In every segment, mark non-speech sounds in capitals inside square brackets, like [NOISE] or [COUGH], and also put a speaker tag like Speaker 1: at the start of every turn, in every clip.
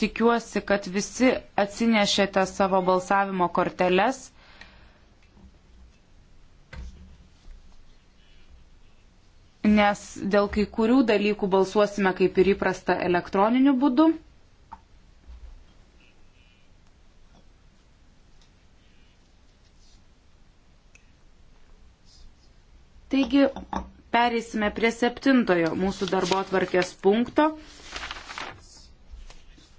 Speaker 1: tikiuosi, kad visi atsinešėte savo balsavimo korteles. Nes dėl kai kurių dalykų balsuosime kaip ir įprasta elektroniniu būdu. Taigi, pereisime prie septintojo mūsų darbo atvarkės punkto.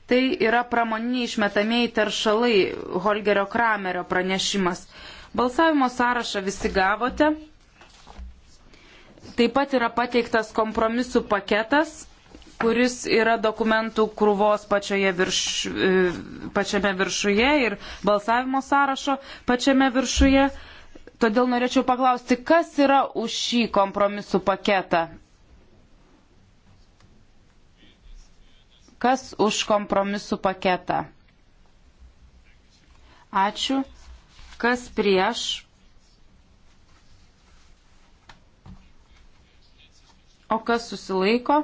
Speaker 1: Tai yra pramoniniai išmetamieji teršalai Holgerio Kramerio pranešimas. Balsavimo sąrašą visi gavote. Taip pat yra pateiktas kompromisų paketas, kuris yra dokumentų krūvos virš, e, pačiame viršuje ir balsavimo sąrašo pačiame viršuje. Todėl norėčiau paklausti, kas yra už šį kompromisų paketą Kas už kompromisų paketą? Ačiū. Kas prieš? O kas susilaiko?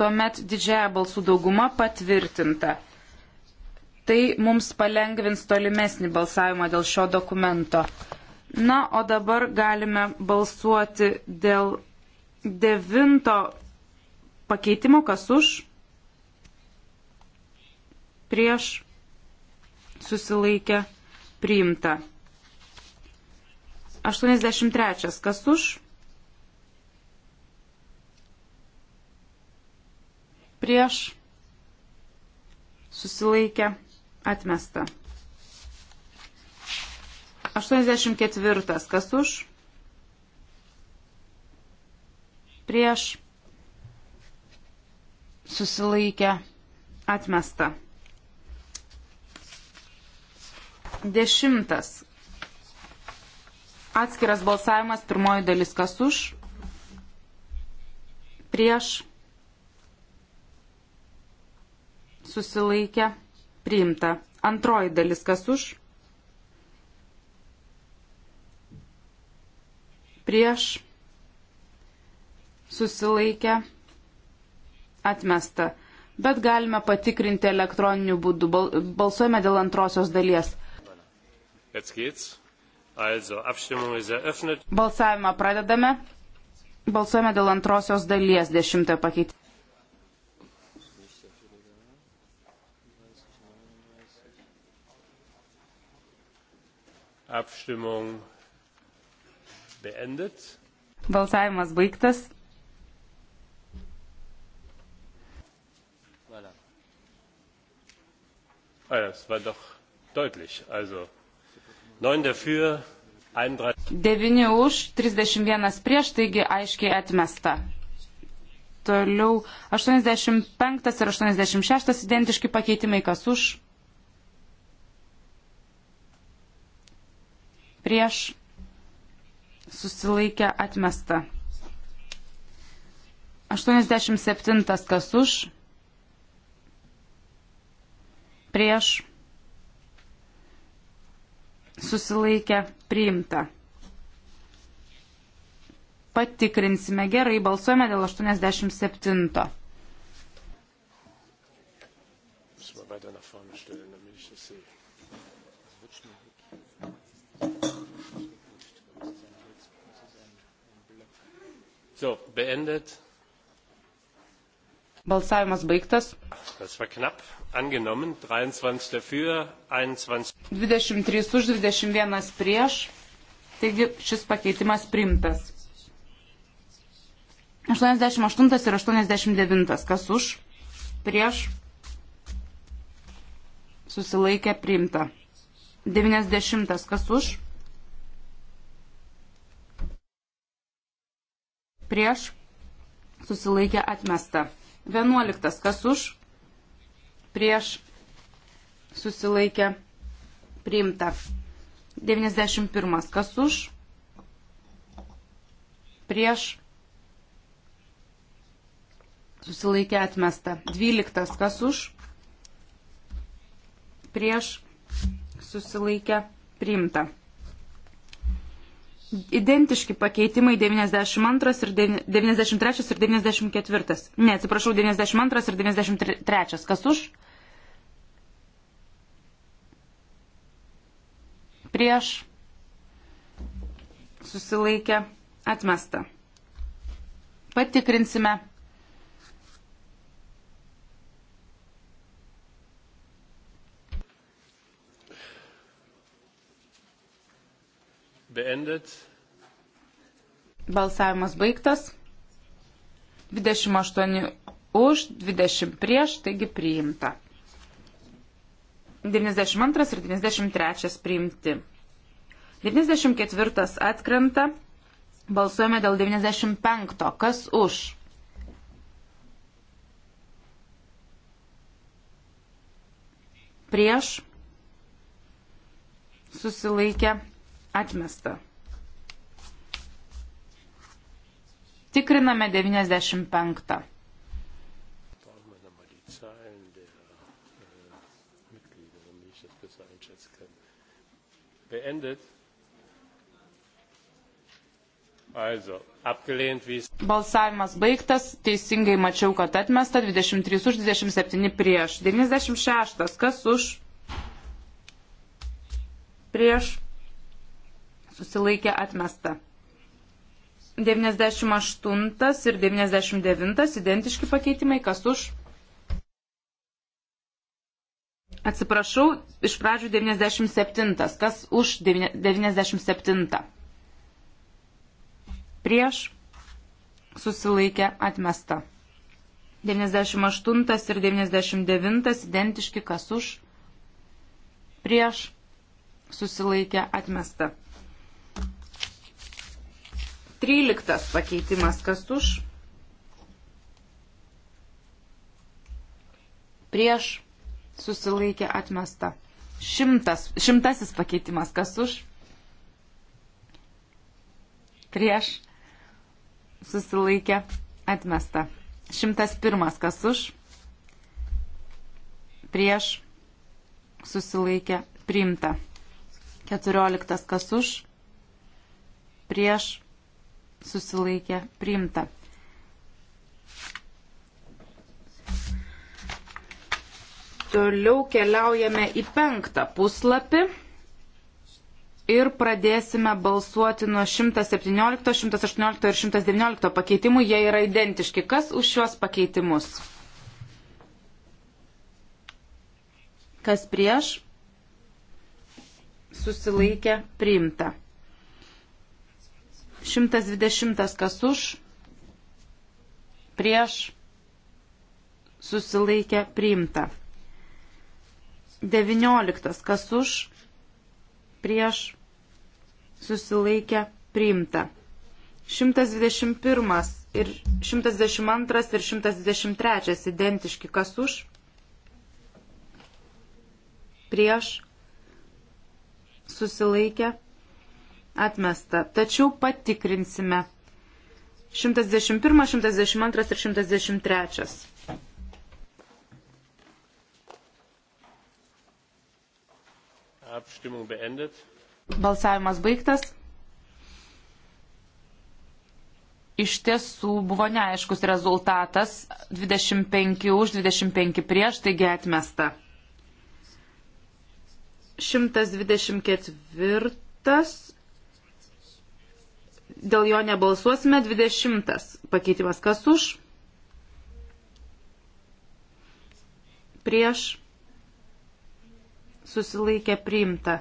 Speaker 1: Tuomet didžiaja balsų dauguma patvirtinta. Tai mums palengvins tolimesnį balsavimą dėl šio dokumento. Na, o dabar galime balsuoti dėl devinto pakeitimo, kas už, prieš, susilaikė, priimta. 83. Kas už? Prieš, susilaikė, atmesta. 84. Kas už? Prieš, susilaikė atmesta. Dešimtas. Atskiras balsavimas, pirmoji dalis kas už, prieš, susilaikė, priimta. Antroji dalis kas už, prieš, susilaikė, priimta Atmesta. Bet galime patikrinti elektroniniu būdu. Balsuojame dėl antrosios dalies. Also, Balsavimą pradedame. Balsuojame dėl antrosios dalies dešimtojo pakeitimo.
Speaker 2: Abstimmung beendet.
Speaker 1: Balsavimas baigtas.
Speaker 2: Ah, das war doch deutlich. Also 9 dafür, 31.
Speaker 1: 9 už, 31 prieš, taigi aiškiai atmesta. Toliau 85 ir 86 identiški pakeitimai, kas už. Prieš susilaikę atmesta. 87 kas už prieš susilaikę priimta. Patikrinsime gerai, balsuojame dėl 87.
Speaker 2: So, beendet. Balsavimas baigtas. 23
Speaker 1: už, 21 prieš. Taigi šis pakeitimas primtas. 88 ir 89. Kas už? Prieš. Susilaikė primta. 90. Kas už? Prieš. Susilaikė atmesta. 11. Kas už? Prieš susilaikė priimta. 91. Kas už? Prieš susilaikė atmesta. 12. Kas už? Prieš susilaikė priimta. Identiški pakeitimai 92 ir 93 ir 94. Ne, atsiprašau, 92 ir 93. Kas už? Prieš. Susilaikė. Atmesta. Patikrinsime. beendet. Balsavimas baigtas. 28 už, 20 prieš, taigi priimta. 92 ir 93 priimti. 94 atkrenta. Balsuojame dėl 95. Kas už? Prieš. Susilaikė. Atmesta. Tikriname 95.
Speaker 2: beendet. Also, abgelehnt wie
Speaker 1: Balsavimas baigtas, teisingai mačiau, kad atmesta 23 už 27 prieš. 96. Kas už? Prieš susilaikė atmesta. 98 ir 99 identiški pakeitimai, kas už. Atsiprašau, iš pradžių 97, kas už 97. Prieš susilaikė atmesta. 98 ir 99 identiški, kas už. Prieš susilaikė atmesta. 13 pakeitimas, kas už, prieš, susilaikė atmesta. Šimtas, šimtasis pakeitimas, kas už, prieš, susilaikė atmesta. Šimtas pirmas, kas už, prieš, susilaikė priimta. Keturioliktas, kas už, prieš, susilaikė priimta. Toliau keliaujame į penktą puslapį ir pradėsime balsuoti nuo 117, 118 ir 119 pakeitimų. Jie yra identiški. Kas už šios pakeitimus? Kas prieš? Susilaikė priimta. 120 kas už, prieš, susilaikė priimta. 19 kas už, prieš, susilaikė priimta. 121 ir 122 ir 123 identiški kas už, prieš, susilaikė priimta atmesta, tačiau patikrinsime. 111, 112 ir 113.
Speaker 2: Abstimmung beendet.
Speaker 1: Balsavimas baigtas. Iš tiesų buvo neaiškus rezultatas 25 už 25 prieš, taigi atmesta. 124 Dėl jo nebalsuosime. 20 pakeitimas kas už? Prieš. Susilaikė priimta.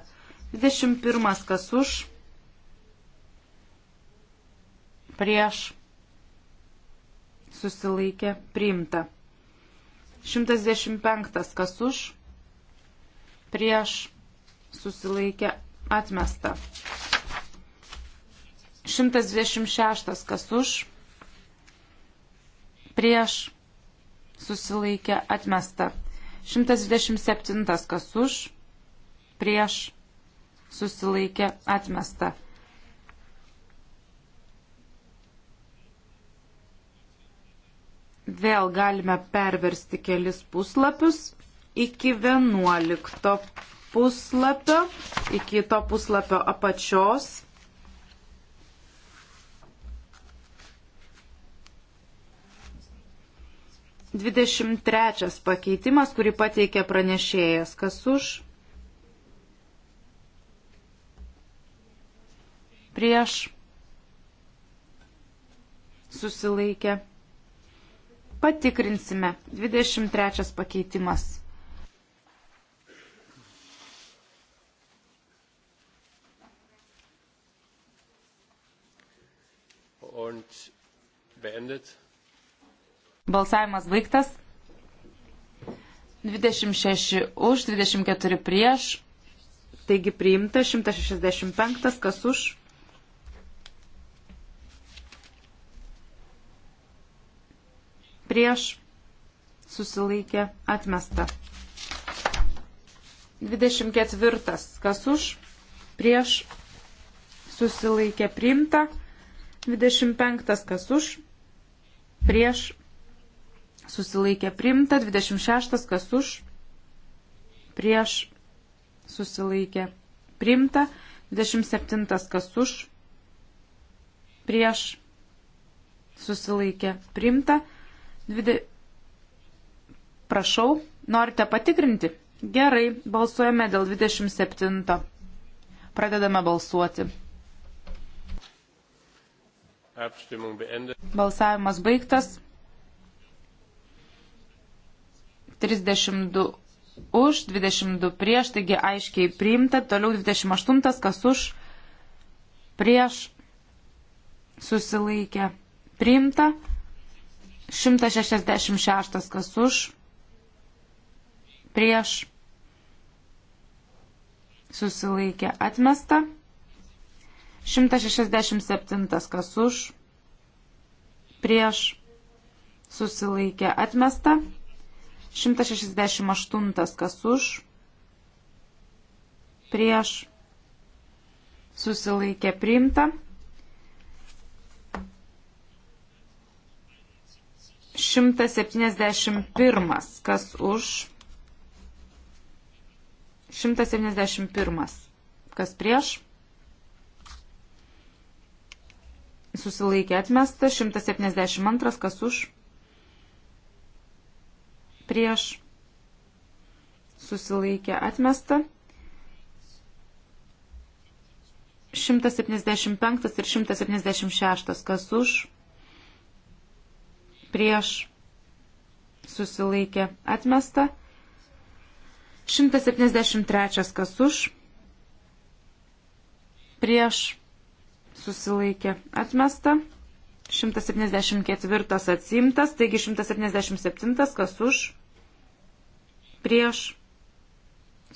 Speaker 1: 21 kas už? Prieš. Susilaikė priimta. 115 kas už? Prieš. Susilaikė atmesta. 126 kas už, prieš susilaikė atmesta. 127 kas už, prieš susilaikė atmesta. Vėl galime perversti kelis puslapius iki 11 puslapio, iki to puslapio apačios 23 pakeitimas, kurį pateikė pranešėjas. Kas už? Prieš. Susilaikė. Patikrinsime. 23 pakeitimas.
Speaker 2: Und beendet.
Speaker 1: Balsavimas baigtas. 26 už, 24 prieš. Taigi priimta 165, kas už. Prieš susilaikė atmesta. 24, kas už. Prieš susilaikė priimta. 25, kas už. Prieš susilaikė primta, 26 kas už, prieš susilaikė primta, 27 kas už, prieš susilaikė primta, 20... prašau, norite patikrinti? Gerai, balsuojame dėl 27. Pradedame balsuoti. Balsavimas baigtas. 32 už, 22 prieš, taigi aiškiai priimta. Toliau 28, kas už, prieš, susilaikė, priimta. 166, kas už, prieš, susilaikė, atmesta. 167, kas už, prieš, susilaikė, atmesta. 168 kas už, prieš, susilaikė priimta. 171 kas už, 171 kas prieš, susilaikė atmesta, 172 kas už prieš susilaikė atmesta. 175 ir 176, kas už, prieš susilaikė atmesta. 173, kas už, prieš susilaikė atmesta. 174 atsimtas, taigi 177, kas už, prieš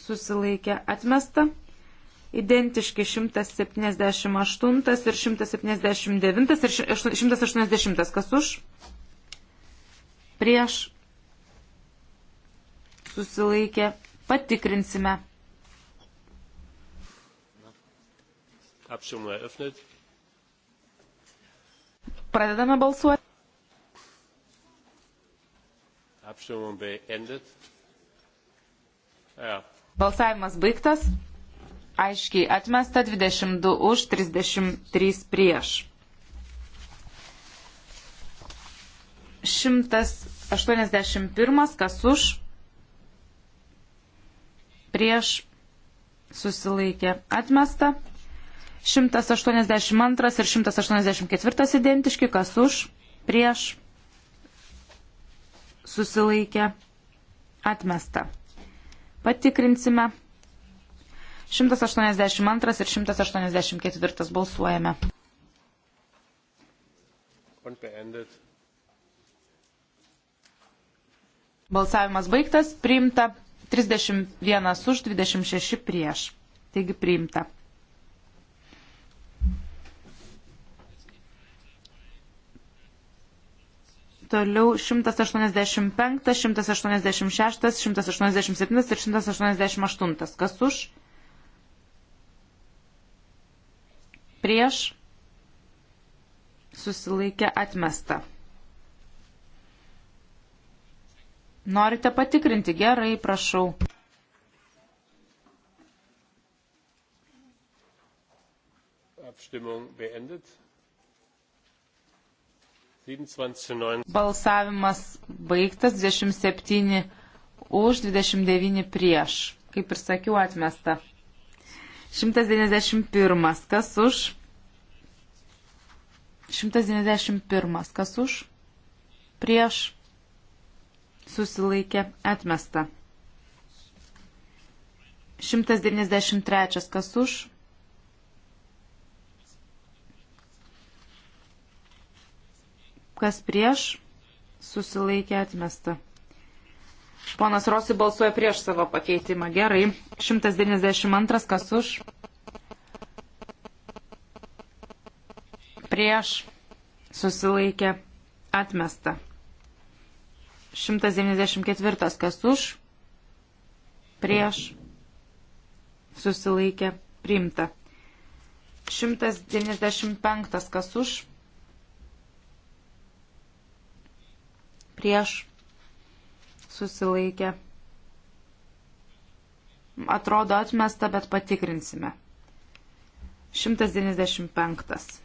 Speaker 1: susilaikė atmesta. Identiški 178 ir 179 ir 180. Kas už? Prieš susilaikė. Patikrinsime.
Speaker 2: Abstimmung eröffnet.
Speaker 1: Pradedame balsuoti.
Speaker 2: Abstimmung beendet.
Speaker 1: Balsavimas baigtas. Aiškiai atmesta 22 už 33 prieš. 181 kas už prieš susilaikė atmesta. 182 ir 184 identiški, kas už, prieš, susilaikė, atmesta. Patikrinsime. 182 ir 184 balsuojame. Balsavimas baigtas, priimta 31 už 26 prieš. Taigi priimta. Toliau 185, 186, 187 ir 188. Kas už? Prieš susilaikė atmesta. Norite patikrinti? Gerai, prašau.
Speaker 2: Abstimmung beendet.
Speaker 1: Balsavimas baigtas, 27 už, 29 prieš. Kaip ir sakiau, atmesta. 191. Kas už? 191. Kas už? Prieš. Susilaikė. Atmesta. 193. Kas už? kas prieš, susilaikė atmesta. Ponas Rosi balsuoja prieš savo pakeitimą. Gerai. 192 kas už. Prieš susilaikė atmesta. 194 kas už. Prieš susilaikė priimta. 195 kas už prieš susilaikė. Atrodo atmesta, bet patikrinsime. 195.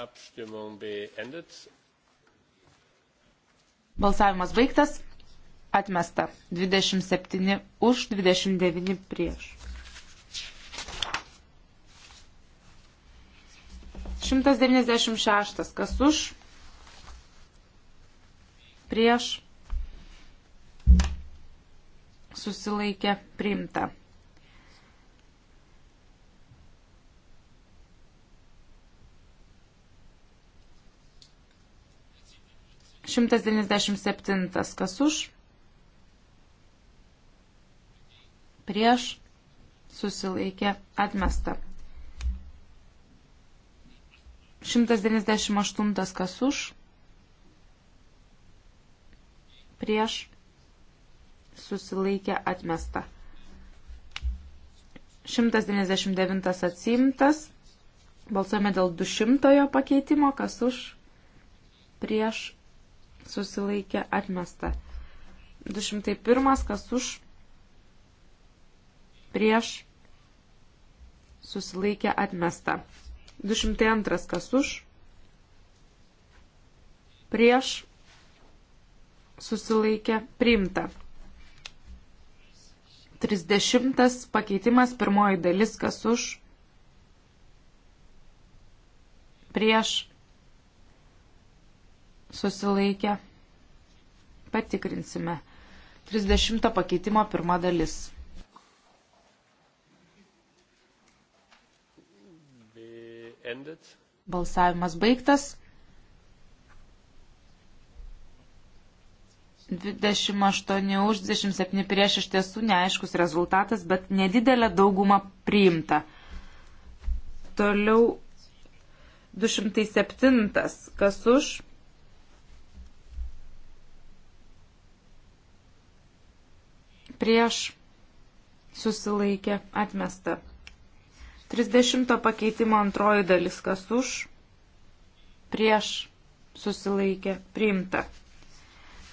Speaker 2: Abstimmung beendet.
Speaker 1: Balsavimas baigtas. Atmesta. 27 už, 29 prieš. 196. Kas už? Prieš. Susilaikė priimta. Šimtas devyniasdešimt septintas. Kas už? Prieš susilaikė atmesta. 198 kas už, prieš, susilaikė atmesta. 199 atsimtas, balsuojame dėl 200 pakeitimo, kas už, prieš, susilaikė atmesta. 201 kas už, prieš, susilaikė atmesta. 202 kas už, prieš, susilaikė, priimta. 30 pakeitimas, pirmoji dalis kas už, prieš, susilaikė, patikrinsime. 30 pakeitimo pirma dalis. Balsavimas baigtas. 28 už 27 prieš iš tiesų neaiškus rezultatas, bet nedidelė dauguma priimta. Toliau 207. Kas už? Prieš susilaikė atmesta. 30 pakeitimo antroji dalis kas už, prieš susilaikė priimta.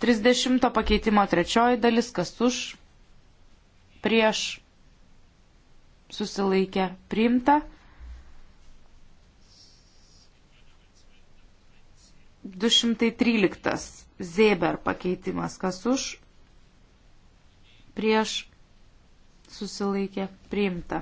Speaker 1: 30 pakeitimo trečioji dalis kas už, prieš susilaikė priimta. 213 Zėber pakeitimas kas už, prieš susilaikė priimta.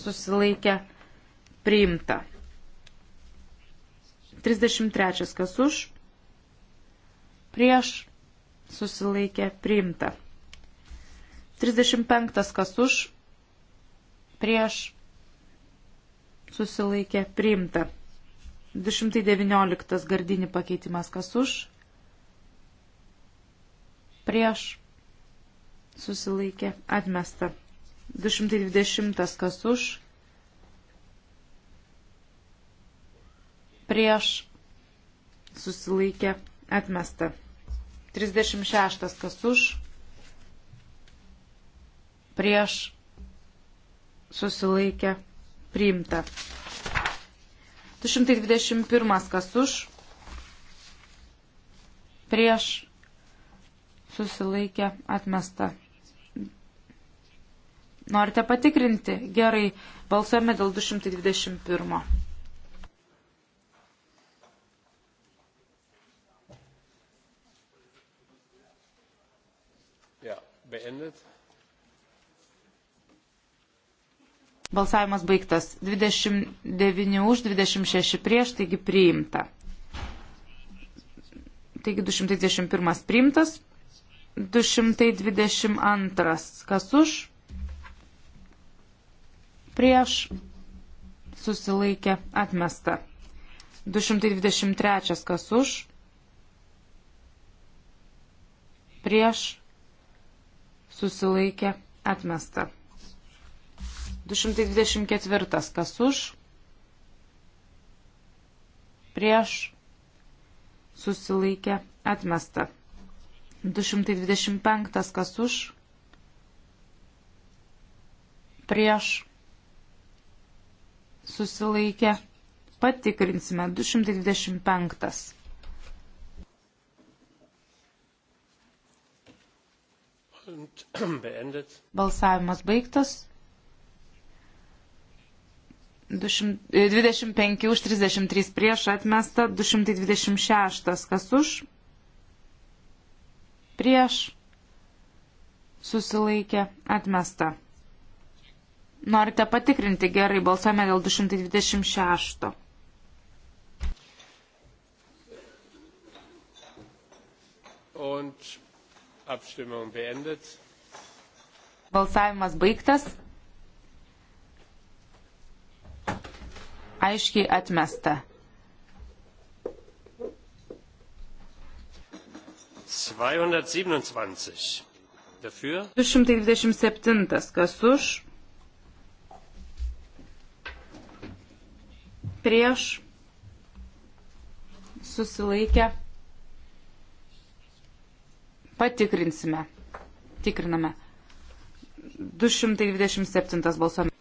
Speaker 1: susilaikė priimta. 33 kas už, prieš susilaikė priimta. 35 kas už, prieš susilaikė priimta. 219 gardinį pakeitimas kas už, prieš susilaikė atmesta. 220 kas už, prieš susilaikė atmesta. 36 kas už, prieš susilaikė priimta. 221 kas už, prieš susilaikė atmesta. Norite patikrinti? Gerai, balsuojame dėl 221.
Speaker 2: Ja, beendet.
Speaker 1: Balsavimas baigtas 29 už, 26 prieš, taigi priimta. Taigi 221 priimtas, 222 kas už, prieš susilaikė atmesta. 223 kas už, prieš susilaikė atmesta. 224 kas už, prieš susilaikė atmesta. 225 kas už, prieš susilaikė. Patikrinsime 225.
Speaker 2: [CLEARS THROAT]
Speaker 1: Balsavimas baigtas. 25 e, už 33 prieš atmesta, 226 kas už, prieš susilaikė atmesta. Norite patikrinti gerai, balsuojame dėl 226.
Speaker 2: Und Abstimmung beendet.
Speaker 1: Balsavimas baigtas. Aiškiai atmesta.
Speaker 2: 227. Dafür.
Speaker 1: 227. Kas už? prieš, susilaikę, patikrinsime, tikriname. 227 balsuomis.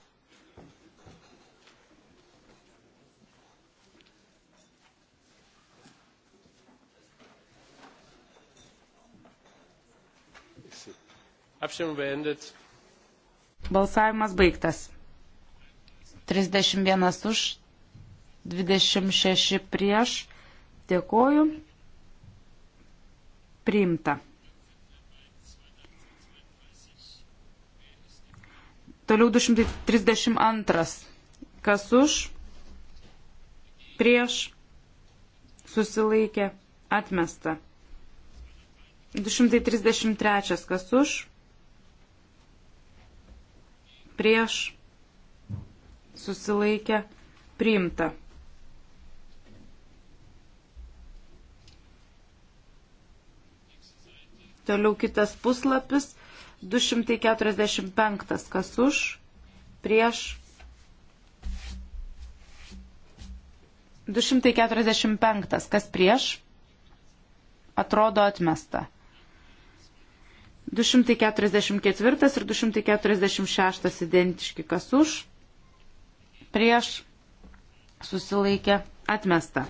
Speaker 2: Abstimmung beendet.
Speaker 1: Balsavimas baigtas. 31 už, 26 prieš. Dėkoju. Priimta. Toliau 232. Kas už? Prieš. Susilaikė. Atmesta. 233. Kas už? Prieš. Susilaikė. Priimta. Toliau kitas puslapis 245. Kas už? Prieš. 245. Kas prieš? Atrodo atmesta. 244 ir 246 identiški. Kas už? Prieš. Susilaikė. Atmesta.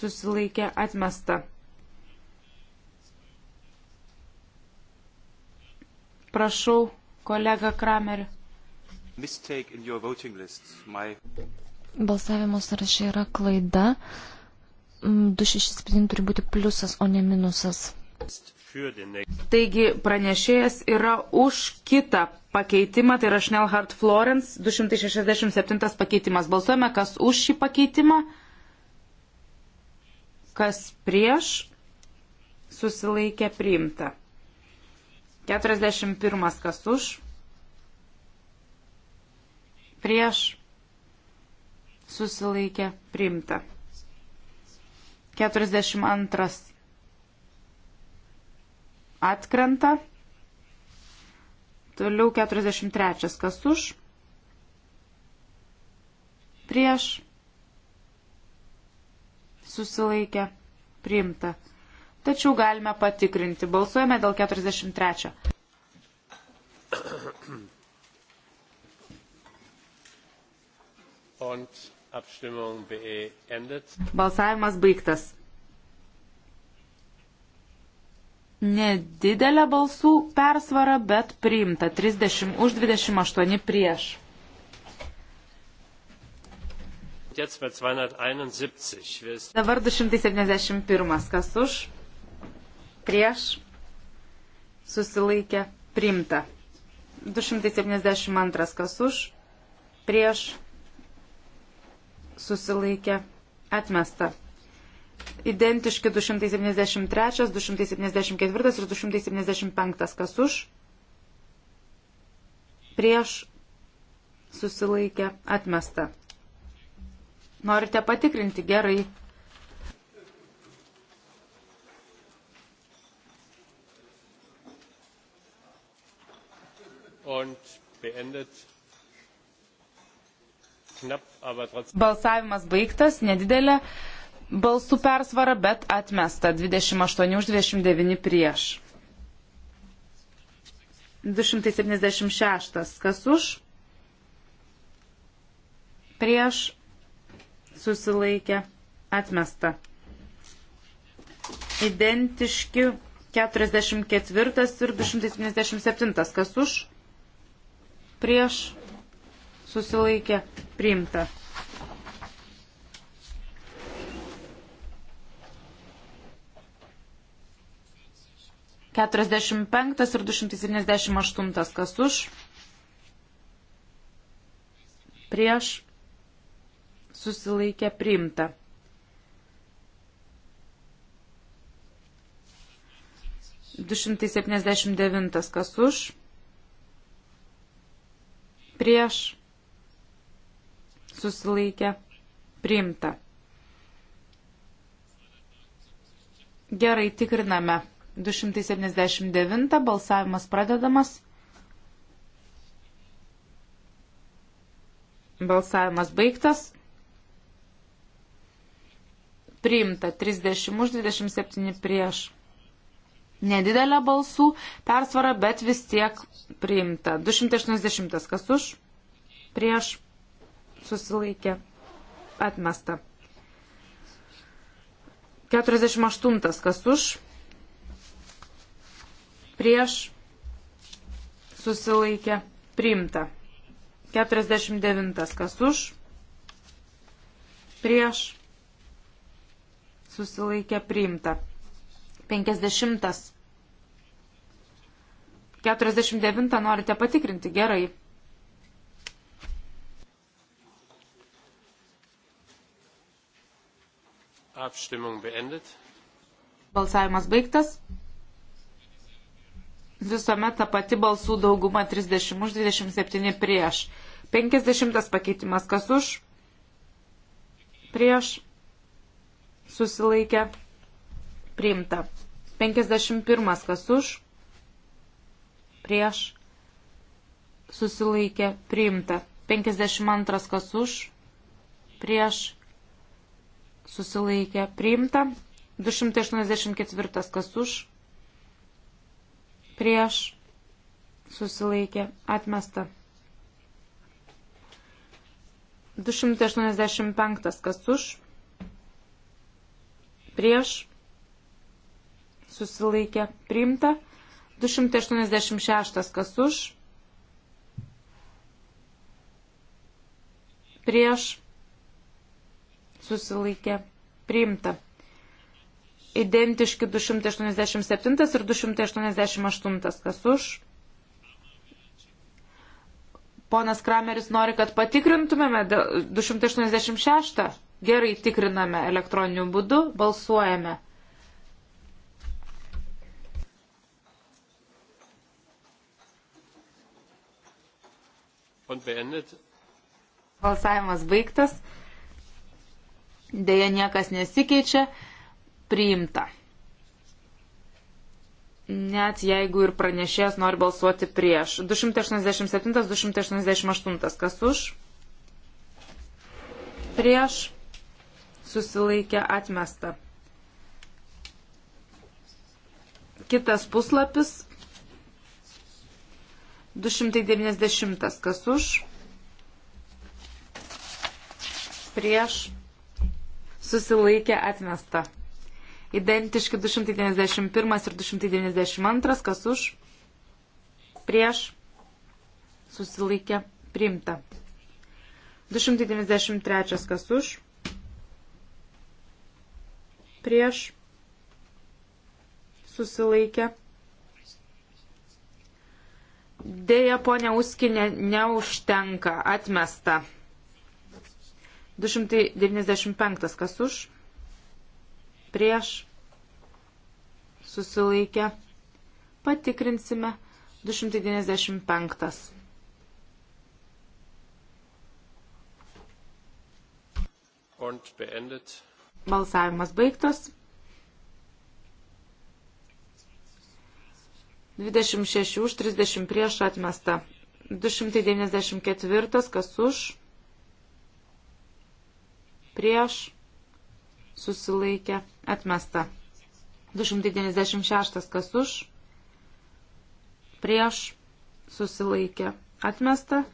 Speaker 1: susilaikė atmesta. Prašau, kolega Krameri.
Speaker 3: My...
Speaker 1: Balsavimo sąraše yra klaida.
Speaker 3: 267 mm, turi būti pliusas, o ne minusas.
Speaker 1: Taigi pranešėjas yra už kitą pakeitimą, tai yra Schnellhardt Florence 267 pakeitimas. Balsuojame, kas už šį pakeitimą, kas prieš, susilaikė priimta. 41 kas už, prieš, susilaikė priimta. 42 atkrenta. Toliau 43 kas už, prieš, susilaikė, priimta. Tačiau galime patikrinti. Balsuojame dėl 43. Balsavimas baigtas. Nedidelė balsų persvara, bet priimta. 30 už 28 prieš. Dabar 271. Kas už? Prieš? Susilaikė. Primta. 272. Kas už? Prieš? Susilaikė. Atmesta identiški 273, 274 ir 275, kas už, prieš, susilaikė, atmesta. Norite patikrinti gerai. Balsavimas baigtas, nedidelė balsų persvara, bet atmesta 28 už 29 prieš. 276. Kas už? Prieš susilaikė, atmesta. Identiški 44 ir 277, kas už, prieš, susilaikė, priimta. Keturiasdešimt penktas ir du šimtai septyniasdešimt aštuntas kas už, prieš, susilaikė priimta. Du šimtai septyniasdešimt devintas kas už, prieš, susilaikė priimta. Gerai, tikriname. 279 balsavimas pradedamas. Balsavimas baigtas priimta 30 už 27 prieš. Nedidelė balsų persvara, bet vis tiek priimta. 280 kas už, prieš, susilaikė, atmesta. 48 kas už, prieš, susilaikė, priimta. 49 kas už, prieš, susilaikė priimta. 50. 49 norite patikrinti, gerai.
Speaker 2: Abstimmung beendet.
Speaker 1: Balsavimas baigtas. Visuomet ta pati balsų dauguma 30 už 27 prieš. 50 pakeitimas kas už? Prieš susilaikė priimta. 51 kas už, prieš susilaikė priimta. 52 kas už, prieš susilaikė priimta. 284 kas už, prieš susilaikė atmesta. 285 kas už, prieš prieš, susilaikė priimta, 286 kas už, prieš, susilaikė priimta. Identiški 287 ir 288 kas už. Ponas Krameris nori, kad patikrintumėme 286. Gerai, tikriname elektroniniu būdu, balsuojame. Balsavimas baigtas. Deja, niekas nesikeičia. Priimta. Net jeigu ir pranešėjas nori balsuoti prieš. 287, 288. Kas už? Prieš susilaikė atmesta. Kitas puslapis 290 kas už, prieš susilaikė atmesta. Identiški 291 ir 292 kas už, prieš susilaikė priimta. 293 kas už prieš susilaikė. Deja, ponia Uskinė, neužtenka, atmesta. 295 kas už, prieš, susilaikę, patikrinsime 295.
Speaker 2: Und beendet.
Speaker 1: Balsavimas baigtas. 26 už 30 prieš atmesta. 294 kas už. Prieš susilaikė atmesta. 296 kas už. Prieš susilaikė atmesta.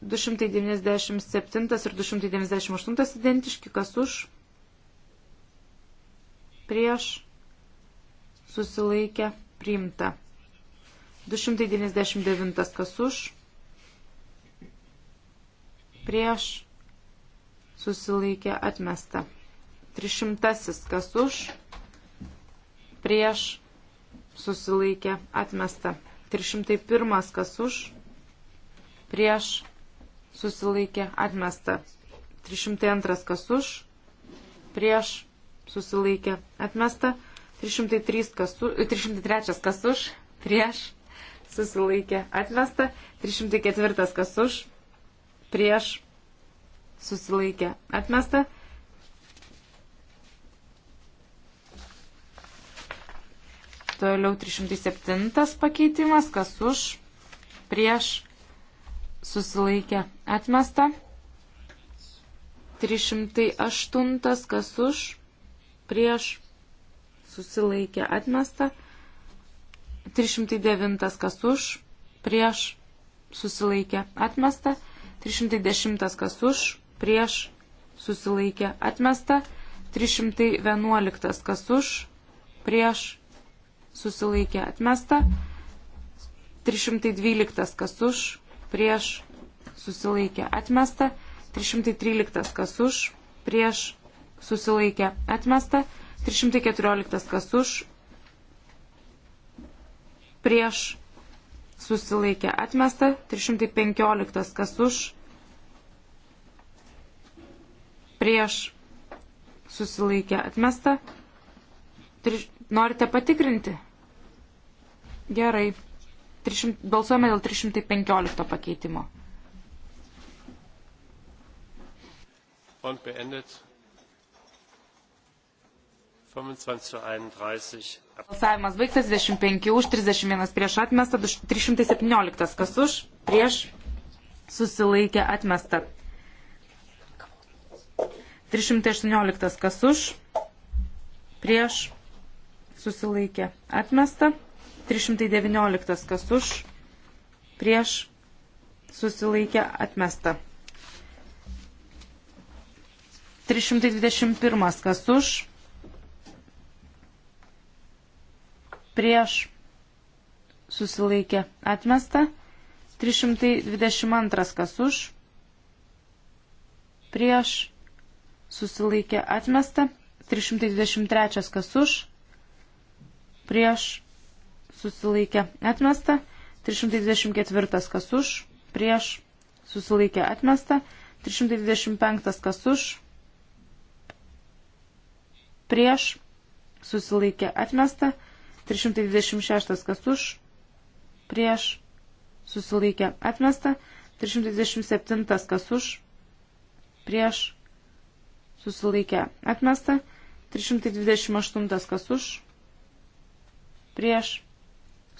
Speaker 1: 297 ir 298 identiški kas už prieš susilaikę priimta. 299 kas už, prieš susilaikė atmesta. 300 kas už, prieš susilaikė atmesta. 301 kas už, prieš susilaikė atmesta. 302 kas už, prieš susilaikė atmesta, 303 kas, 303 e, kas už, prieš, susilaikė atmesta, 304 kas už, prieš, susilaikė atmesta. Toliau 307 pakeitimas, kas už, prieš, susilaikė atmesta. 308 kas už, prieš susilaikė atmesta. 309 kas už, prieš susilaikė atmesta. 310 kas už, prieš susilaikė atmesta. 311 kas už, prieš susilaikė atmesta. 312 kas už, prieš susilaikė atmesta. 313 kas už, prieš susilaikė atmesta, 314 kas už, prieš susilaikė atmesta, 315 kas už, prieš susilaikė atmesta. Tri... Norite patikrinti? Gerai. 300... Balsuojame dėl 315 pakeitimo.
Speaker 2: Und beendet. Balsavimas baigtas
Speaker 1: 25 už 31 prieš atmestą, 317 kas už, prieš susilaikė atmestą. 318 kas už, prieš susilaikė atmestą. 319 kas už, prieš susilaikė atmestą. 321 kas už, prieš susilaikė atmesta, 322 kas už, prieš susilaikė atmesta, 323 kas už, prieš susilaikė atmesta, 324 kas už, prieš susilaikė atmesta, 325 kas už, prieš susilaikė atmesta, 325 kas už, 326 kas už, prieš, susilaikė atmesta, 327 kas už, prieš, susilaikė atmesta, 328 kas už, prieš,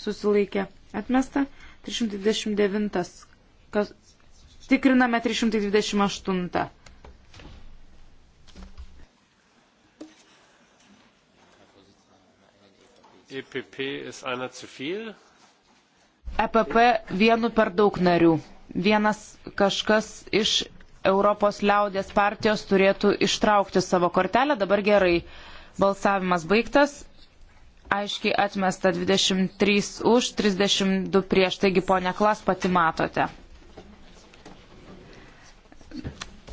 Speaker 1: susilaikė atmesta, 329 kas, tikriname 328.
Speaker 2: EPP ist einer zu viel.
Speaker 1: EPP vienu per daug narių. Vienas kažkas iš Europos liaudės partijos turėtų ištraukti savo kortelę. Dabar gerai. Balsavimas baigtas. Aiškiai atmesta 23 už, 32 prieš. Taigi, ponia Klas, pati matote.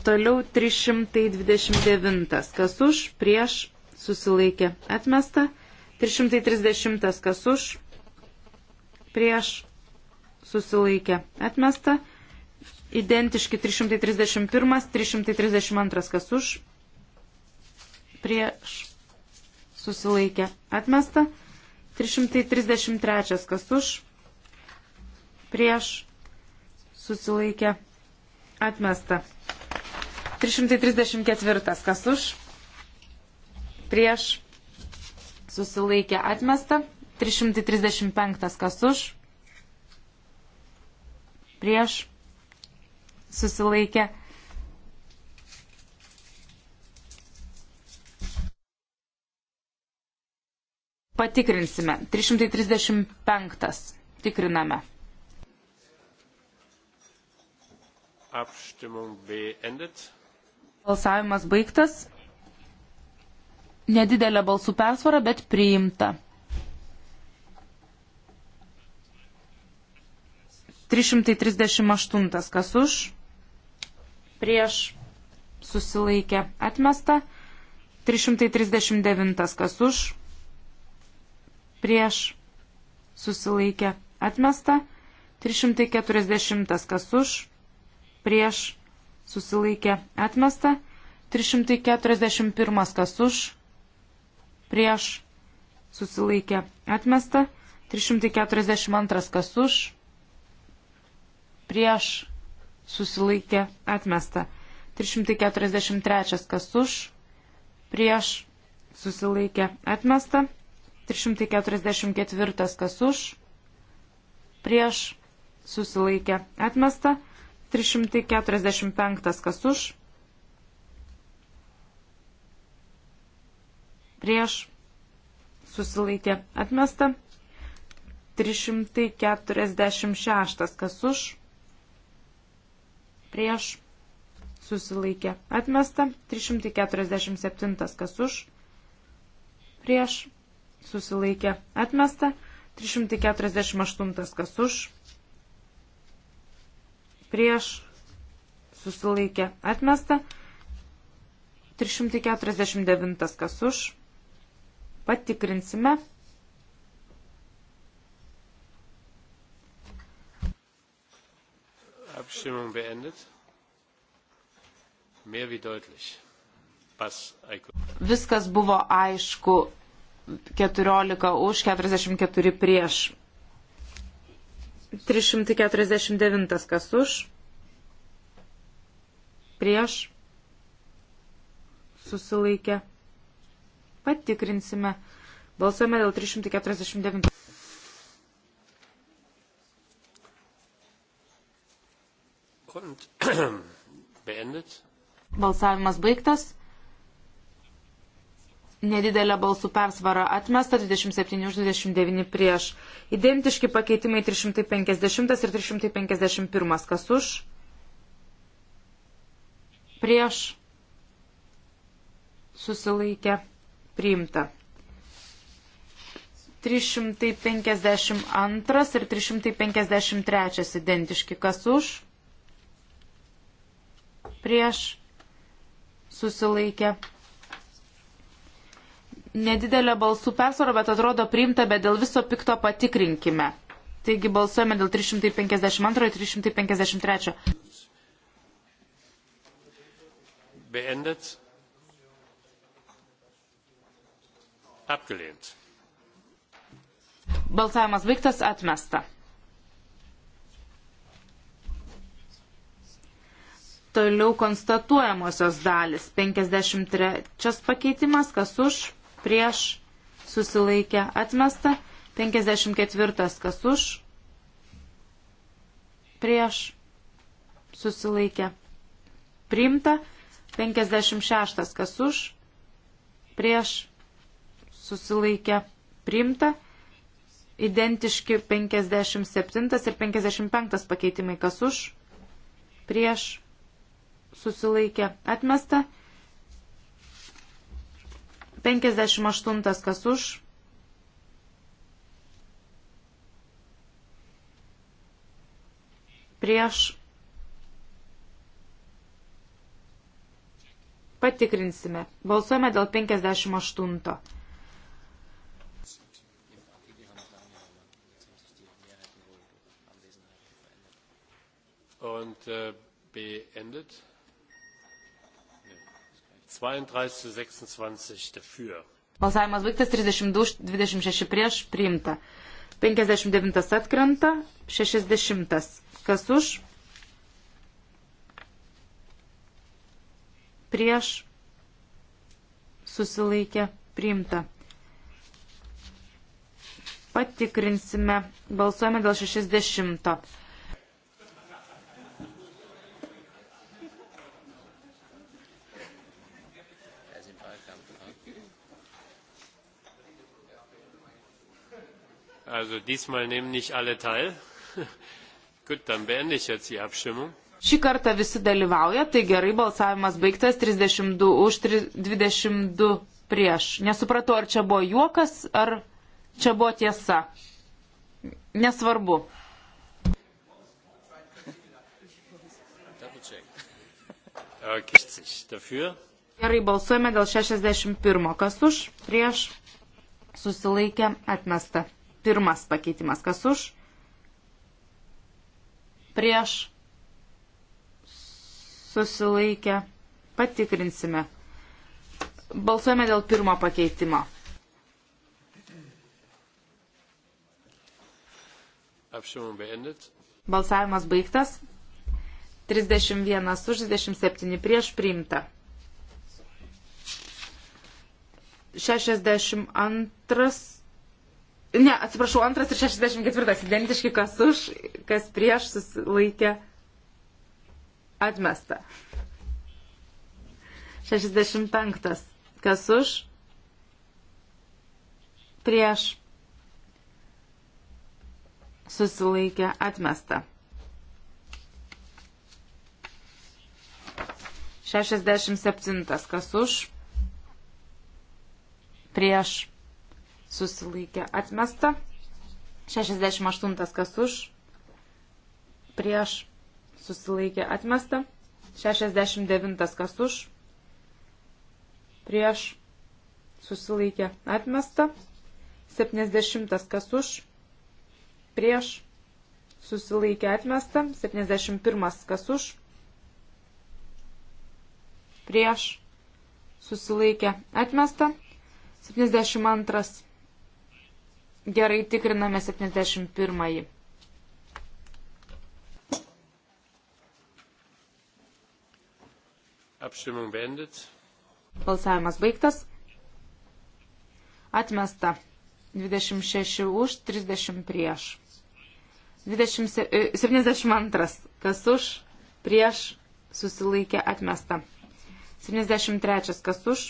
Speaker 1: Toliau 329. Kas už, prieš, susilaikė. Atmesta. 330 kas už, prieš, susilaikė, atmesta. Identiški 331, 332 kas už, prieš, susilaikė, atmesta. 333 kas už, prieš, susilaikė, atmesta. 334 kas už, prieš, susilaikė atmesta. 335 kas už, prieš, susilaikė. Patikrinsime. 335. Tikriname. Balsavimas baigtas nedidelę balsų persvarą, bet priimta. 338 kas už, prieš susilaikė atmesta, 339 kas už, prieš susilaikė atmesta, 340 kas už, prieš susilaikė atmesta, 341 kas už, prieš susilaikė atmesta, 342 kas už, prieš susilaikė atmesta, 343 kas už, prieš susilaikė atmesta, 344 kas už, prieš susilaikė atmesta, 345 kas už, prieš susilaikė atmesta. 346 kas už, prieš susilaikė atmesta. 347 kas už, prieš susilaikė atmesta. 348 kas už, prieš susilaikė atmesta. 349 kas už Patikrinsime.
Speaker 2: Abstimmung beendet. Mehr wie deutlich. Viskas
Speaker 1: buvo aišku. 14 už, 44 prieš. 349 kas už. Prieš. Susilaikė. Patikrinsime. Balsuojame dėl 349.
Speaker 2: Und [CLEARS THROAT] beendet.
Speaker 1: Balsavimas baigtas. Nedidelė balsų persvara atmesta 27 už 29 prieš. Identiški pakeitimai 350 ir 351. Kas už? Prieš. Susilaikė priimta. 352 ir 353 identiški. Kas už? Prieš susilaikė. Nedidelė balsų persvara, bet atrodo priimta, bet dėl viso pikto patikrinkime. Taigi balsuojame dėl 352 ir 353.
Speaker 2: Beendet. Abgelehnt.
Speaker 1: Balsavimas baigtas, atmesta. Toliau konstatuojamosios dalis. 53 pakeitimas, kas už, prieš, susilaikė, atmesta. 54 kas už, prieš, susilaikė, priimta. 56 kas už, prieš, susilaikė priimta. Identiški 57 ir 55 pakeitimai kas už, prieš susilaikė atmesta. 58 kas už, prieš Patikrinsime. Balsuojame dėl 58.
Speaker 2: und äh, beendet. 32 zu 26 dafür.
Speaker 1: Balsavimas baigtas 32, 26 prieš priimta. 59 atkrenta, 60. Kas už? Prieš susilaikė priimta. Patikrinsime. Balsuojame dėl 60.
Speaker 2: Also diesmal nehmen nicht alle teil. [LAUGHS] Gut, dann beende ich jetzt die Abstimmung.
Speaker 1: Šį kartą visi dalyvauja, tai gerai, balsavimas baigtas 32 už 22 prieš. Nesupratau, ar čia buvo juokas, ar čia buvo tiesa. Nesvarbu. Gerai, balsuojame dėl 61. Kas už, prieš, susilaikė, atmesta. Pirmas pakeitimas. Kas už? Prieš susilaikę. Patikrinsime. Balsuojame dėl pirmo pakeitimo. Balsavimas baigtas. 31 už 27 prieš priimta. 62 Ne, atsiprašau, antras ir 64 identiški, kas už, kas prieš susilaikė atmesta. 65. Kas už, prieš susilaikė atmesta. 67. Kas už, prieš susilaikė atmesta. 68 kas už, prieš susilaikė atmesta. 69 kas už, prieš susilaikė atmesta. 70 kas už, prieš susilaikė atmesta. 71 kas už, prieš susilaikė atmesta. 72 Gerai, tikriname 71.
Speaker 2: Apštimung beendet.
Speaker 1: Balsavimas baigtas. Atmesta. 26 už, 30 prieš. 20, 72. E, Kas už, prieš, susilaikė atmesta. 73. Kas už,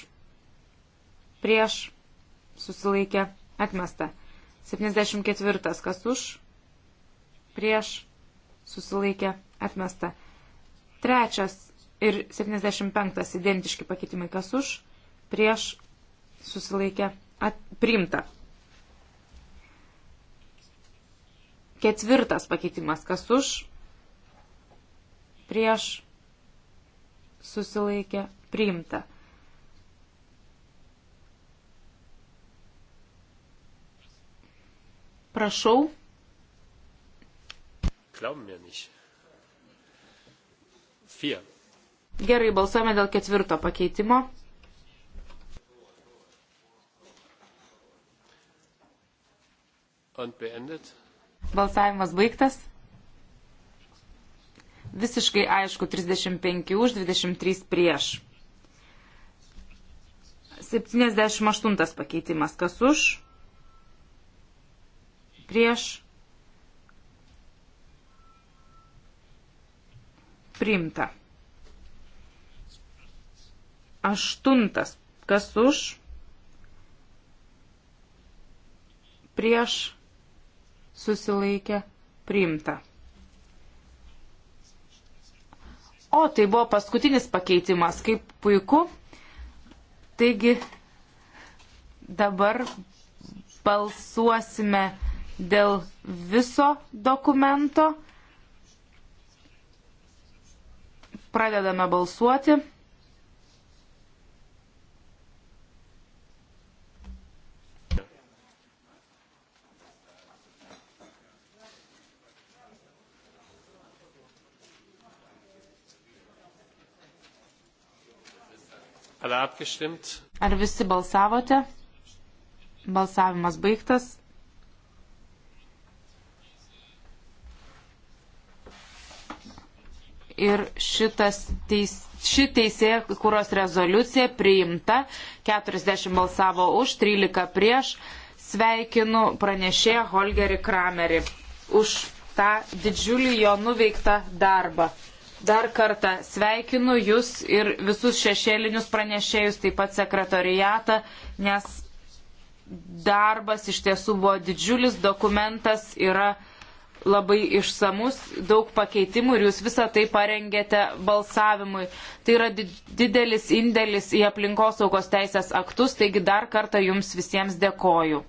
Speaker 1: prieš, susilaikė atmesta. 74. Kas už? Prieš. Susilaikė. Atmesta. Trečias ir 75. Identiški pakeitimai. Kas už? Prieš. Susilaikė. At, priimta. Ketvirtas pakeitimas. Kas už? Prieš. Susilaikė. Priimta. Prašau. Gerai, balsuojame dėl ketvirto pakeitimo. Balsavimas baigtas. Visiškai aišku, 35 už, 23 prieš. 78 pakeitimas, kas už? prieš priimta. Aštuntas, kas už prieš susilaikė priimta. O, tai buvo paskutinis pakeitimas, kaip puiku. Taigi dabar balsuosime dėl viso dokumento. Pradedame balsuoti. Ar visi balsavote? Balsavimas baigtas. ir šitas teis, ši teisė, kuros rezoliucija priimta, 40 balsavo už, 13 prieš. Sveikinu pranešėją Holgerį Kramerį už tą didžiulį jo nuveiktą darbą. Dar kartą sveikinu Jūs ir visus šešėlinius pranešėjus, taip pat sekretariatą, nes darbas iš tiesų buvo didžiulis, dokumentas yra labai išsamus, daug pakeitimų ir jūs visą tai parengėte balsavimui. Tai yra didelis indėlis į aplinkosaugos teisės aktus, taigi dar kartą jums visiems dėkoju.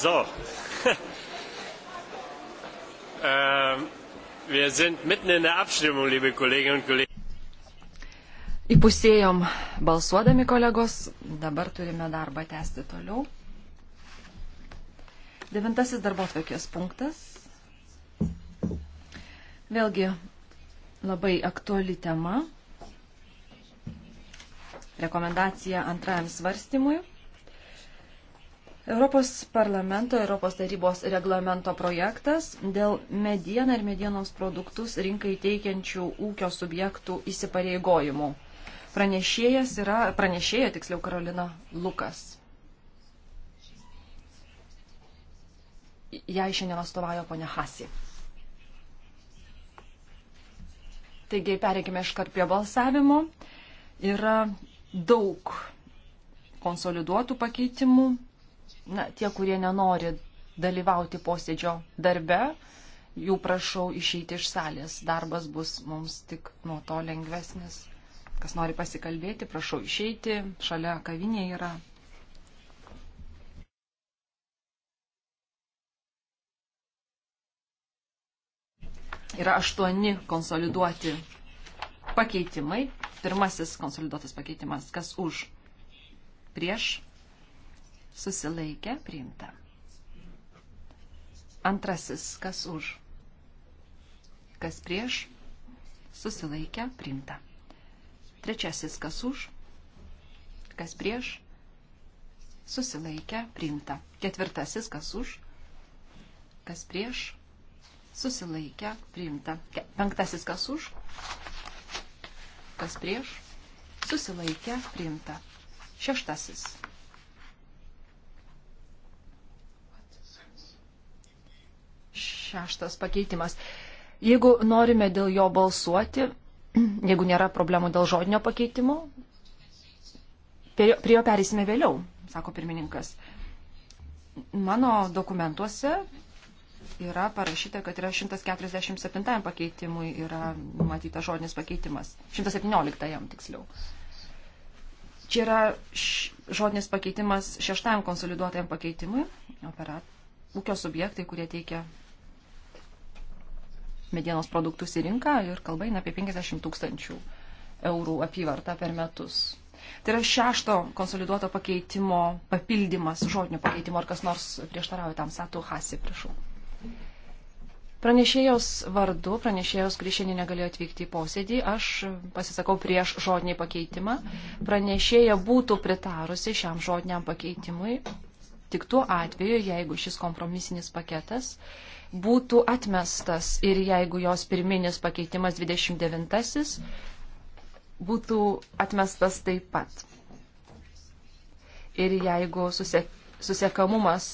Speaker 2: So. [LAUGHS] ähm, wir sind mitten in der Abstimmung, liebe Kolleginnen und Kollegen.
Speaker 4: Įpusėjom balsuodami kolegos, dabar turime darbą tęsti toliau. Devintasis darbo atvekės punktas. Vėlgi labai aktuali tema. Rekomendacija antrajam svarstymui Europos parlamento Europos tarybos reglamento projektas dėl medieną ir medienos produktus rinkai teikiančių ūkio subjektų įsipareigojimų. Pranešėjas yra, pranešėja tiksliau Karolina Lukas. Jai šiandien atstovauja ponia Hasi. Taigi pereikime iškart prie balsavimo. Yra daug konsoliduotų pakeitimų, na, tie, kurie nenori dalyvauti posėdžio darbe, jų prašau išeiti iš salės. Darbas bus mums tik nuo to lengvesnis. Kas nori pasikalbėti, prašau išeiti. Šalia kavinė yra. Yra aštuoni konsoliduoti pakeitimai. Pirmasis konsoliduotas pakeitimas. Kas už? Prieš susilaikė, priimta. Antrasis, kas už, kas prieš, susilaikė, priimta. Trečiasis, kas už, kas prieš, susilaikė, priimta. Ketvirtasis, kas už, kas prieš, susilaikė, priimta. Penktasis, kas už, kas prieš, susilaikė, priimta. Šeštasis, šeštas pakeitimas. Jeigu norime dėl jo balsuoti, [CLEARS THROAT] jeigu nėra problemų dėl žodinio pakeitimo, prie jo perėsime vėliau, sako pirmininkas. Mano dokumentuose yra parašyta, kad yra 147 pakeitimui yra numatytas žodinis pakeitimas. 117 jam tiksliau. Čia yra žodinis pakeitimas šeštajam konsoliduotajam pakeitimui. Operat, ūkio subjektai, kurie teikia medienos produktus į rinką ir kalba eina apie 50 tūkstančių eurų apyvartą per metus. Tai yra šešto konsoliduoto pakeitimo papildymas, žodinio pakeitimo, ar kas nors prieštarauja tam, Satu Hasi, prašau. Pranešėjos vardu, pranešėjos, kuris šiandien negalėjo atvykti į posėdį, aš pasisakau prieš žodinį pakeitimą. Pranešėja būtų pritarusi šiam žodiniam pakeitimui tik tuo atveju, jeigu šis kompromisinis paketas būtų atmestas ir jeigu jos pirminis pakeitimas 29 būtų atmestas taip pat. Ir jeigu susiekamumas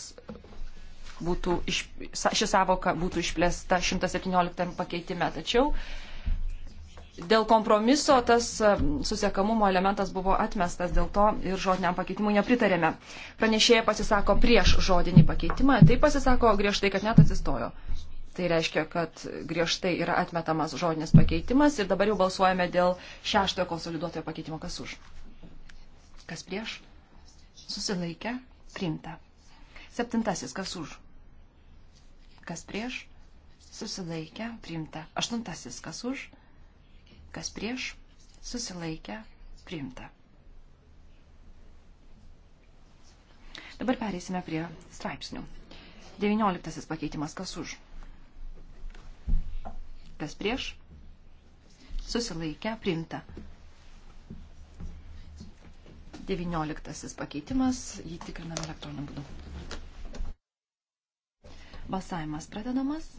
Speaker 4: būtų, iš, ši savoka būtų išplėsta 117 pakeitime, tačiau dėl kompromiso tas e, susiekamumo elementas buvo atmestas, dėl to ir žodiniam pakeitimui nepritarėme. Pranešėja pasisako prieš žodinį pakeitimą, tai pasisako griežtai, kad net atsistojo. Tai reiškia, kad griežtai yra atmetamas žodinis pakeitimas ir dabar jau balsuojame dėl šeštojo konsoliduotojo pakeitimo. Kas už? Kas prieš? Susilaikę? Primta. Septintasis. Kas už? Kas prieš? Susilaikę? Primta. Aštuntasis. Kas už? kas prieš, susilaikę, priimta. Dabar pereisime prie straipsnių. 19 pakeitimas kas už. Kas prieš? Susilaikę, priimta. 19 pakeitimas, jį tikriname elektroniniu būdu. Balsavimas pradedamas.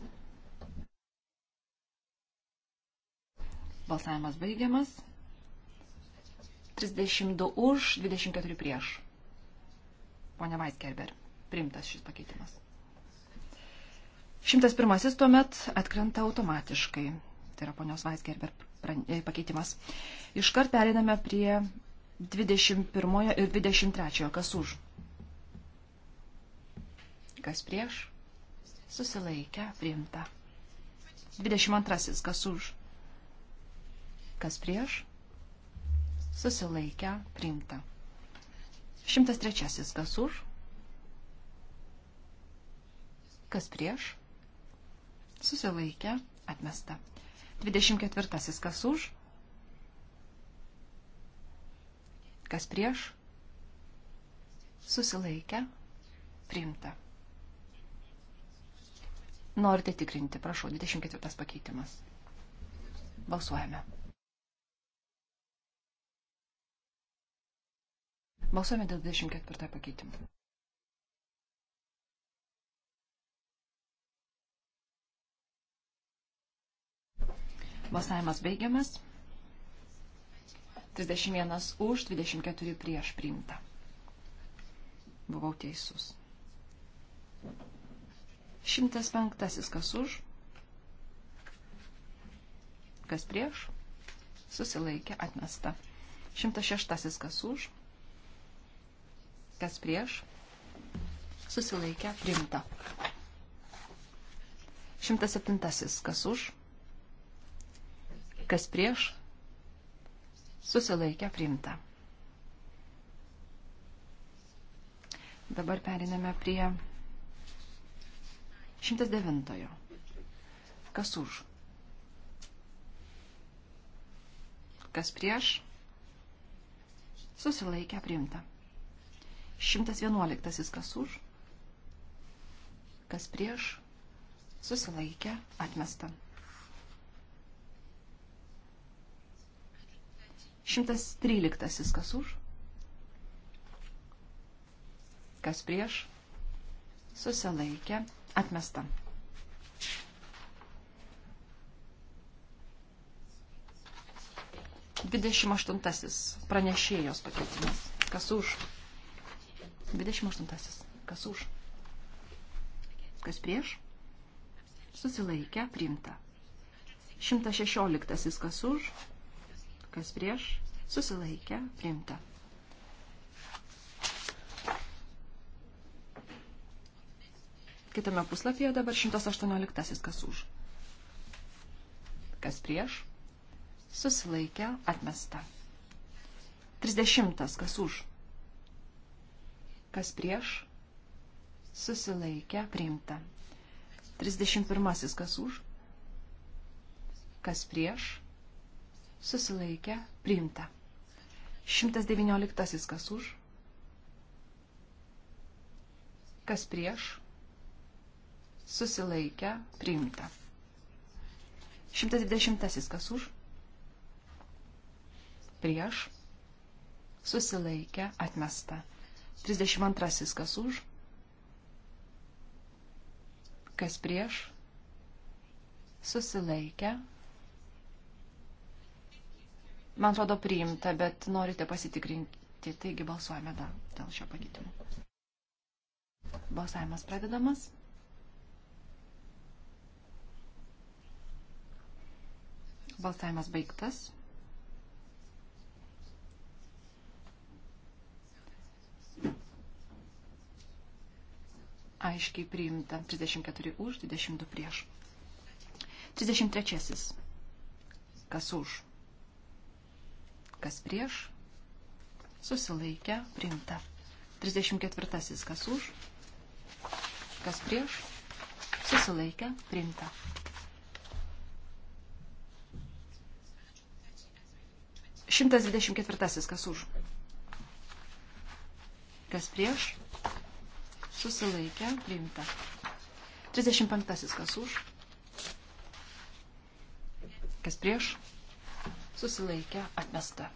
Speaker 4: Balsavimas baigiamas. 32 už, 24 prieš. Pone Vaiskerber, priimtas šis pakeitimas. 101 tuomet atkrenta automatiškai. Tai yra ponios Vaiskerber e, pakeitimas. Iškart pereiname prie 21 ir 23. Kas už? Kas prieš? Susilaikę, priimta. 22. Kas už? Kas prieš? Susilaikę priimta. 103. Kas už? Kas prieš? Susilaikę atmesta. 24. Kas už? Kas prieš? Susilaikę priimta. Norite tikrinti, prašau, 24 pakeitimas. Balsuojame. Balsuojame dėl 24 pakeitimo. Balsavimas baigiamas. 31 už, 24 prieš priimta. Buvau teisus. 105 kas už, kas prieš, susilaikė atmesta. 106 kas už, Kas prieš? Susilaikę priimta. 107. Kas už? Kas prieš? Susilaikę priimta. Dabar periname prie 109. Kas už? Kas prieš? Susilaikę priimta. 111 kas už, kas prieš, susilaikė, atmesta. 113 kas už, kas prieš, susilaikė, atmesta. Dvidešimt aštuntasis pranešėjos pakeitimas. Kas už? 28. Kas už? Kas prieš? Susilaikę, priimta. 116. Kas už? Kas prieš? Susilaikę, priimta. Kitame puslapyje dabar 118. Kas už? Kas prieš? Susilaikę, atmesta. 30. Kas už? kas prieš, susilaikę, priimta. 31. Kas už, kas prieš, susilaikę, priimta. 119. Kas už, kas prieš, susilaikę, priimta. 120. Kas už, prieš, susilaikę, atmesta. 32 kas už, kas prieš, susilaikę. Man atrodo priimta, bet norite pasitikrinti, taigi balsuojame dar dėl šio pakeitimo. Balsavimas pradedamas. Balsavimas baigtas. aiškiai priimta. 34 už, 22 prieš. 33. Kas už? Kas prieš? Susilaikę, priimta. 34. Kas už? Kas prieš? Susilaikę, priimta. 124. Kas už? Kas prieš? susilaikę, priimta. 35 kas už, kas prieš, susilaikę, atmesta.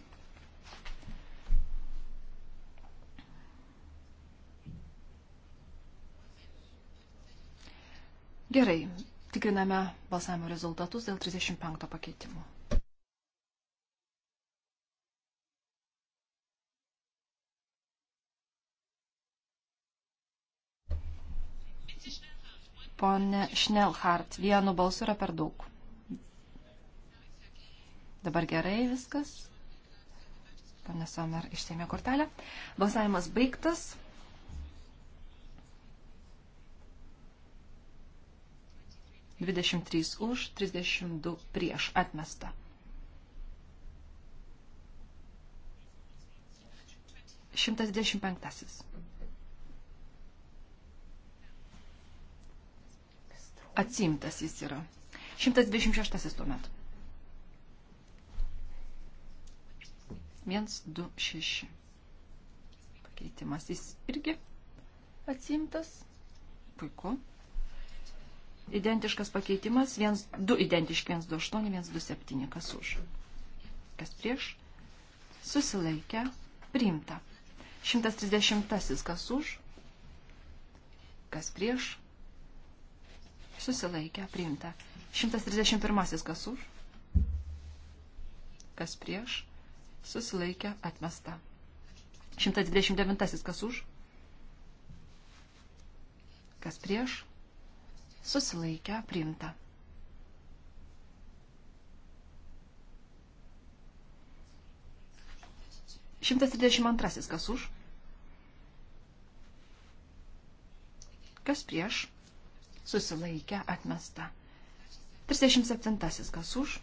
Speaker 4: Gerai, tikriname balsavimo rezultatus dėl 35 pakeitimų. ponė Šnelhart. Vienu balsu yra per daug. Dabar gerai viskas. Pane Somer išsėmė kortelę. Balsavimas baigtas. Dvidešimt trys už, trisdešimt du prieš atmesta. Šimtas dvidešimt penktasis. atsimtas jis yra. 126 tuomet. 1, 2, 6. Pakeitimas jis irgi atsimtas. Puiku. Identiškas pakeitimas. 1, 2 identiški. 1, 2, 8, 1, 2, 7. Kas už? Kas prieš? Susilaikę. Priimta. 130. Kas už? Kas prieš? susilaikę, priimta. 131 kas už, kas prieš, susilaikę, atmesta. 129 kas už, kas prieš, susilaikę, priimta. Šimtas trisdešimt antrasis kas už, kas prieš, susilaikę, atmesta. 37. Kas už,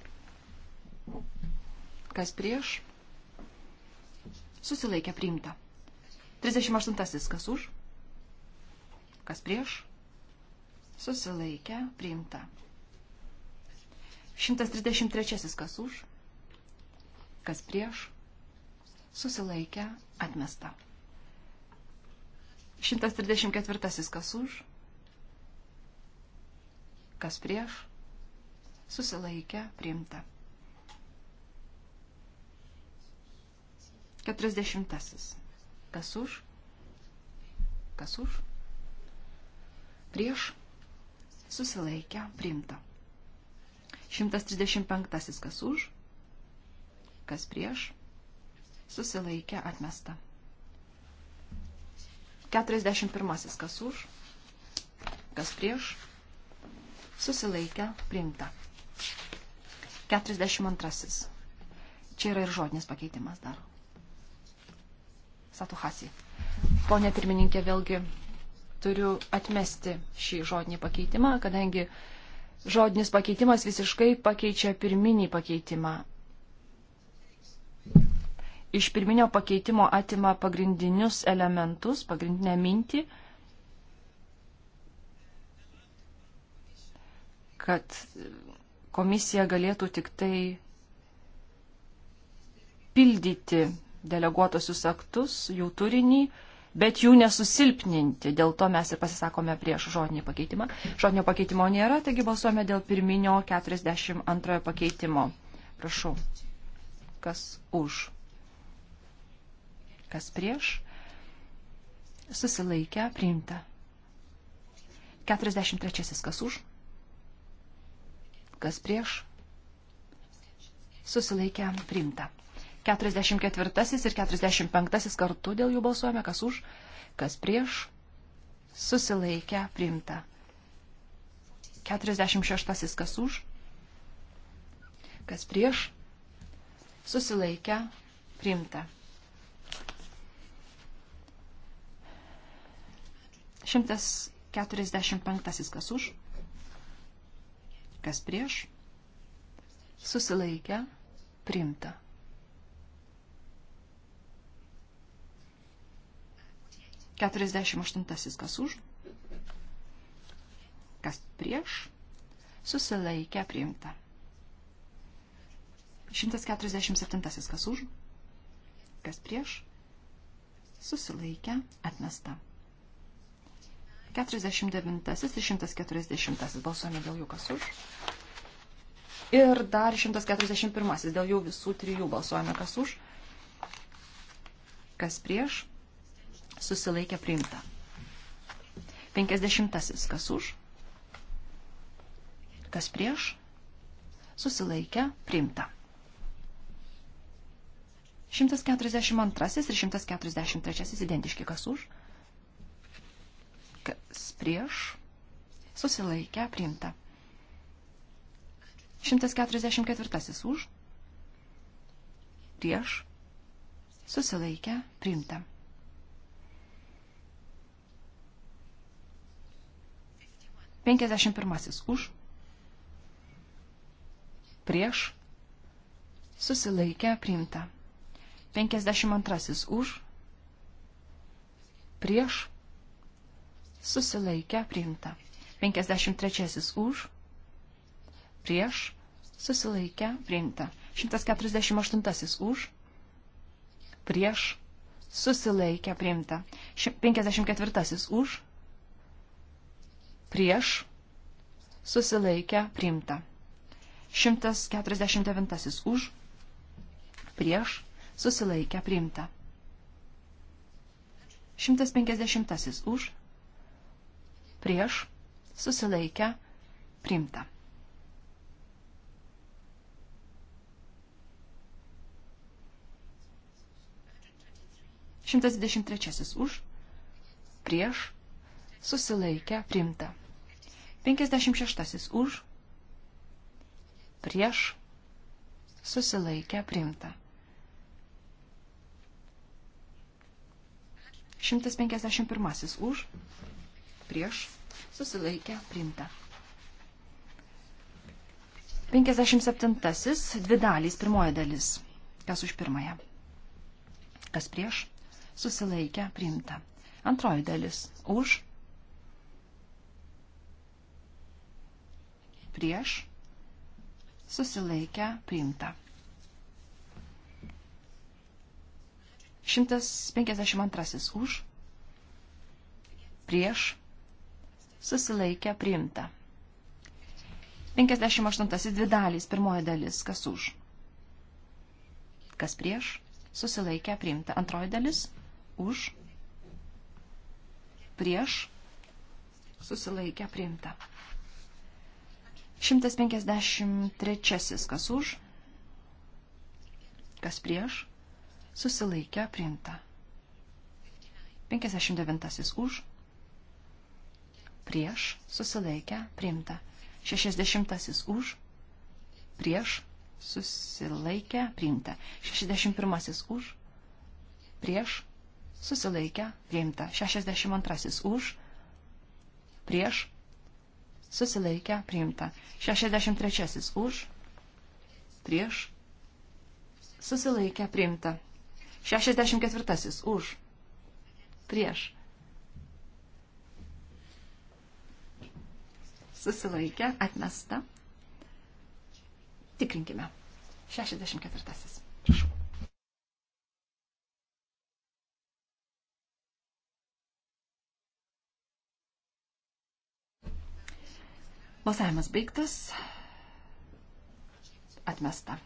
Speaker 4: kas prieš, susilaikę, priimta. 38. Kas už, kas prieš, susilaikę, priimta. 133. Kas už, kas prieš, susilaikę, atmesta. 134. Kas už, kas prieš, susilaikė, priimta. 40. Kas už, kas už, prieš, susilaikė, priimta. 135. Kas už, kas prieš, susilaikė, atmesta. 41. Kas už, kas prieš, susilaikę, priimta. 42. Čia yra ir žodinis pakeitimas dar. Satuhasi. Pone pirmininkė, vėlgi turiu atmesti šį žodinį pakeitimą, kadangi žodinis pakeitimas visiškai pakeičia pirminį pakeitimą. Iš pirminio pakeitimo atima pagrindinius elementus, pagrindinę mintį kad komisija galėtų tik tai pildyti deleguotosius aktus, jų turinį, bet jų nesusilpninti. Dėl to mes ir pasisakome prieš žodinį pakeitimą. Žodinio pakeitimo nėra, taigi balsuojame dėl pirminio 42 pakeitimo. Prašau. Kas už? Kas prieš? Susilaikę, priimta. 43 kas už? Kas prieš? Susilaikę priimta. 44 ir 45 kartu dėl jų balsuojame, kas už, kas prieš, susilaikę priimta. 46 kas už, kas prieš, susilaikę priimta. 145 kas už, Kas prieš? Susilaikę. Primta. 48. Kas už? Kas prieš? Susilaikę. Primta. 147. Kas už? Kas prieš? Susilaikę. Atmesta. 49 ir 140 balsuojame dėl jų kas už. Ir dar 141 dėl jų visų trijų balsuojame kas už. Kas prieš. Susilaikė priimta. 50 kas už. Kas prieš. Susilaikė priimta. 142 ir 143 identiški kas už kas prieš, susilaikę, priimta. 144 už, prieš, susilaikę, priimta. 51 už, prieš, susilaikę, priimta. 52 už, prieš, susilaikę priimta. 53 už, prieš, susilaikę priimta. 148 už, prieš, susilaikę priimta. 54 už, prieš, susilaikę priimta. 149 už, prieš, susilaikę priimta. 150 už, prieš, susilaikę, priimta. Šimtas dvidešimt trečiasis už, prieš, susilaikę, priimta. Penkiasdešimt šeštasis už, prieš, susilaikę, priimta. 151 už, prieš, susilaikę, priimta. 57. Dvi dalys, pirmoji dalis. Kas už pirmąją? Kas prieš, susilaikę, priimta. Antroji dalis. Už, prieš, susilaikę, priimta. 152 už, prieš, susilaikė priimta. 58 dvi dalys, pirmoji dalis, kas už. Kas prieš, susilaikė priimta. Antroji dalis, už, prieš, susilaikė priimta. 153 kas už, kas prieš, susilaikė priimta. 59 už, prieš, susilaikę, priimta. 60 už, prieš, susilaikę, priimta. 61 už, prieš, susilaikę, priimta. 62 už, prieš, susilaikę, priimta. 63 už, prieš, susilaikę, priimta. 64 už, prieš, susilaikė, atmesta. Tikrinkime.
Speaker 5: 64. Prašau.
Speaker 4: Balsavimas baigtas. Atmesta.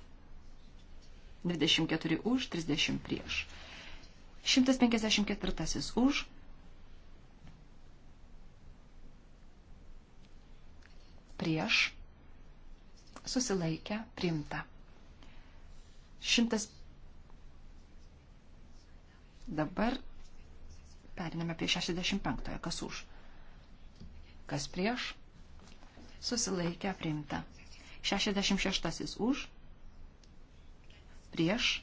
Speaker 4: 24 už, 30 prieš. 154 už, prieš, susilaikę, primta. Šimtas. Dabar periname prie 65. Kas už? Kas prieš? Susilaikę, primta. 66. Už? Prieš?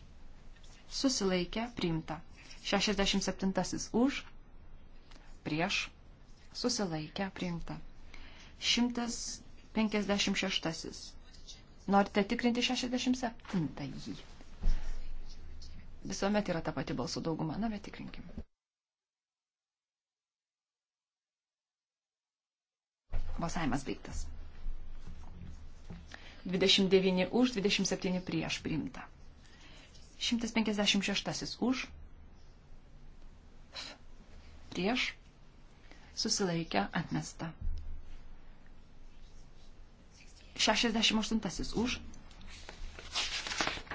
Speaker 4: Susilaikę, primta. 67. Už? Prieš? Susilaikę, primta. 156. Norite tikrinti 67? Mm, tai Visuomet yra ta pati balsų dauguma. Na, bet tikrinkim. Balsavimas baigtas. 29 už, 27 prieš priimta. 156 už, prieš, susilaikę atmesta. 68 už,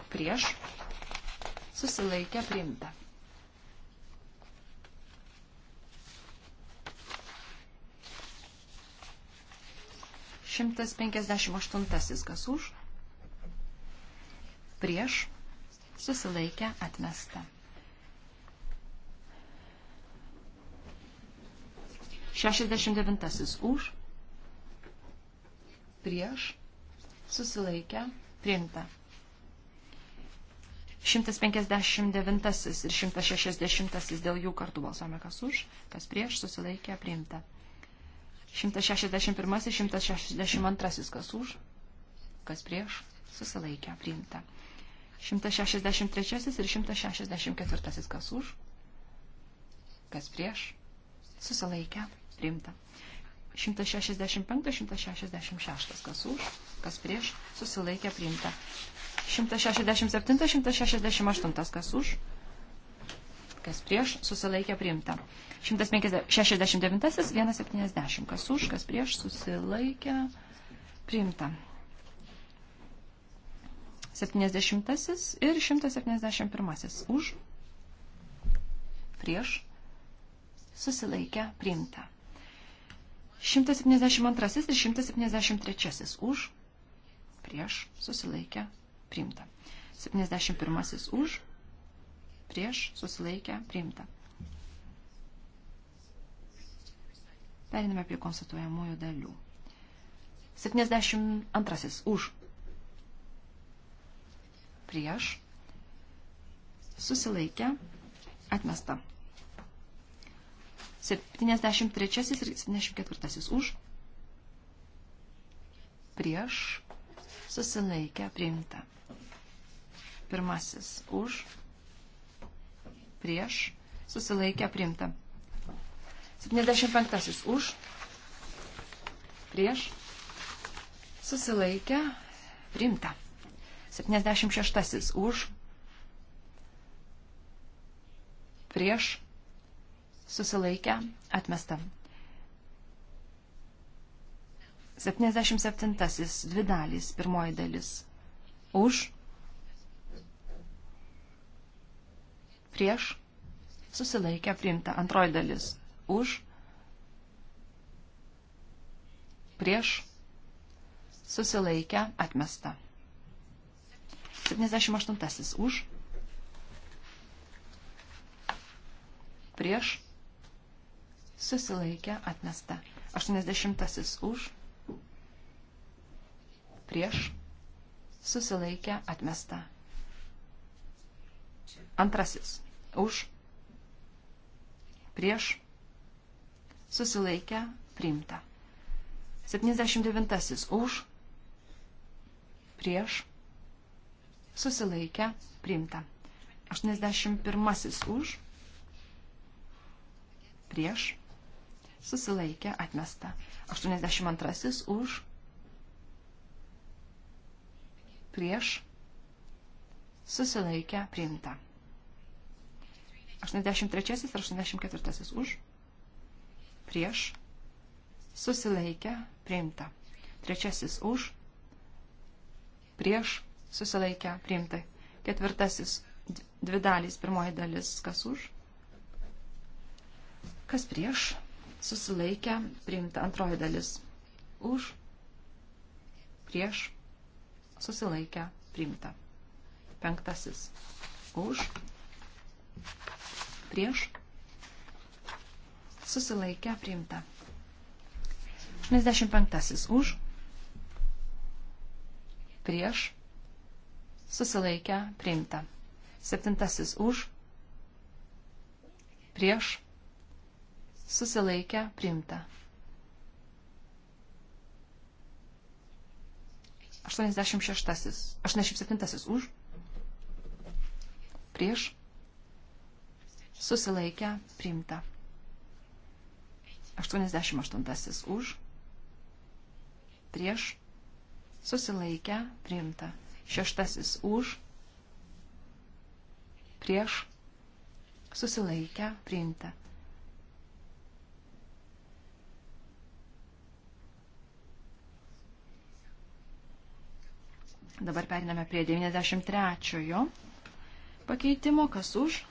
Speaker 4: prieš, susilaikė priimta. Šimtas penkiasdešimt aštuntasis kas už, prieš, susilaikė atmesta. Šešiasdešimt devintasis už, prieš prieš, susilaikę, priimta. 159 ir 160 dėl jų kartų balsuojame kas už, kas prieš, susilaikė, priimta. 161 ir 162 kas už, kas prieš, susilaikė, priimta. 163 ir 164 kas už, kas prieš, susilaikė, priimta. 165-166, kas už, kas prieš, susilaikė priimta. 167-168, kas už, kas prieš, susilaikė priimta. 169-170, kas už, kas prieš, susilaikė priimta. 70 ir 171 už, prieš, susilaikė priimta. 172 ir 173 už, prieš, susilaikę, priimta. 71 už, prieš, susilaikę, priimta. Periname prie konstatuojamųjų dalių. 72 už, prieš, susilaikę, atmesta. 73 ir 74 už. Prieš susilaikę priimta. Pirmasis už. Prieš susilaikę priimta. 75 už. Prieš susilaikę priimta. 76 už. Prieš susilaikę, atmesta. 77. Dvi dalys, pirmoji dalis. Už, prieš, susilaikę, priimta. Antroji dalis. Už, prieš, susilaikę, atmesta. 78. Už, prieš, susilaikė atmesta. 80 už, prieš, susilaikė atmesta. Antrasis už, prieš, susilaikė priimta. 79 už, prieš, susilaikė priimta. 81 už, prieš, susilaikė atmesta. 82 už prieš susilaikė priimta. 83 ir 84 už prieš susilaikė priimta. Trečiasis už prieš susilaikę priimta. Ketvirtasis dvi dalys, pirmoji dalis kas už, kas prieš susilaikę, priimta antroji dalis už, prieš, susilaikę, priimta. Penktasis už, prieš, susilaikę, priimta. 85 už, prieš, susilaikę, priimta. Septintasis už, prieš, susilaikę priimta. 86. 87. Už. Prieš. Susilaikę priimta. 88. Už. Prieš. Susilaikę priimta. 6. Už. Prieš. Susilaikę priimta. Dabar periname prie 93 pakeitimo. Kas už?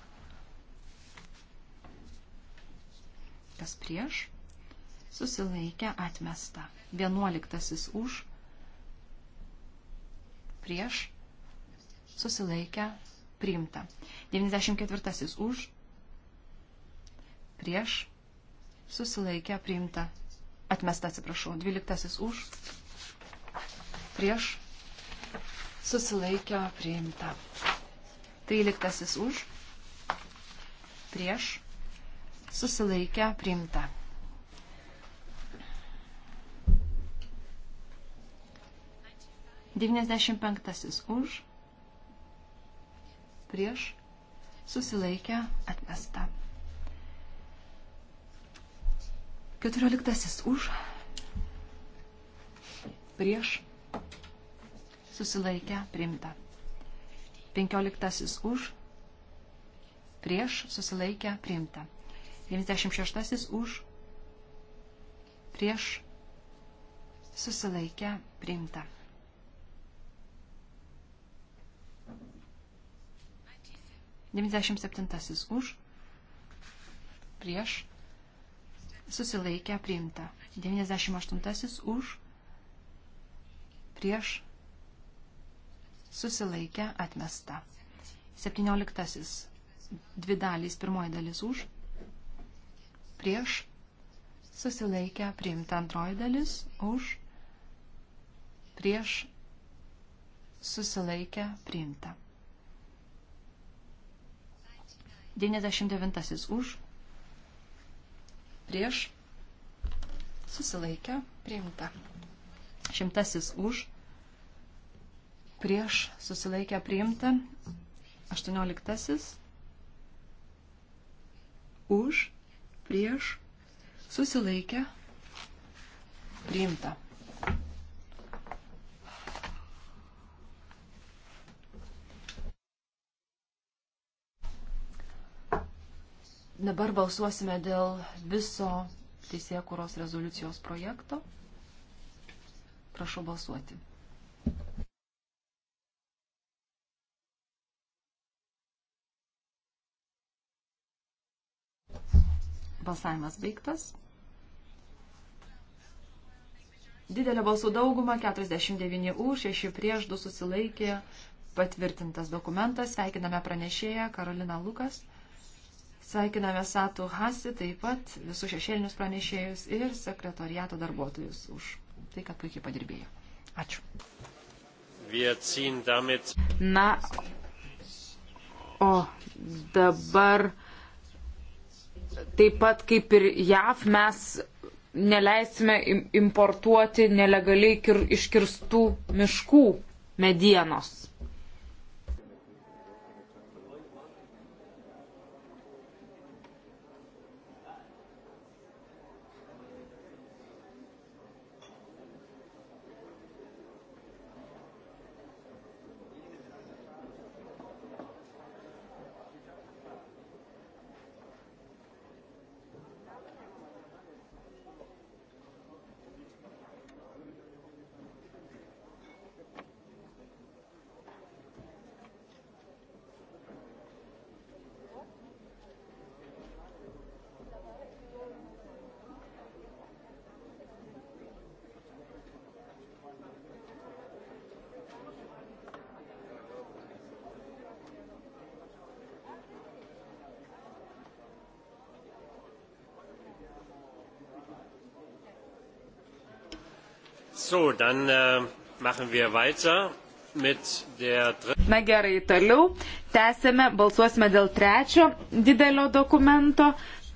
Speaker 4: Kas prieš? Susilaikę atmesta. 11 už. Prieš. Susilaikę priimta. 94 už. Prieš. Susilaikę priimta. Atmesta, atsiprašau. 12 už. Prieš susilaikė priimta. 13 už, prieš, susilaikė priimta. Devyniasdešimt penktasis už, prieš, susilaikė atmesta. Keturioliktasis už, prieš, susilaikę priimta. 15 už, prieš susilaikę priimta. 96 už, prieš susilaikę priimta. 97 už, prieš, susilaikę priimta. 98 už, prieš, susilaikė, atmesta. 17. Dvi dalys, pirmoji dalis už, prieš, susilaikė, priimta antroji dalis, už, prieš, susilaikė, priimta. 99. už, prieš, susilaikė, priimta. 100. už, prieš susilaikę priimta, 18 už, prieš susilaikę priimta. Dabar balsuosime dėl viso teisėkuros rezoliucijos projekto. Prašau balsuoti. Balsavimas baigtas. Didelė balsų dauguma, 49 už, 6 prieš, 2 susilaikė, patvirtintas dokumentas. Sveikiname pranešėją Karolina Lukas. Sveikiname Satų Hasi, taip pat visus šešėlinius pranešėjus ir sekretoriato darbuotojus už tai, kad puikiai padirbėjo. Ačiū.
Speaker 1: Na, o dabar taip pat kaip ir JAV mes neleisime importuoti nelegaliai iškirstų miškų medienos.
Speaker 2: So, dann äh, machen wir weiter. Na
Speaker 1: gerai, toliau tęsėme, balsuosime dėl trečio didelio dokumento.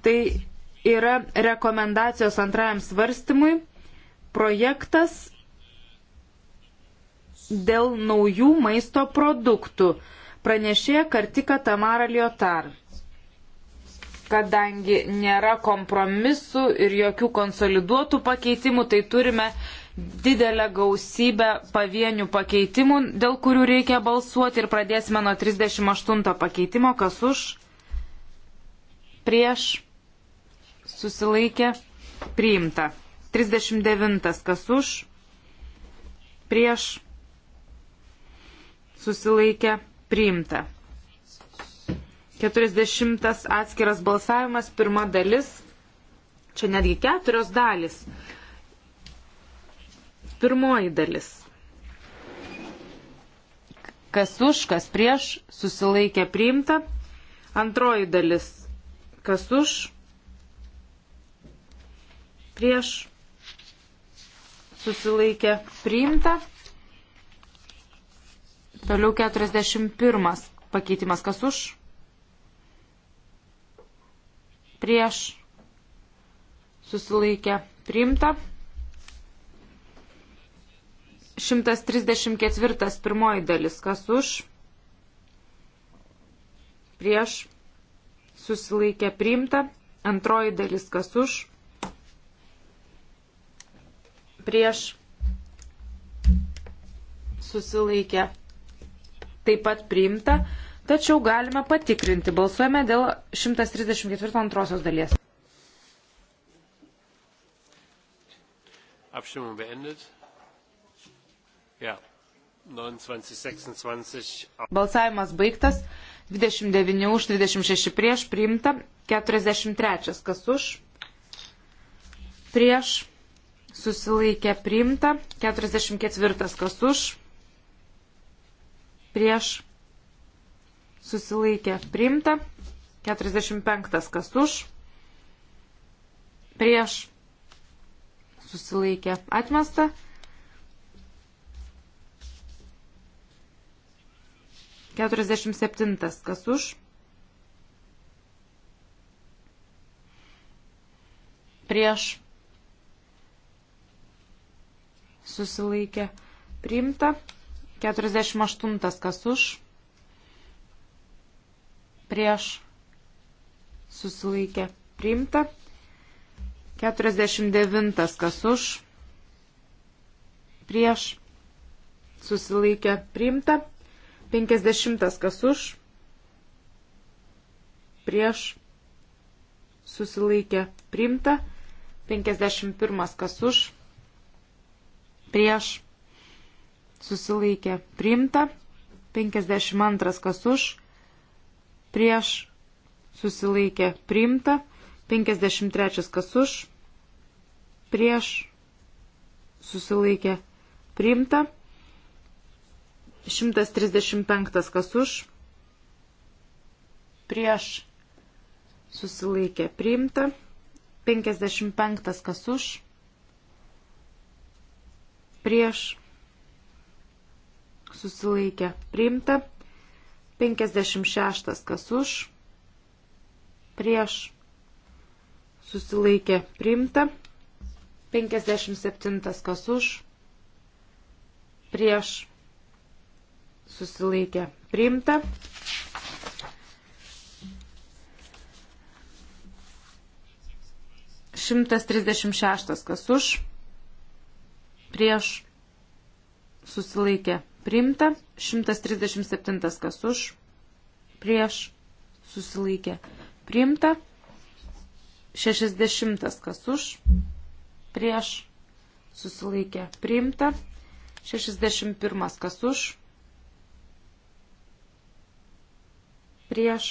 Speaker 1: Tai yra rekomendacijos antrajam svarstymui projektas dėl naujų maisto produktų. Pranešė Kartika Tamara Liotar. Kadangi nėra kompromisų ir jokių konsoliduotų pakeitimų, tai turime didelę gausybę pavienių pakeitimų, dėl kurių reikia balsuoti ir pradėsime nuo 38 pakeitimo, kas už, prieš, susilaikė, priimta. 39 kas už, prieš, susilaikė, priimta. 40 atskiras balsavimas, pirma dalis, čia netgi keturios dalis. Pirmoji dalis. Kas už, kas prieš, susilaikė priimta. Antroji dalis. Kas už, prieš, susilaikė priimta. Toliau 41 pakeitimas. Kas už, prieš, susilaikė priimta. 134 pirmoji dalis. Kas už? Prieš. Susilaikė priimta. Antroji dalis. Kas už? Prieš. Susilaikė. Taip pat priimta. Tačiau galime patikrinti. Balsuojame dėl 134 antrosios dalies.
Speaker 2: Abstimmung beendet. Ja. 29, 26.
Speaker 1: Balsavimas baigtas. 29 už, 26 prieš, priimta. 43 kas už, prieš, susilaikė, priimta. 44 kas už, prieš, susilaikė, priimta. 45 kas už, prieš, susilaikė, atmesta. 47. Kas už? Prieš. Susilaikė. Priimta. 48. Kas už? Prieš. Susilaikė. Priimta. 49. Kas už? Prieš. Susilaikė. Priimta. 50 kas už, prieš, susilaikė, priimta. 51 kas už, prieš, susilaikė, priimta. 52 kas už, prieš, susilaikė, priimta. 53 kas už, prieš, susilaikė, priimta. 135 kas už, prieš susilaikė priimta, 55 kas už, prieš susilaikė priimta, 56 kas už, prieš susilaikė priimta, 57 kas už, prieš susilaikė priimta. Šimtas trisdešimt šeštas kas už, prieš susilaikė priimta. Šimtas trisdešimt septintas kas už, prieš susilaikė priimta. Šešisdešimtas kas už, prieš susilaikė priimta. Šešisdešimt pirmas kas už, prieš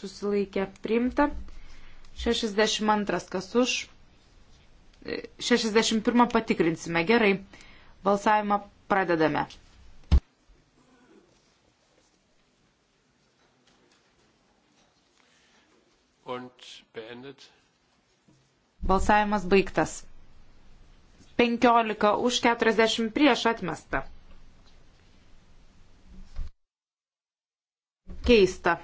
Speaker 1: susilaikė priimta. 62 kas už. 61 patikrinsime. Gerai. Balsavimą pradedame. Balsavimas baigtas. 15 už 40 prieš atmesta. keista.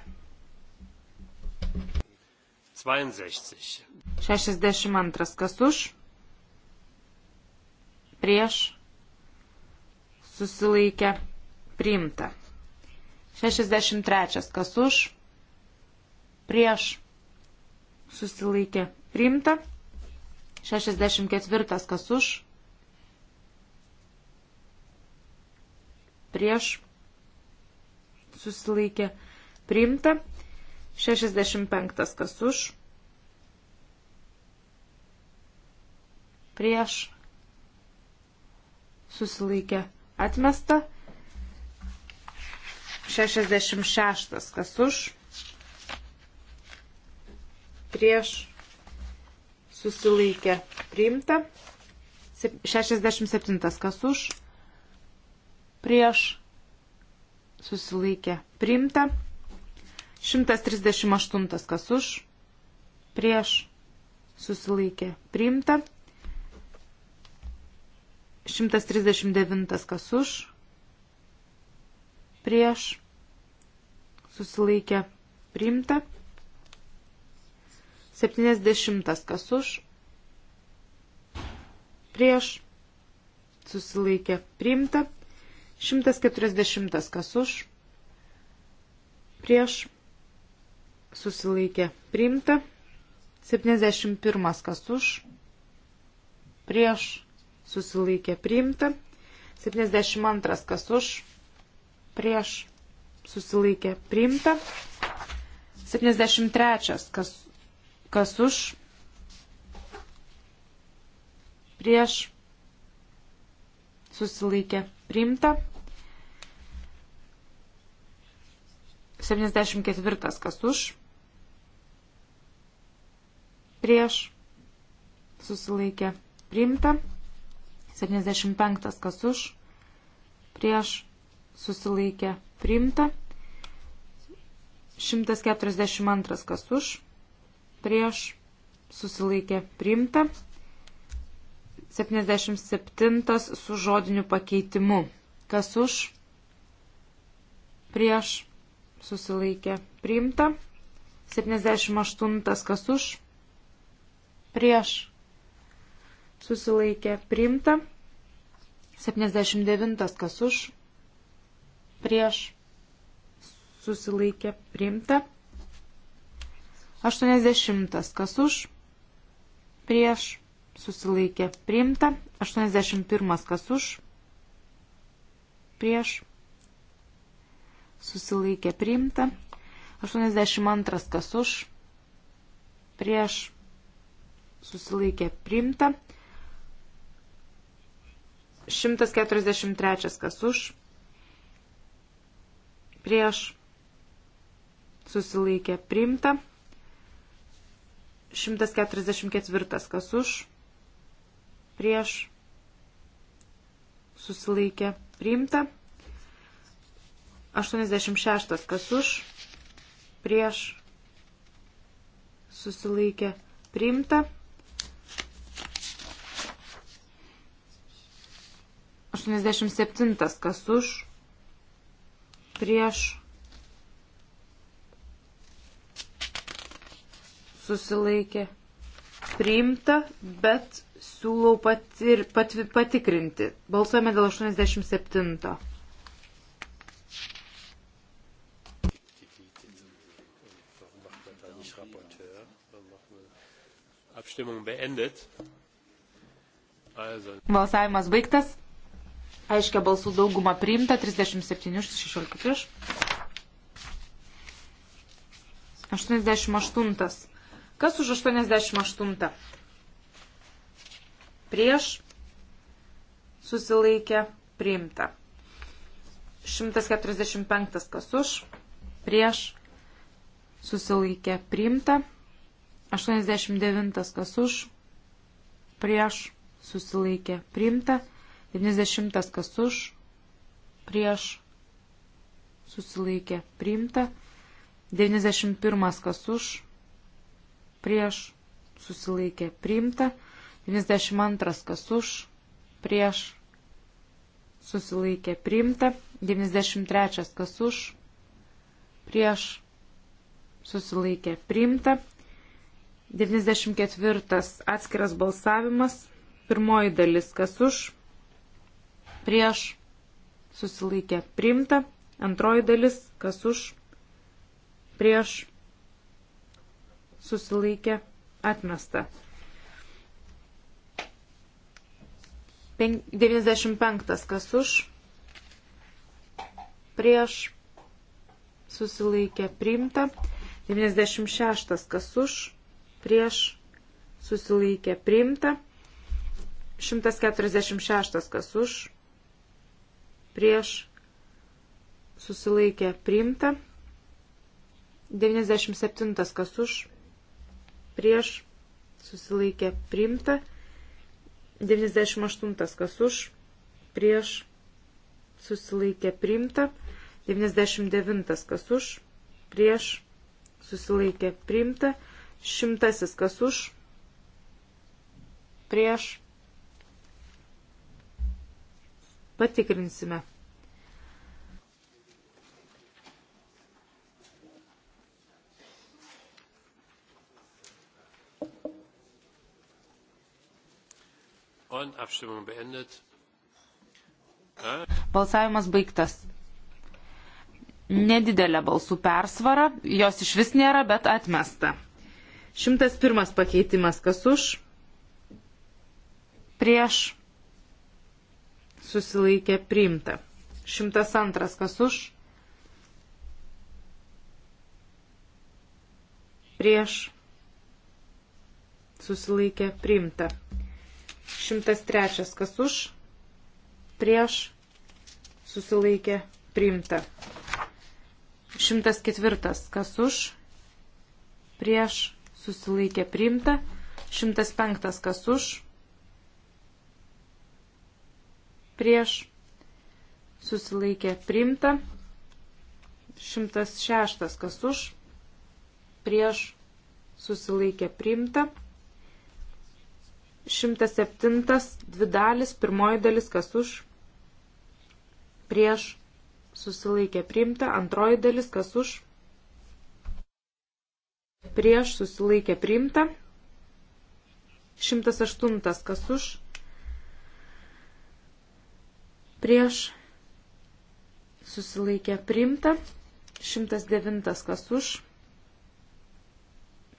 Speaker 2: 62.
Speaker 1: 62. Kas už? Prieš. Susilaikę. Priimta. 63. Kas už? Prieš. Susilaikė. Priimta. 64. Kas už? Prieš. Susilaikė. Priimta priimta. 65 kas už. Prieš susilaikė atmesta. 66 kas už. Prieš susilaikė priimta. 67 kas už. Prieš susilaikė priimta. 138 kas už, prieš susilaikė priimta. 139 kas už, prieš susilaikė priimta. 70 kas už, prieš susilaikė priimta. 140 kas už, prieš susilaikė priimta. 71 kas už, prieš susilaikė priimta. 72 kas už, prieš susilaikė priimta. 73 kas, kas už, prieš susilaikė priimta. 74 kas už, prieš, susilaikė, priimta. 75 kas už, prieš, susilaikė, priimta. 142 kas už, prieš, susilaikė, priimta. 77 su žodiniu pakeitimu. Kas už, prieš, susilaikė priimta. 78 kas už, prieš susilaikė priimta. 79 kas už, prieš susilaikė priimta. 80 kas už, prieš susilaikė priimta. 81 kas už, prieš susilaikė priimta. 82 kas už, prieš susilaikė priimta. 143 kas už, prieš susilaikė priimta. 144 kas už, prieš susilaikė priimta. 86. Kas už, prieš, susilaikė, priimta. 87. Kas už, prieš, susilaikė, priimta, bet siūlau patir, pat, patikrinti. Balsuojame dėl 87. Balsavimas baigtas. Aiškia balsų dauguma priimta. 37 už 16 prieš. 88. Kas už 88? Prieš. Susilaikė. Priimta. 145. Kas už? Prieš. Susilaikė. Priimta. 89 kas už, prieš, susilaikė, priimta. 90 kas už, prieš, susilaikė, priimta. 91 kas už, prieš, susilaikė, priimta. 92 kas už, prieš, susilaikė, priimta. 93 kas už, prieš, susilaikė, priimta. 94 atskiras balsavimas. Pirmoji dalis, kas už, prieš, susilaikė, priimta. Antroji dalis, kas už, prieš, susilaikė, atmesta. 95 kas už, prieš, susilaikė, priimta. 96 kas už, prieš susilaikė priimta. 146 kas už prieš susilaikė priimta. 97 kas už prieš susilaikė priimta. 98 kas už prieš susilaikė priimta. 99 kas už prieš susilaikė priimta. Šimtasis kas už, prieš. Patikrinsime.
Speaker 2: Und Abstimmung beendet.
Speaker 1: Balsavimas baigtas. Nedidelė balsų persvara, jos iš vis nėra, bet atmesta. 101 pakeitimas, kas už, prieš, susilaikė priimta. 102 kas už, prieš, susilaikė priimta. 103 kas už, prieš, susilaikė priimta. 104 kas už, prieš, susilaikė priimta, 105 kas už, prieš, susilaikė priimta, 106 kas už, prieš, susilaikė priimta, 107 dvi dalis, pirmoji dalis kas už, prieš, susilaikė priimta, antroji dalis kas už, prieš susilaikė priimta. 108 kas už, prieš susilaikė priimta. 109 kas už,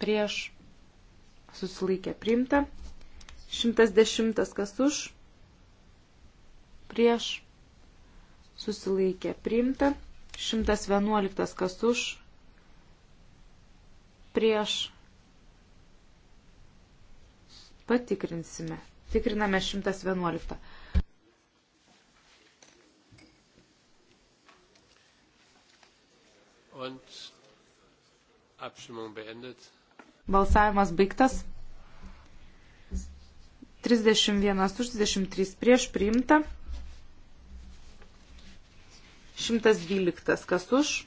Speaker 1: prieš susilaikė priimta. 110 kas už, prieš susilaikė priimta. 111 kas už, prieš. Patikrinsime. Tikriname 111. Balsavimas baigtas. 31 už 23 prieš priimta. 112 kas už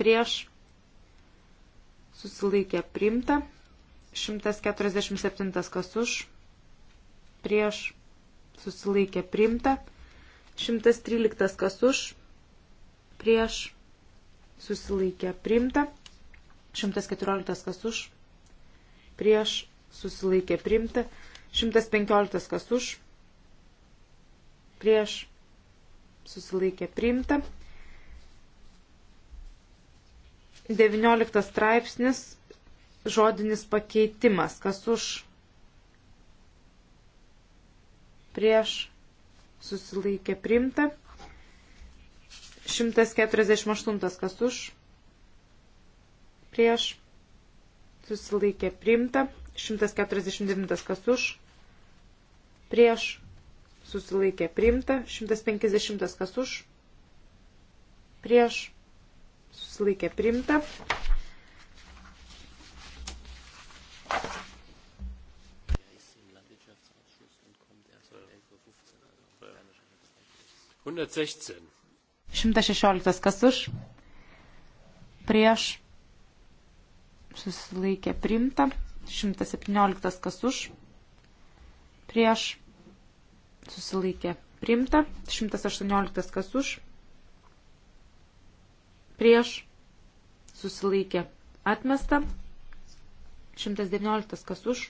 Speaker 1: prieš susilaikė priimta. 147 kas už prieš susilaikė priimta. 113 kas už prieš susilaikė priimta. 114 kas už prieš susilaikė priimta. 115 kas už prieš susilaikė priimta. 19 straipsnis, žodinis pakeitimas, kas už prieš susilaikė primta. 148 kas už prieš susilaikė primta. 149 kas už prieš susilaikė primta. 150 kas už prieš susilaikė primta. Šimtas šešioliktas kas už, prieš, susilaikė primta, šimtas septynioliktas kas už, prieš, susilaikė primta, šimtas aštuonioliktas kas už, prieš susilaikė atmesta. 119 kas už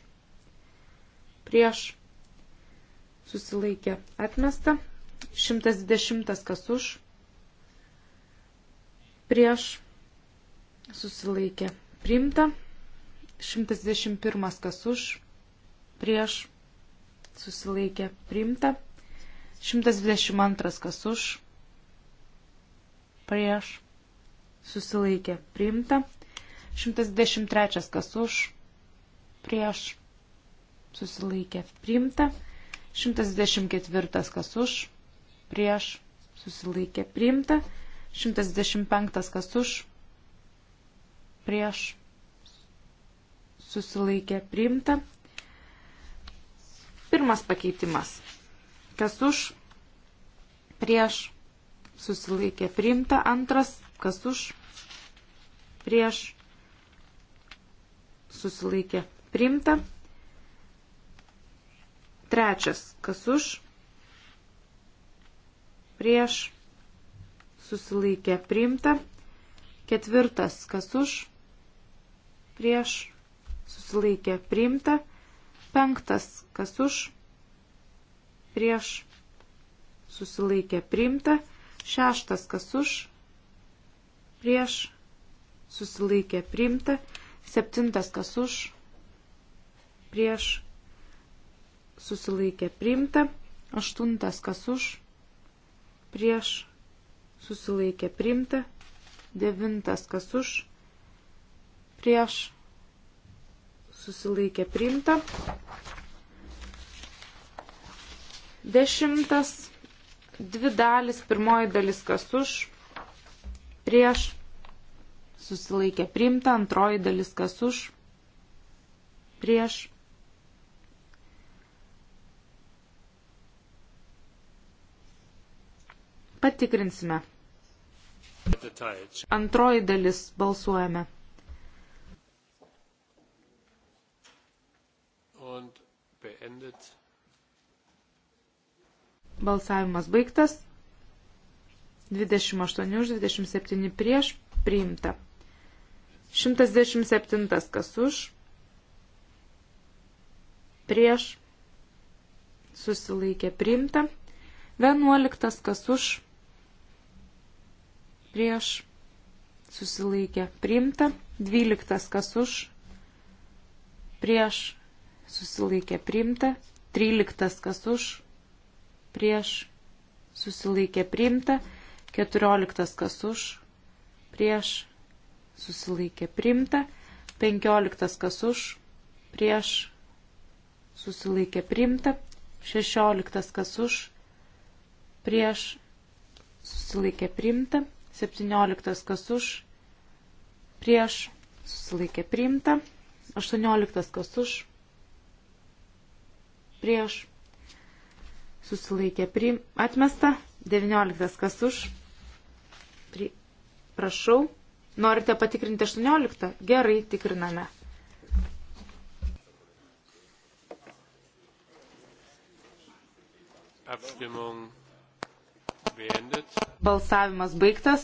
Speaker 1: prieš susilaikė atmesta. 120 kas už prieš susilaikė priimta. 121 kas už prieš susilaikė priimta. 122 kas už prieš susilaikė priimta. 123 kas už, prieš susilaikė priimta. 124 kas už, prieš susilaikė priimta. 125 kas už, prieš susilaikė priimta. Pirmas pakeitimas. Kas už, prieš susilaikė priimta. Antras, kas už, prieš susilaikė priimta. Trečias, kas už, prieš susilaikė priimta. Ketvirtas, kas už, prieš susilaikė priimta. Penktas, kas už, prieš susilaikė priimta. Šeštas, kas už, prieš susilaikė priimta, septintas kas už, prieš susilaikė priimta, aštuntas kas už, prieš susilaikė priimta, devintas kas už, prieš susilaikė priimta, dešimtas, dvi dalis, pirmoji dalis kas už, prieš susilaikė priimta, antroji dalis kas už, prieš. Patikrinsime. Antroji dalis balsuojame. Balsavimas baigtas. 28 už 27 prieš priimta. 127 kas už, prieš, susilaikė priimta, 11 kas už, prieš, susilaikė priimta, 12 kas už, prieš, susilaikė priimta, 13 kas už, prieš, susilaikė priimta, 14 kas už, prieš, susilaikė priimta, 15 kas už, prieš susilaikė priimta, 16 kas už, prieš susilaikė priimta, 17 kas už, prieš susilaikė priimta, 18 kas už, prieš susilaikė priimta, atmesta, 19 kas už, pri, prašau, Norite patikrinti 18? Gerai, tikriname. Balsavimas baigtas.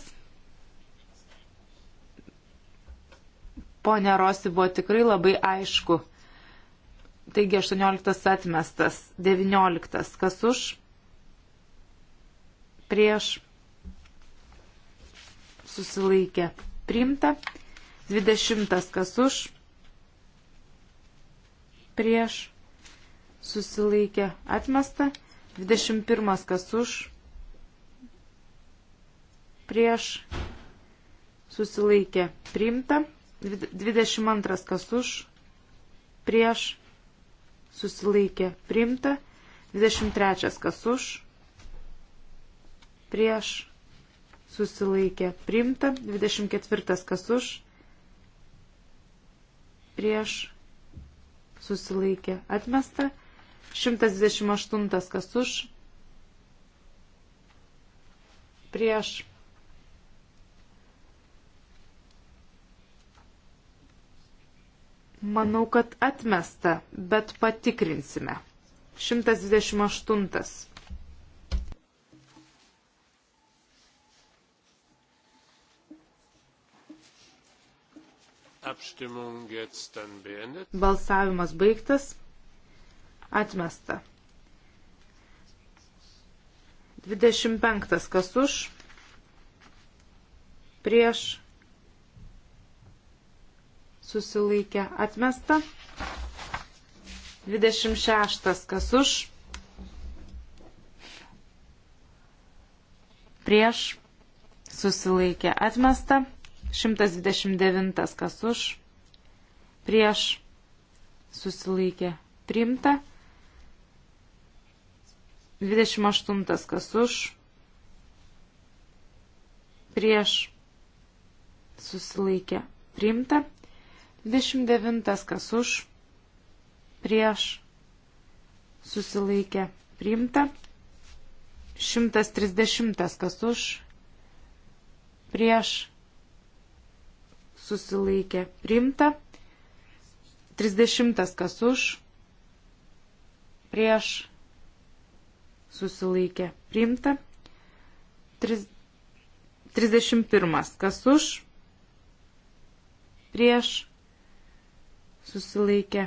Speaker 1: Pone Rosi buvo tikrai labai aišku. Taigi 18 atmestas, 19 kas už, prieš susilaikė priimta. 20 kas už, prieš, susilaikė atmesta. 21 kas už, prieš, susilaikė priimta. 22 kas už, prieš, susilaikė priimta. 23 kas už, prieš, susilaikė priimta, 24 kas už, prieš susilaikė atmesta, 128 kas už, prieš Manau, kad atmesta, bet patikrinsime. 128. Balsavimas baigtas. Atmesta. 25. Kas už? Prieš. Susilaikė. Atmesta. 26. Kas už? Prieš. Susilaikė. Atmesta. 129 kas už, prieš susilaikė priimta, 28 kas už, prieš susilaikė priimta, 29 kas už, prieš susilaikė priimta, 130 kas už, prieš susilaikė priimta. 30 kas už, prieš susilaikė priimta. 31 kas už, prieš susilaikė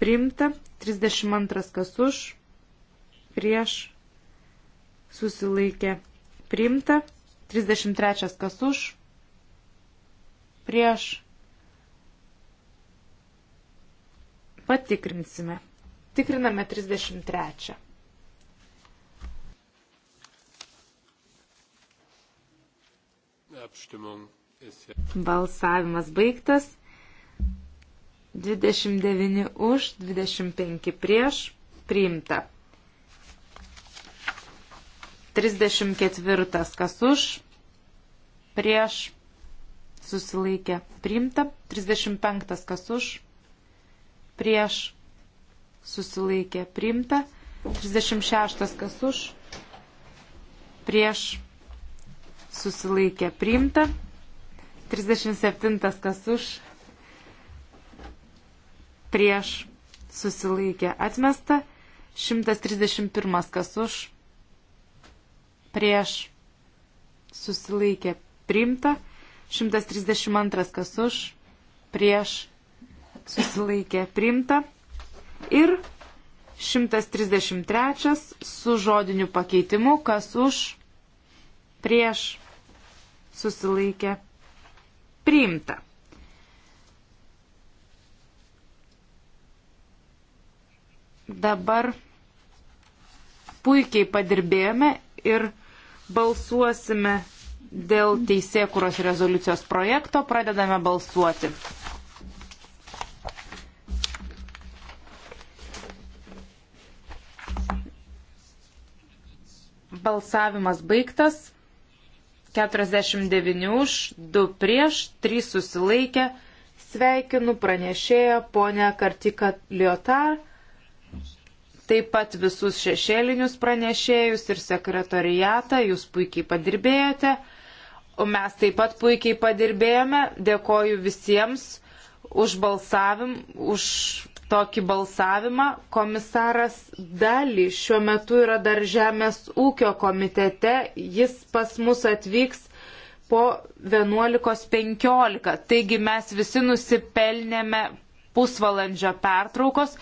Speaker 1: priimta. 32 kas už, prieš susilaikė priimta. 33 kas už, prieš. Patikrinsime. Tikriname 33. Balsavimas baigtas. 29 už, 25 prieš, priimta. 34 kas už, prieš, susilaikė priimta, 35 kas už, prieš susilaikė priimta, 36 kas už, prieš susilaikė priimta, 37 kas už, prieš susilaikė atmesta, 131 kas už, prieš susilaikė priimta, 132 kas už, prieš, susilaikė priimta. Ir 133 su žodiniu pakeitimu, kas už, prieš, susilaikė priimta. Dabar puikiai padirbėjome ir balsuosime dėl teisėkuros rezoliucijos projekto pradedame balsuoti. Balsavimas baigtas. 49 už, 2 prieš, 3 susilaikė. Sveikinu pranešėją ponę Kartiką Liotar, taip pat visus šešėlinius pranešėjus ir sekretariatą, jūs puikiai padirbėjote. O mes taip pat puikiai padirbėjome. Dėkoju visiems už, balsavim, už tokį balsavimą. Komisaras Dali šiuo metu yra dar Žemės ūkio komitete. Jis pas mus atvyks po 11.15. Taigi mes visi nusipelnėme pusvalandžio pertraukos.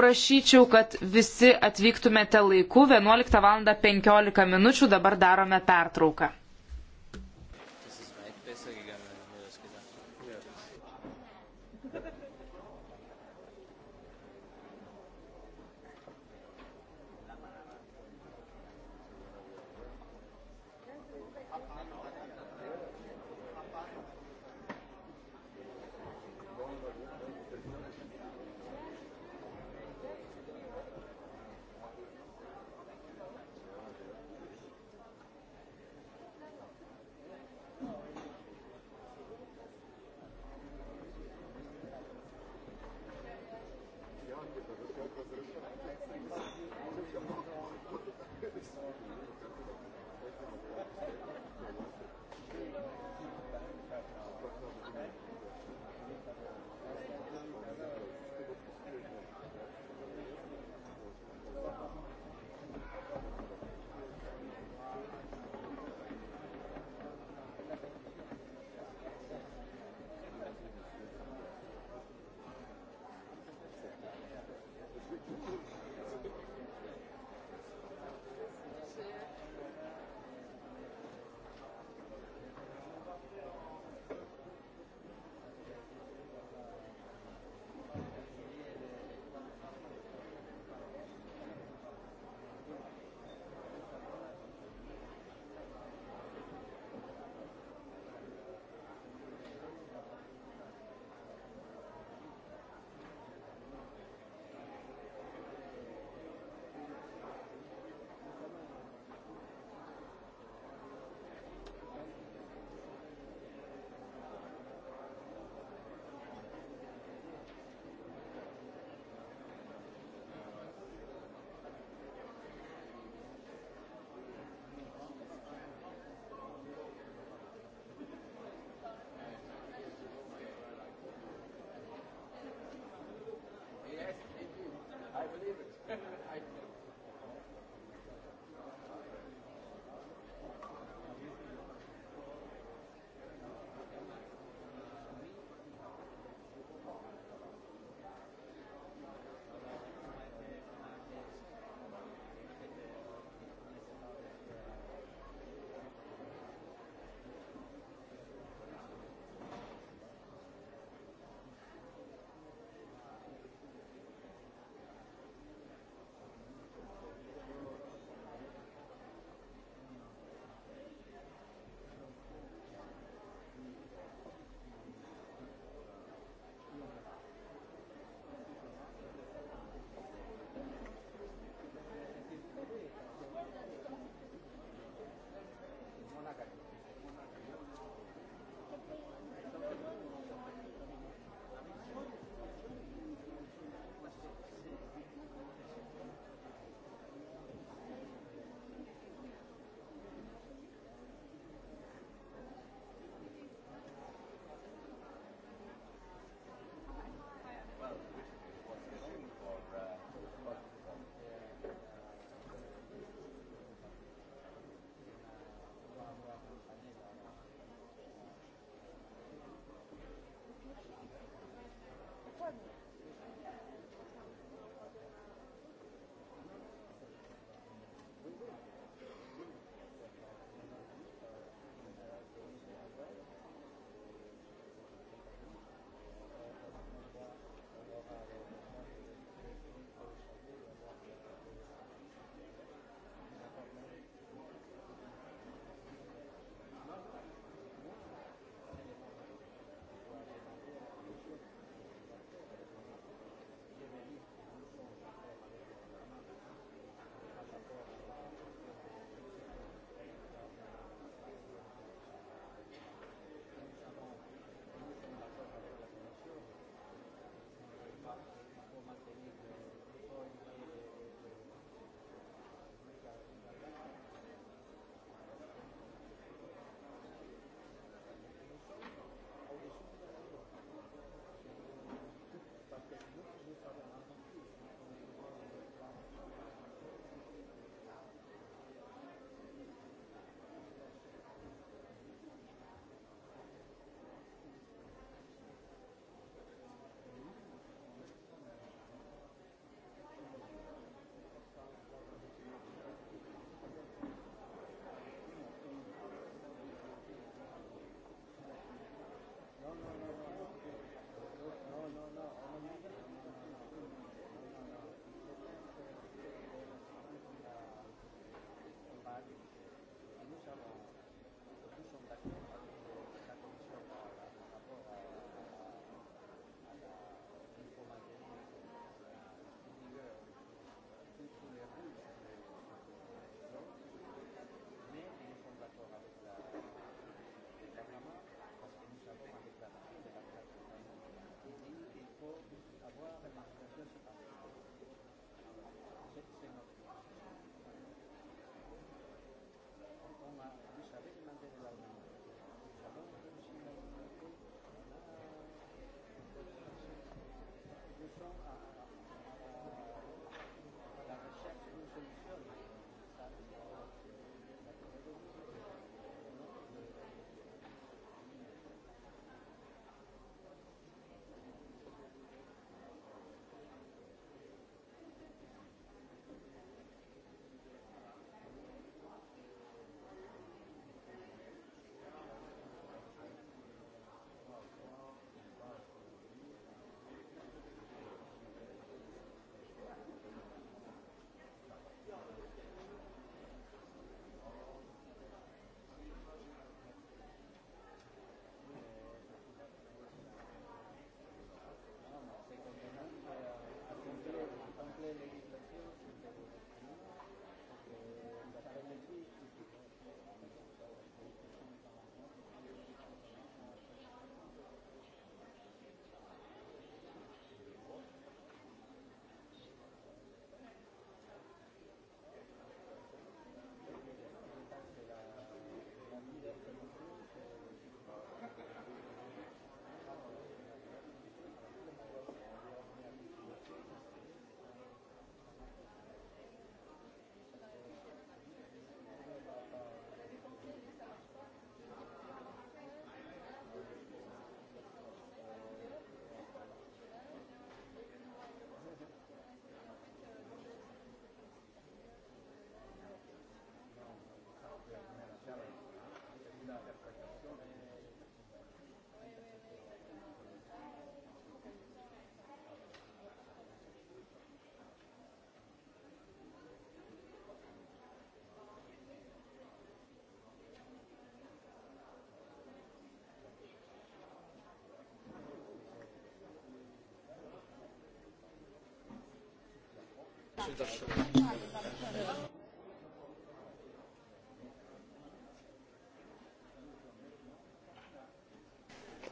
Speaker 1: Prašyčiau, kad visi atvyktumėte laiku 11.15 min. Dabar darome pertrauką.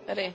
Speaker 1: Ready.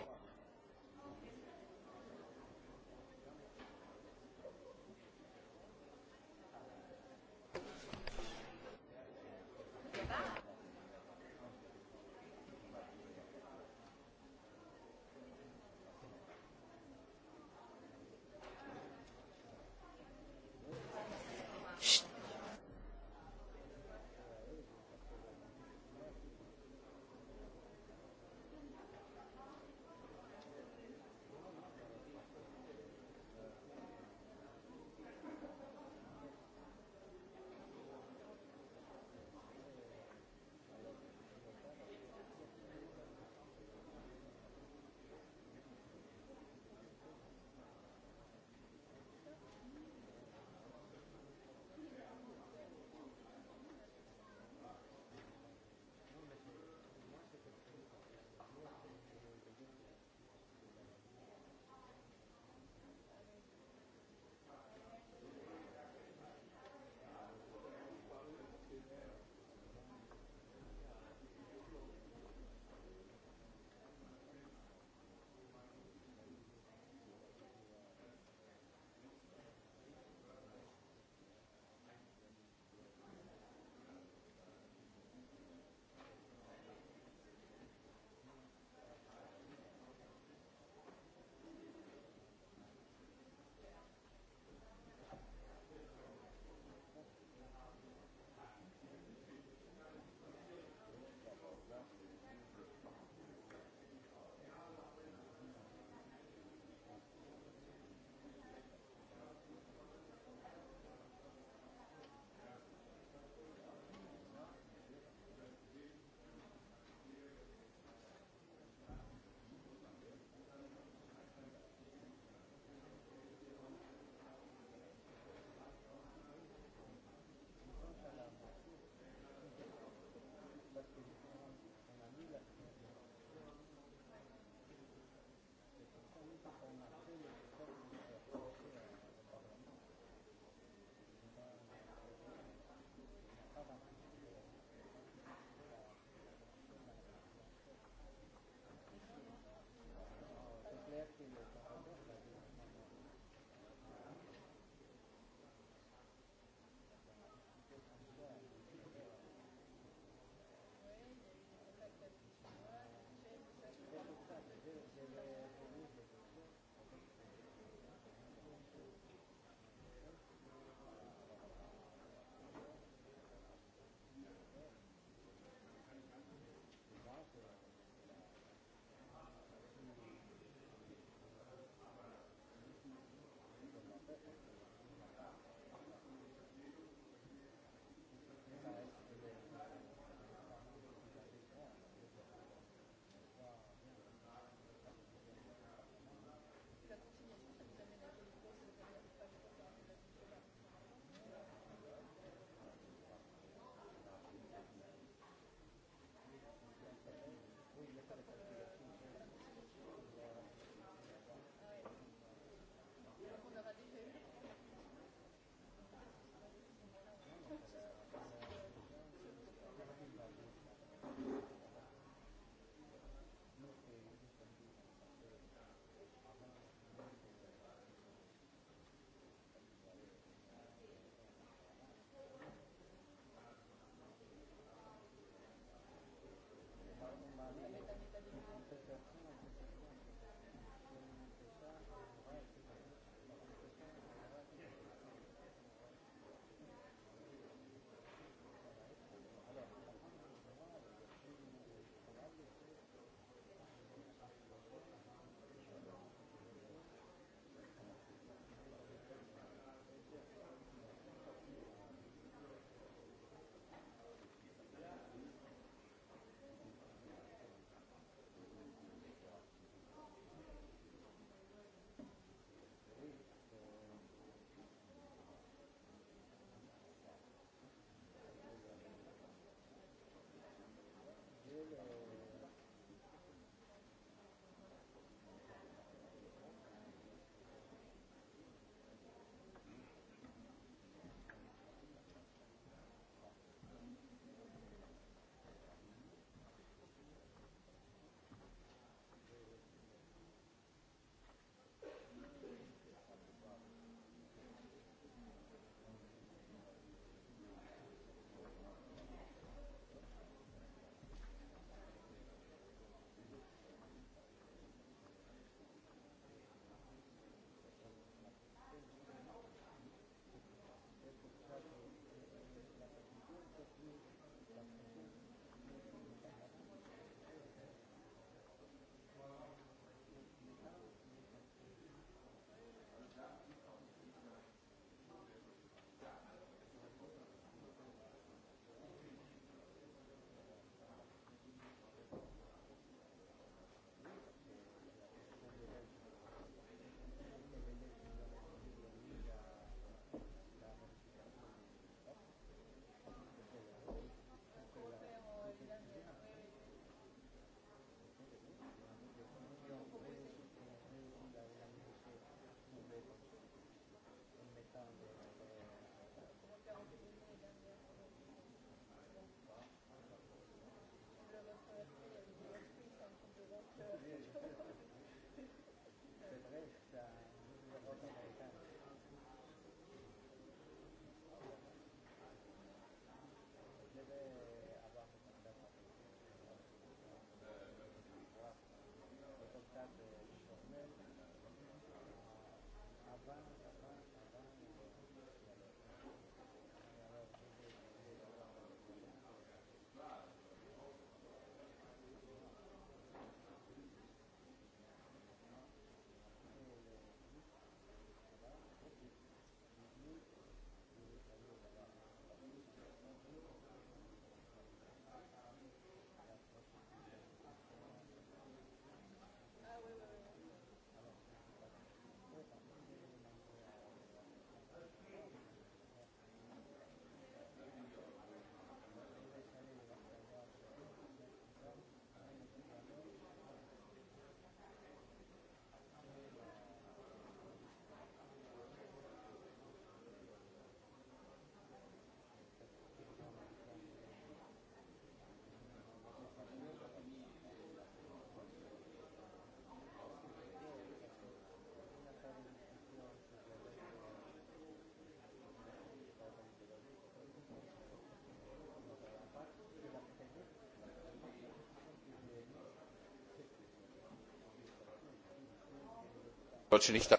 Speaker 2: sollte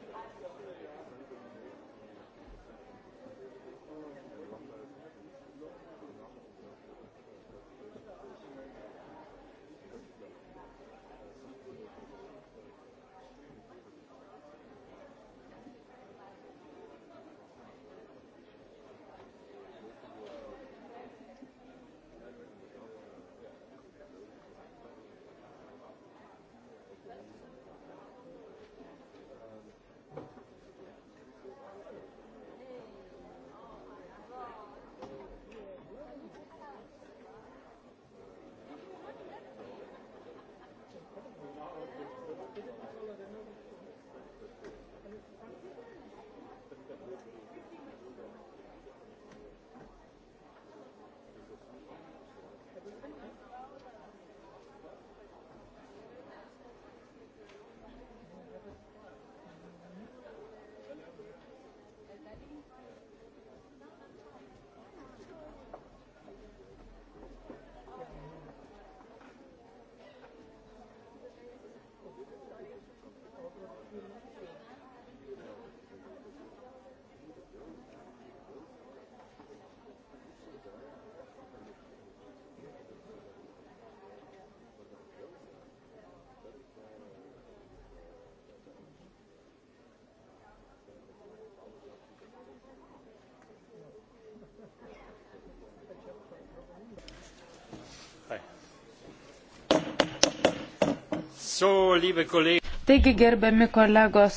Speaker 2: So, koleg... Taigi,
Speaker 1: gerbiami kolegos,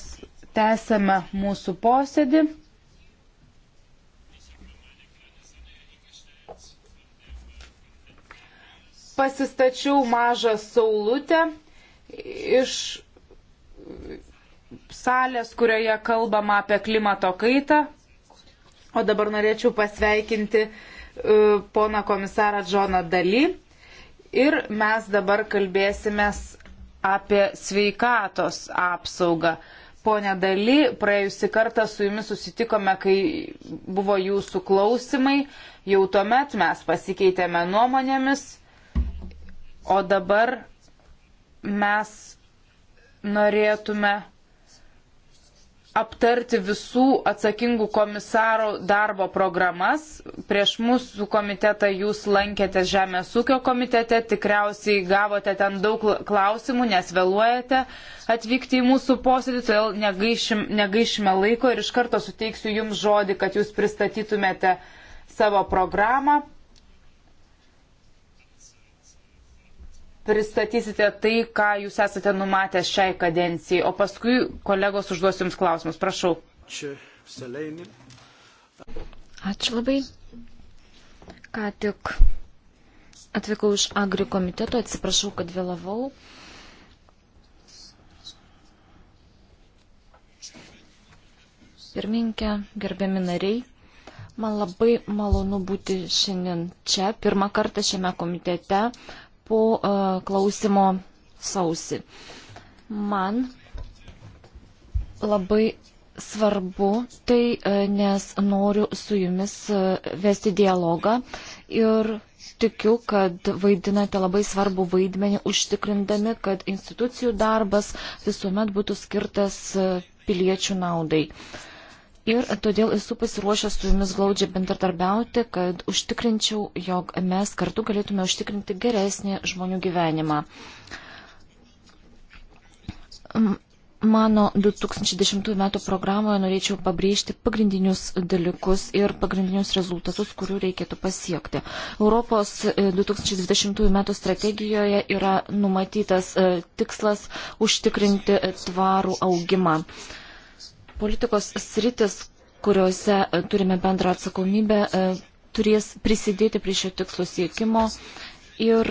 Speaker 1: tęsame mūsų posėdį. Pasistačiau mažą saulutę iš salės, kurioje kalbama apie klimato kaitą. O dabar norėčiau pasveikinti uh, e, pona komisarą Džoną Daly. Ir mes dabar kalbėsime apie sveikatos apsaugą. Pone Dali, praėjusi kartą su jumis susitikome, kai buvo jūsų klausimai, jau tuomet mes pasikeitėme nuomonėmis, o dabar mes norėtume aptarti visų atsakingų komisarų darbo programas. Prieš mūsų komitetą jūs lankėtės Žemės ūkio komitete, tikriausiai gavote ten daug klausimų, nes vėluojate atvykti į mūsų posėdį, todėl negaišim, negaišime laiko ir iš karto suteiksiu jums žodį, kad jūs pristatytumėte savo programą. pristatysite tai, ką jūs esate numatę šiai kadencijai, o paskui kolegos užduos jums klausimus. Prašau.
Speaker 3: Ačiū labai. Ką tik atvykau iš Agri komiteto, atsiprašau, kad vėlavau. Pirminkė, gerbiami nariai, man labai malonu būti šiandien čia, pirmą kartą šiame komitete po e, klausimo sausi. Man labai svarbu tai, e, nes noriu su jumis e, vesti dialogą ir tikiu, kad vaidinate labai svarbu vaidmenį užtikrindami, kad institucijų darbas visuomet būtų skirtas piliečių naudai. Uh, Ir todėl esu pasiruošęs su jumis glaudžiai bendradarbiauti, kad užtikrinčiau, jog mes kartu galėtume užtikrinti geresnį žmonių gyvenimą. Mano 2010 metų programoje norėčiau pabrėžti pagrindinius dalykus ir pagrindinius rezultatus, kurių reikėtų pasiekti. Europos 2020 e, metų strategijoje yra numatytas e, tikslas užtikrinti tvarų augimą politikos sritis, kuriuose e, turime bendrą atsakomybę, e, turės prisidėti prie šio tikslo siekimo. Ir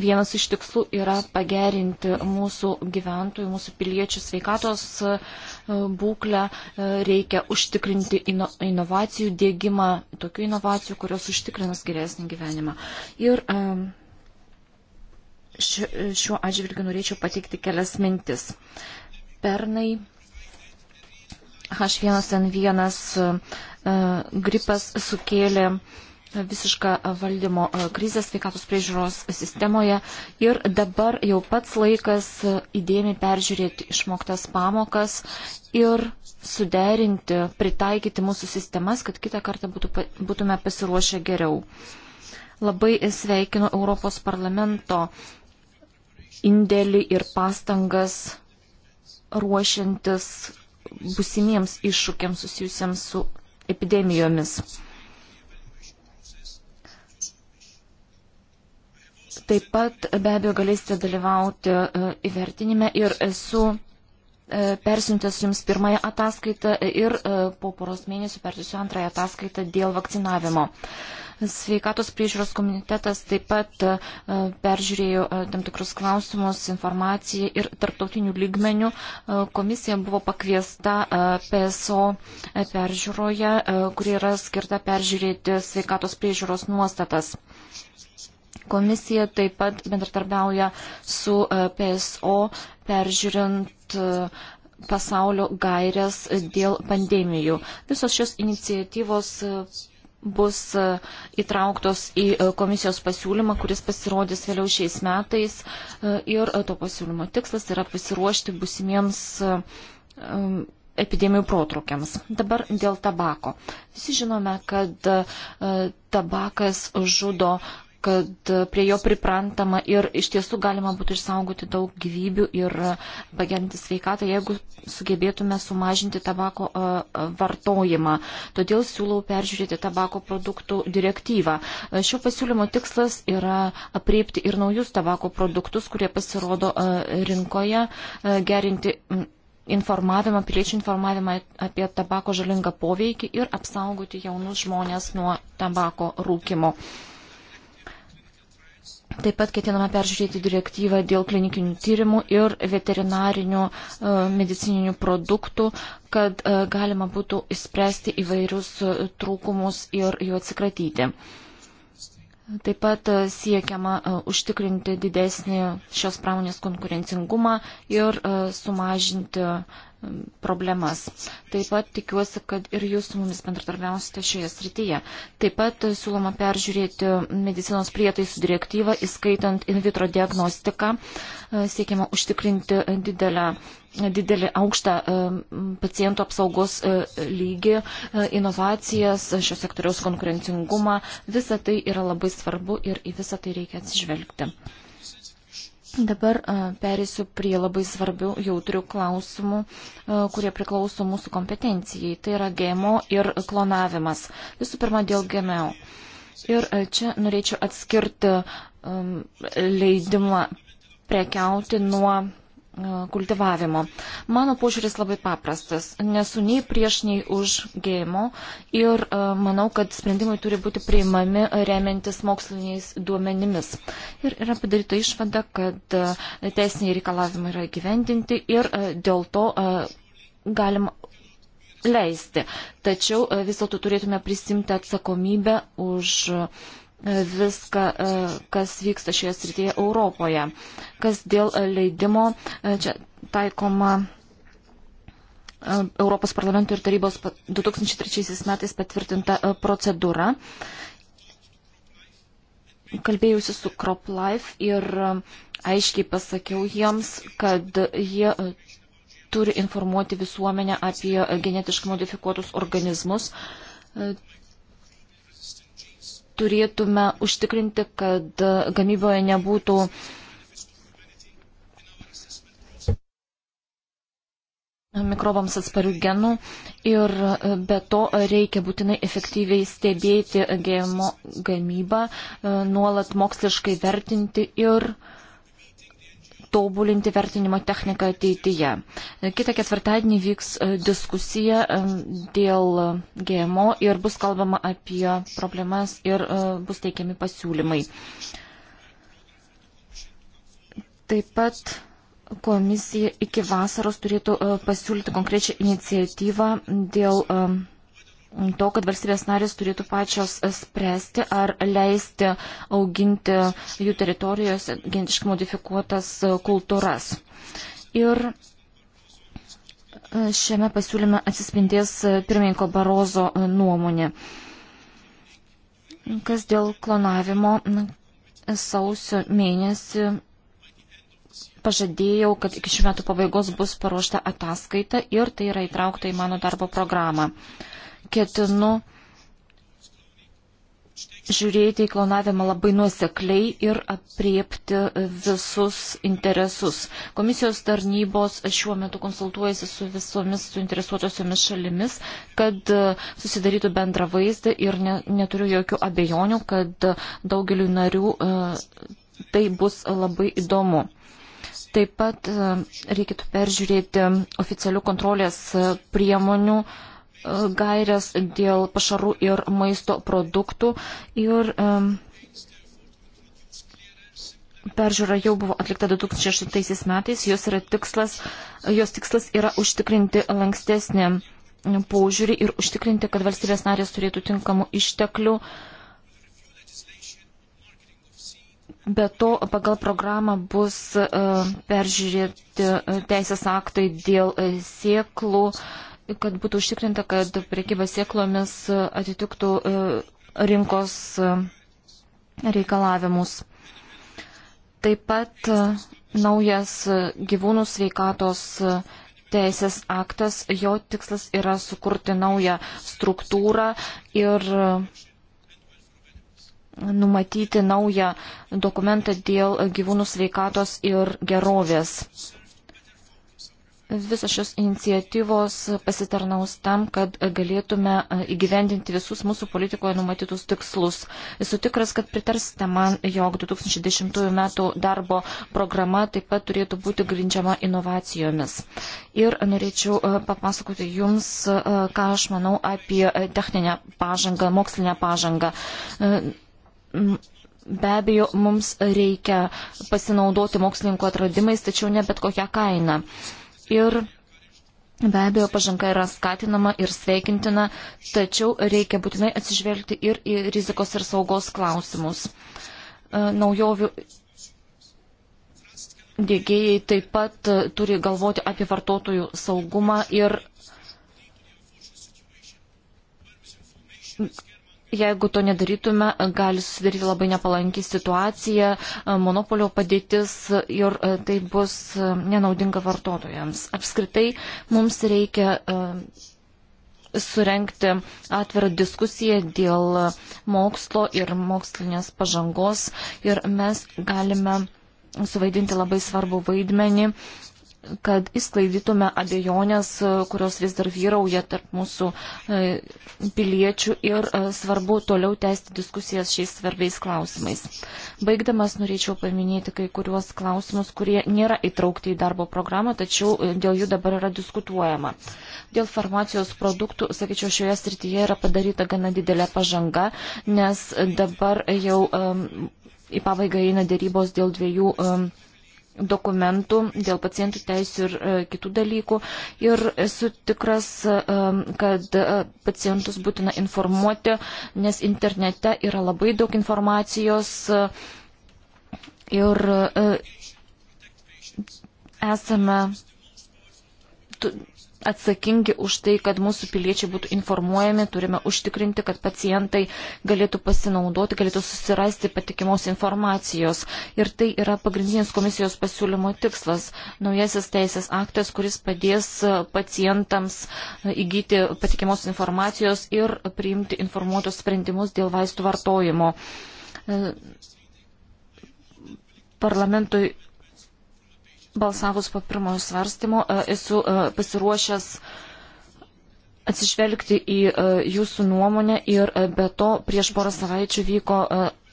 Speaker 3: vienas iš tikslų yra pagerinti mūsų gyventojų, mūsų piliečių sveikatos e, būklę. Reikia užtikrinti ino, inovacijų dėgymą, tokių inovacijų, kurios užtikrinas geresnį gyvenimą. Ir šiuo atžvilgiu norėčiau pateikti kelias mintis. Pernai H1N1 e, e, gripas sukėlė visišką valdymo e, krizę sveikatos priežiūros sistemoje ir dabar jau pats laikas įdėmiai peržiūrėti išmoktas pamokas ir suderinti, pritaikyti mūsų sistemas, kad kitą kartą būtų, būtume pasiruošę geriau. Labai sveikinu Europos parlamento indėlį ir pastangas ruošiantis busimiems iššūkiams susijusiems su epidemijomis. Taip pat be abejo galėsite dalyvauti e, įvertinime ir esu e, persiuntęs jums pirmąją ataskaitą ir e, po poros mėnesių persiusiu antrąją ataskaitą dėl vakcinavimo. Sveikatos priežiūros komitetas taip pat e, peržiūrėjo e, tam tikrus klausimus, informaciją ir tarptautinių lygmenių. E, komisija buvo pakviesta PSO peržiūroje, kuri yra skirta peržiūrėti sveikatos priežiūros nuostatas. Komisija taip pat bendratarbiauja su PSO peržiūrint pasaulio gairias dėl pandemijų. Visos šios iniciatyvos bus e, įtrauktos į e, komisijos pasiūlymą, kuris pasirodys vėliau šiais metais. E, ir to pasiūlymo tikslas yra pasiruošti busimiems epidemijų protrukiams. Dabar dėl tabako. Visi žinome, kad tabakas žudo kad prie jo priprantama ir iš tiesų galima būtų išsaugoti daug gyvybių ir pagerinti sveikatą, jeigu sugebėtume sumažinti tabako vartojimą. Todėl siūlau peržiūrėti tabako produktų direktyvą. Šio pasiūlymo tikslas yra apriepti ir naujus tabako produktus, kurie pasirodo rinkoje, gerinti informavimą, piliečių informavimą apie tabako žalingą poveikį ir apsaugoti jaunus žmonės nuo tabako rūkimo. Taip pat ketiname peržiūrėti direktyvą dėl klinikinių tyrimų ir veterinarinių e, medicininių produktų, kad e, galima būtų įspręsti įvairius e, trūkumus ir jų atsikratyti. Taip pat siekiama užtikrinti didesnį šios pramonės konkurencingumą ir sumažinti problemas. Taip pat tikiuosi, kad ir jūs su mumis bendradarbiausite šioje srityje. Taip pat siūloma peržiūrėti medicinos prietaisų direktyvą, įskaitant in vitro diagnostiką. E, siekiama užtikrinti didelę, didelį aukštą e, pacientų apsaugos e, lygį, inovacijas, šio sektoriaus konkurencingumą. Visa tai yra labai svarbu ir į visą tai reikia atsižvelgti. Dabar perėsiu prie labai svarbių jautrių klausimų, kurie priklauso mūsų kompetencijai. Tai yra GMO ir klonavimas. Visų pirma, dėl GMO. Ir čia norėčiau atskirti leidimą prekiauti nuo E, kultivavimo. Mano požiūris labai paprastas. Nesu nei prieš, nei už gėjimo ir e, manau, kad sprendimai turi būti priimami remiantis moksliniais duomenimis. Ir yra padaryta išvada, kad e, teisiniai reikalavimai yra gyvendinti ir dėl to galima leisti. Tačiau vis dėlto turėtume prisimti atsakomybę už viską, e, kas vyksta šioje srityje Europoje. Kas dėl leidimo, e, čia taikoma e, Europos parlamento ir tarybos 2003 metais patvirtinta procedūra. Kalbėjusi su CropLife ir aiškiai pasakiau jiems, kad jie turi informuoti visuomenę apie genetiškai modifikuotus organizmus turėtume užtikrinti, kad gamyboje nebūtų mikrobams atsparių genų ir be to reikia būtinai efektyviai stebėti GMO gamybą, nuolat moksliškai vertinti ir uh, tobulinti vertinimo techniką ateityje. Kita ketvirtadienį vyks e, diskusija e, dėl GMO ir bus kalbama apie problemas ir e, bus teikiami pasiūlymai. Taip pat komisija iki vasaros turėtų pasiūlyti konkrečią iniciatyvą dėl to, kad valstybės narės turėtų pačios spręsti ar leisti auginti jų teritorijose gentiškai modifikuotas kultūras. Ir e, šiame pasiūlyme atsispindės pirmininko Barozo nuomonė. Kas dėl klonavimo sausio mėnesį pažadėjau, kad iki šių metų pabaigos bus paruošta ataskaita ir tai yra įtraukta į mano darbo programą. Uh, ketinu žiūrėti į klonavimą labai nuosekliai ir apriepti visus interesus. Komisijos tarnybos šiuo metu konsultuojasi su visomis suinteresuotosiomis šalimis, kad susidarytų bendrą vaizdą ir ne, neturiu jokių abejonių, kad daugeliu narių e, tai bus labai įdomu. Taip pat e, reikėtų peržiūrėti oficialių kontrolės e, priemonių uh, gairias dėl pašarų ir maisto produktų ir peržiūra jau buvo atlikta 2006 metais, jos, tikslas, jos tikslas yra užtikrinti lankstesnį požiūrį ir užtikrinti, kad valstybės narės turėtų tinkamų išteklių. Be to, pagal programą bus peržiūrėti teisės aktai dėl sieklų, kad būtų užtikrinta, kad priekyba sieklomis e, atitiktų e, rinkos e, reikalavimus. Taip pat naujas gyvūnų sveikatos teisės aktas, jo tikslas yra sukurti naują struktūrą ir numatyti naują dokumentą dėl gyvūnų sveikatos ir gerovės. Visos šios iniciatyvos pasitarnaus tam, kad galėtume e, įgyvendinti visus mūsų politikoje numatytus tikslus. Esu tikras, kad pritarsite man, jog 2010 m. darbo programa taip pat turėtų būti grindžiama inovacijomis. Ir norėčiau e, papasakoti Jums, e, ką aš manau apie techninę pažangą, mokslinę pažangą be abejo, mums reikia pasinaudoti mokslininkų atradimais, tačiau ne bet kokią kainą ir Be abejo, pažanga yra skatinama ir sveikintina, tačiau reikia būtinai atsižvelgti ir į rizikos ir saugos klausimus. E, naujovių dėgėjai taip pat e, turi galvoti apie vartotojų saugumą ir Jeigu to nedarytume, gali susidaryti labai nepalanki situacija, monopolio padėtis ir e, tai bus e, nenaudinga vartotojams. Apskritai mums reikia e, surenkti atvirą diskusiją dėl mokslo ir mokslinės pažangos ir mes galime suvaidinti labai svarbu vaidmenį kad įsklaidytume abejonės, kurios vis dar vyrauja tarp mūsų e, piliečių ir e, svarbu toliau tęsti diskusijas šiais svarbiais klausimais. Baigdamas norėčiau paminėti kai kuriuos klausimus, kurie nėra įtraukti į darbo programą, tačiau e, dėl jų dabar yra diskutuojama. Dėl farmacijos produktų, sakyčiau, šioje srityje yra padaryta gana didelė pažanga, nes dabar jau um, į pabaigą eina dėrybos dėl dviejų um, dokumentų dėl pacientų teisų ir e, kitų dalykų. Ir esu tikras, e, kad e, pacientus būtina informuoti, nes internete yra labai daug informacijos. Ir esame atsakingi už tai, kad mūsų piliečiai būtų informuojami, turime užtikrinti, kad pacientai galėtų pasinaudoti, galėtų susirasti patikimos informacijos. Ir tai yra pagrindinis komisijos pasiūlymo tikslas - naujasis teisės aktas, kuris padės e, pacientams e, įgyti patikimos informacijos ir priimti informuotus sprendimus dėl vaistų vartojimo. E, Parlamentui balsavus po pirmojo svarstymo e, esu e, pasiruošęs atsižvelgti į e, jūsų nuomonę ir be to prieš porą savaičių vyko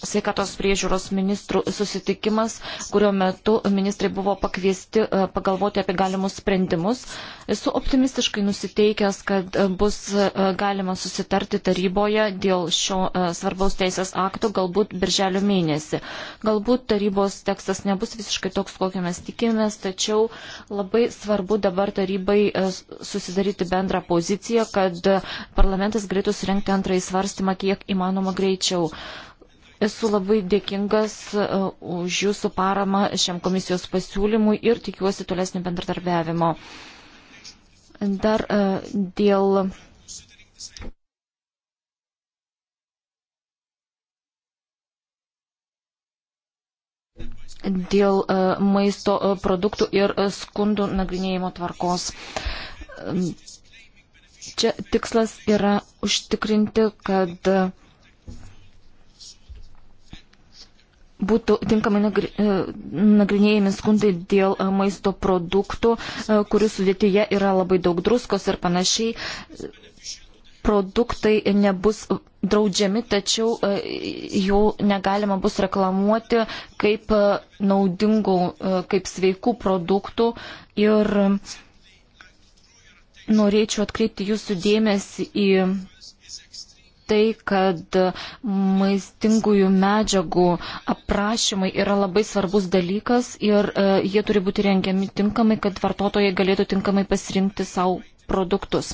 Speaker 3: sveikatos priežiūros ministrų susitikimas, kurio metu ministrai buvo pakviesti e, pagalvoti apie galimus sprendimus. Esu optimistiškai nusiteikęs, kad e, bus e, galima susitarti taryboje dėl šio svarbaus teisės akto galbūt birželio mėnesį. Galbūt tarybos tekstas nebus visiškai toks, kokio mes tikėjomės, tačiau labai svarbu dabar tarybai susidaryti bendrą poziciją, kad parlamentas greitų surenkti antrąjį svarstymą kiek įmanoma greičiau. Uh, Esu labai dėkingas e, už jūsų paramą šiam komisijos pasiūlymui ir tikiuosi tolesnio bendradarbiavimo. Dar e, dėl. Dėl e, maisto produktų ir skundų nagrinėjimo tvarkos čia tikslas yra užtikrinti, kad būtų tinkamai e, nagrinėjami skundai dėl e, maisto produktų, e, kurių sudėtyje yra labai daug druskos ir panašiai. Produktai nebus draudžiami, tačiau jų negalima bus reklamuoti kaip naudingų, kaip sveikų produktų ir norėčiau atkreipti jūsų dėmesį į tai, kad maistingųjų medžiagų aprašymai yra labai svarbus dalykas ir e, jie turi būti rengiami tinkamai, kad vartotojai galėtų tinkamai pasirinkti savo produktus.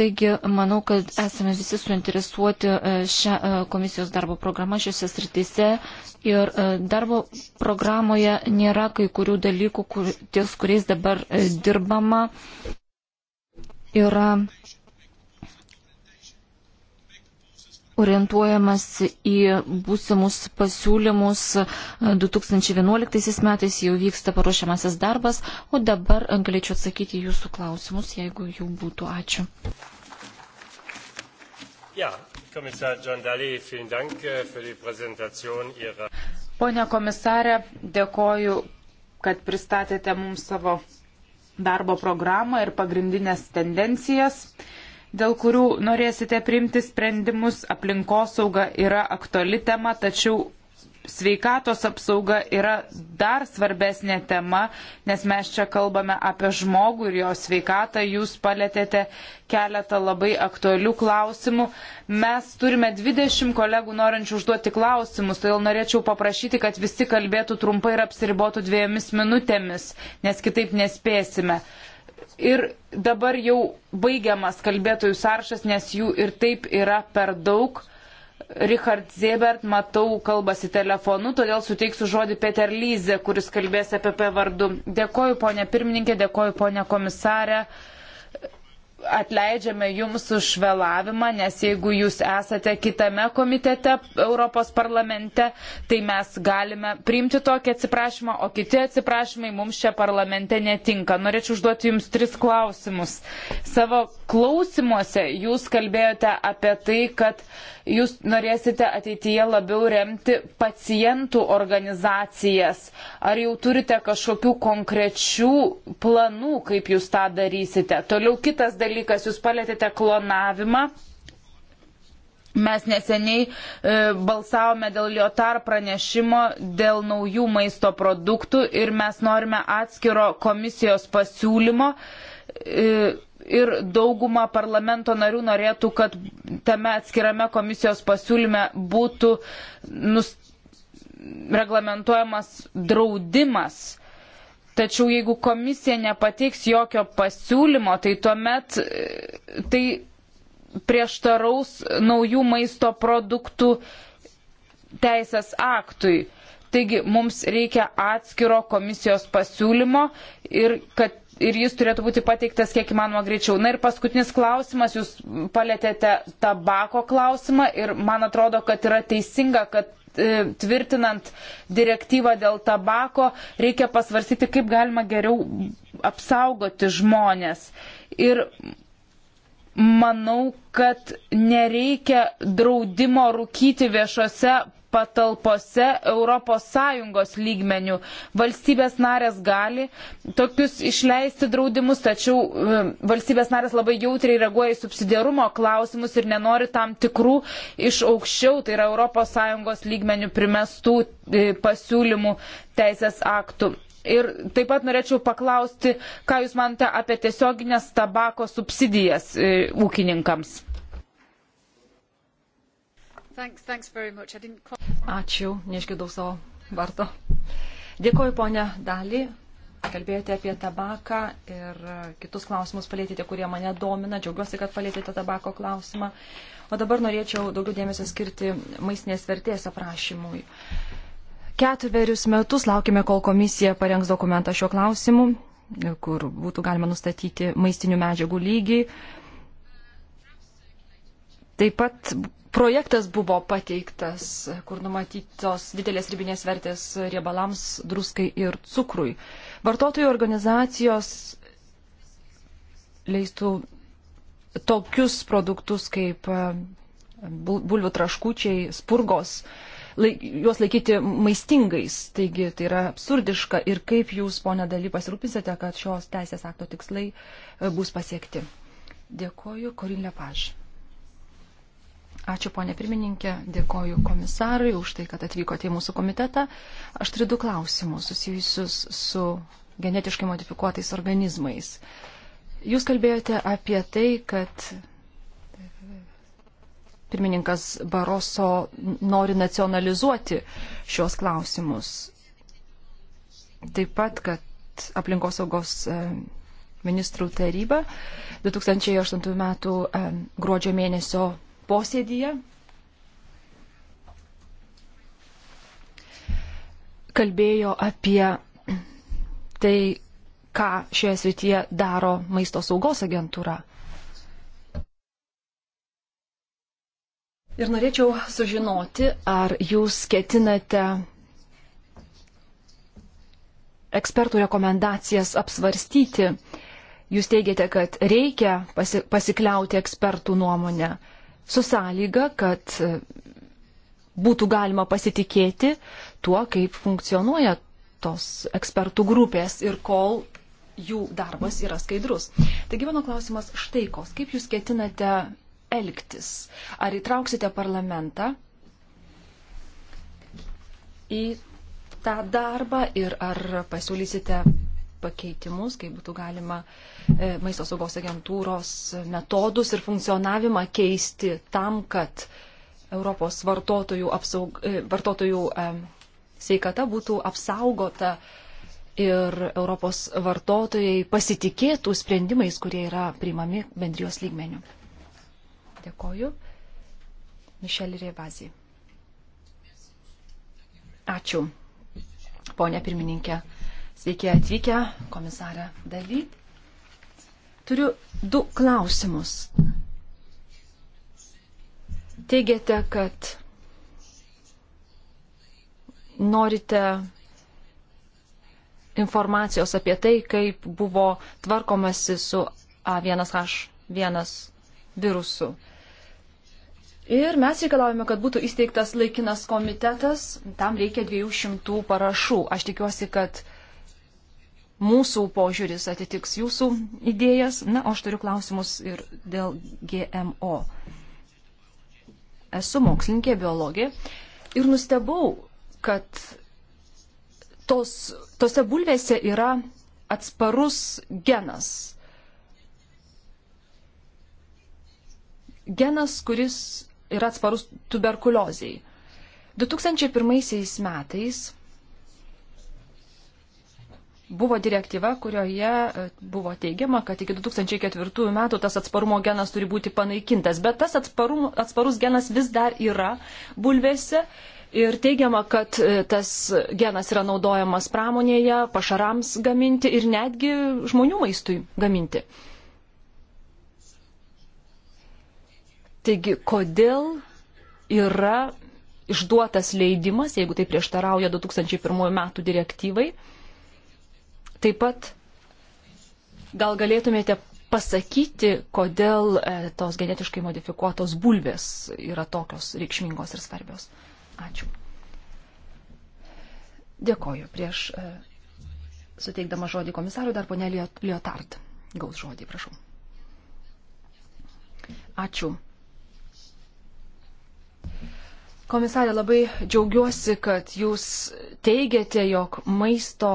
Speaker 3: Taigi, manau, kad esame visi suinteresuoti e, šią e, komisijos darbo programą šiuose srityse ir e, darbo programoje nėra kai kurių dalykų, kur, ties kuriais dabar dirbama. Yra orientuojamas į būsimus pasiūlymus. 2011 metais jau vyksta paruošiamasis darbas, o dabar galėčiau atsakyti jūsų klausimus, jeigu jų būtų. Ačiū.
Speaker 2: Ja, Dali, Dank äh, ihrer...
Speaker 1: Pone komisarė, dėkoju, kad pristatėte mums savo darbo programą ir pagrindinės tendencijas dėl kurių norėsite priimti sprendimus. Aplinkosauga yra aktuali tema, tačiau sveikatos apsauga yra dar svarbesnė tema, nes mes čia kalbame apie žmogų ir jo sveikatą. Jūs palėtėte keletą labai aktualių klausimų. Mes turime 20 kolegų norinčių užduoti klausimus, todėl norėčiau paprašyti, kad visi kalbėtų trumpai ir apsiribotų dviejomis minutėmis, nes kitaip nespėsime. Ir dabar jau baigiamas kalbėtojų sąrašas, nes jų ir taip yra per daug. Richard Zebert, matau, kalbasi telefonu, todėl suteiksiu žodį Peter Lyze, kuris kalbės apie P vardu. Dėkoju, ponė pirmininkė, dėkoju, ponė komisarė. Uh, atleidžiame jums už vėlavimą, nes jeigu jūs esate kitame komitete Europos parlamente, tai mes galime priimti tokį atsiprašymą, o kiti atsiprašymai mums čia parlamente netinka. Norėčiau užduoti jums tris klausimus. Savo klausimuose jūs kalbėjote apie tai, kad jūs norėsite ateityje labiau remti pacientų organizacijas? Ar jau turite kažkokių konkrečių planų, kaip jūs tą darysite? Toliau kitas dalykas, jūs palėtėte klonavimą. Mes neseniai e, balsavome dėl Liotar pranešimo dėl naujų maisto produktų ir mes norime atskiro komisijos pasiūlymo. E, ir dauguma parlamento narių norėtų, kad tame atskirame komisijos pasiūlyme būtų nus, reglamentuojamas draudimas Tačiau jeigu komisija nepateiks jokio pasiūlymo, tai tuomet e, tai prieštaraus naujų maisto produktų teisės aktui. Taigi mums reikia atskiro komisijos pasiūlymo ir kad ir jis turėtų būti pateiktas kiek įmanoma greičiau. Na ir paskutinis klausimas, jūs palėtėte tabako klausimą ir man atrodo, kad yra teisinga, kad e, tvirtinant direktyvą dėl tabako, reikia pasvarsyti, kaip galima geriau apsaugoti žmonės. Ir manau, kad nereikia draudimo rūkyti viešose patalpose ES lygmenių. Valstybės narės gali tokius išleisti draudimus, tačiau um, valstybės narės labai jautriai reaguoja į subsidiarumo klausimus ir nenori tam tikrų iš aukščiau, tai yra ES lygmenių primestų e, pasiūlymų teisės aktų. Ir taip pat norėčiau paklausti, ką Jūs manote apie tiesioginės tabako subsidijas e, ūkininkams.
Speaker 5: Thanks, thanks
Speaker 4: Ačiū, neišgirdau savo vardo. Dėkuoju, ponia Dali. Kalbėjote apie tabaką ir kitus klausimus palėtėte, kurie mane domina. Džiaugiuosi, kad palėtėte tabako klausimą. O dabar norėčiau daugiau dėmesio skirti maistinės vertės aprašymui. Ketverius metus laukime, kol komisija parengs dokumentą šiuo klausimu, kur būtų galima nustatyti maistinių medžiagų lygį, Taip pat projektas buvo pateiktas, kur numatytos didelės ribinės vertės riebalams, druskai ir cukrui. Vartotojų organizacijos leistų tokius produktus kaip e, bulvių traškučiai, spurgos, laik, juos laikyti maistingais. Taigi tai yra absurdiška ir kaip jūs, ponė daly, pasirūpinsite, kad šios teisės akto tikslai e, bus pasiekti. Dėkoju, Korin Lepaž. Ačiū, ponė pirmininkė, dėkoju komisarui už tai, kad atvykote į mūsų komitetą. Aš turiu du klausimus susijusius su genetiškai modifikuotais organizmais. Jūs kalbėjote apie tai, kad pirmininkas Baroso nori nacionalizuoti šios klausimus. Taip pat, kad aplinkosaugos e, ministrų taryba 2008 m. E, gruodžio mėnesio posėdyje kalbėjo apie tai, ką šioje srityje daro maisto saugos agentūra. Ir norėčiau sužinoti, ar jūs ketinate ekspertų rekomendacijas apsvarstyti. Jūs teigiate, kad reikia pasikliauti ekspertų nuomonę su sąlyga, kad būtų galima pasitikėti tuo, kaip funkcionuoja tos ekspertų grupės ir kol jų darbas yra skaidrus. Taigi mano klausimas štai koks. Kaip jūs ketinate elgtis? Ar įtrauksite parlamentą į tą darbą ir ar pasiūlysite pakeitimus, kaip būtų galima e, maisto saugos agentūros metodus ir funkcionavimą keisti tam, kad Europos vartotojų, apsaug, e, vartotojų e, sveikata būtų apsaugota ir Europos vartotojai pasitikėtų sprendimais, kurie yra priimami bendrijos lygmenių. Dėkoju. Mišelį Rievazį. Ačiū, ponė pirmininkė. Sveiki atvykę, komisarė Daly. Turiu du klausimus. Teigiate, kad norite informacijos apie tai, kaip buvo tvarkomasi su A1H1 virusu. Ir mes reikalavome, kad būtų įsteigtas laikinas komitetas, tam reikia 200 parašų. Aš tikiuosi, kad mūsų požiūris atitiks jūsų idėjas. Na, o aš turiu klausimus ir dėl GMO. Esu mokslininkė, biologė ir nustebau, kad tos, tose bulvėse yra atsparus genas. Genas, kuris yra atsparus tuberkuliozijai. 2001 metais buvo direktyva, kurioje e, buvo teigiama, kad iki 2004 metų tas atsparumo genas turi būti panaikintas, bet tas atsparum, atsparus genas vis dar yra bulvėse. Ir teigiama, kad e, tas genas yra naudojamas pramonėje, pašarams gaminti ir netgi žmonių maistui gaminti. Taigi, kodėl yra išduotas leidimas, jeigu tai prieštarauja 2001 metų direktyvai, Taip pat gal galėtumėte pasakyti, kodėl e, tos genetiškai modifikuotos bulvės yra tokios reikšmingos ir svarbios. Ačiū. Dėkoju. Prieš e, suteikdama žodį komisarui dar ponė Liotard gaus žodį, prašau. Ačiū. Komisarė, labai džiaugiuosi, kad jūs teigiate, jog maisto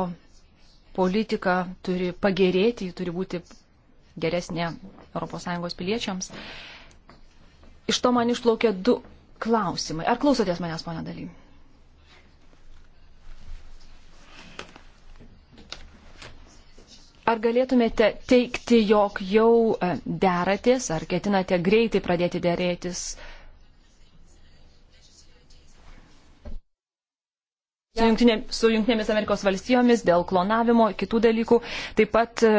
Speaker 4: politika turi pagerėti, turi būti geresnė ES piliečiams. Iš to man išplaukė du klausimai. Ar klausotės manęs, ponia daly? Ar galėtumėte teikti, jog jau e, deratės, ar ketinate greitai pradėti dėrėtis su, jungtinė, su Junktinėmis Amerikos valstijomis dėl klonavimo, kitų dalykų. Taip pat e,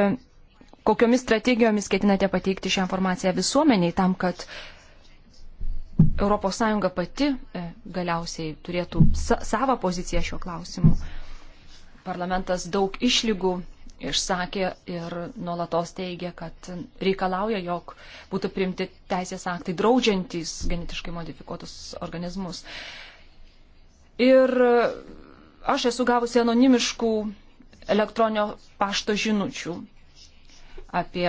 Speaker 4: kokiomis strategijomis ketinate pateikti šią informaciją visuomeniai tam, kad ES pati e,
Speaker 3: galiausiai turėtų
Speaker 4: sa savo poziciją šiuo klausimu. Parlamentas daug išlygų išsakė ir nuolatos teigia, kad reikalauja, jog būtų primti teisės aktai draudžiantys genetiškai modifikuotus organizmus. Ir Aš esu gavusi anonimiškų elektroninio pašto žinučių apie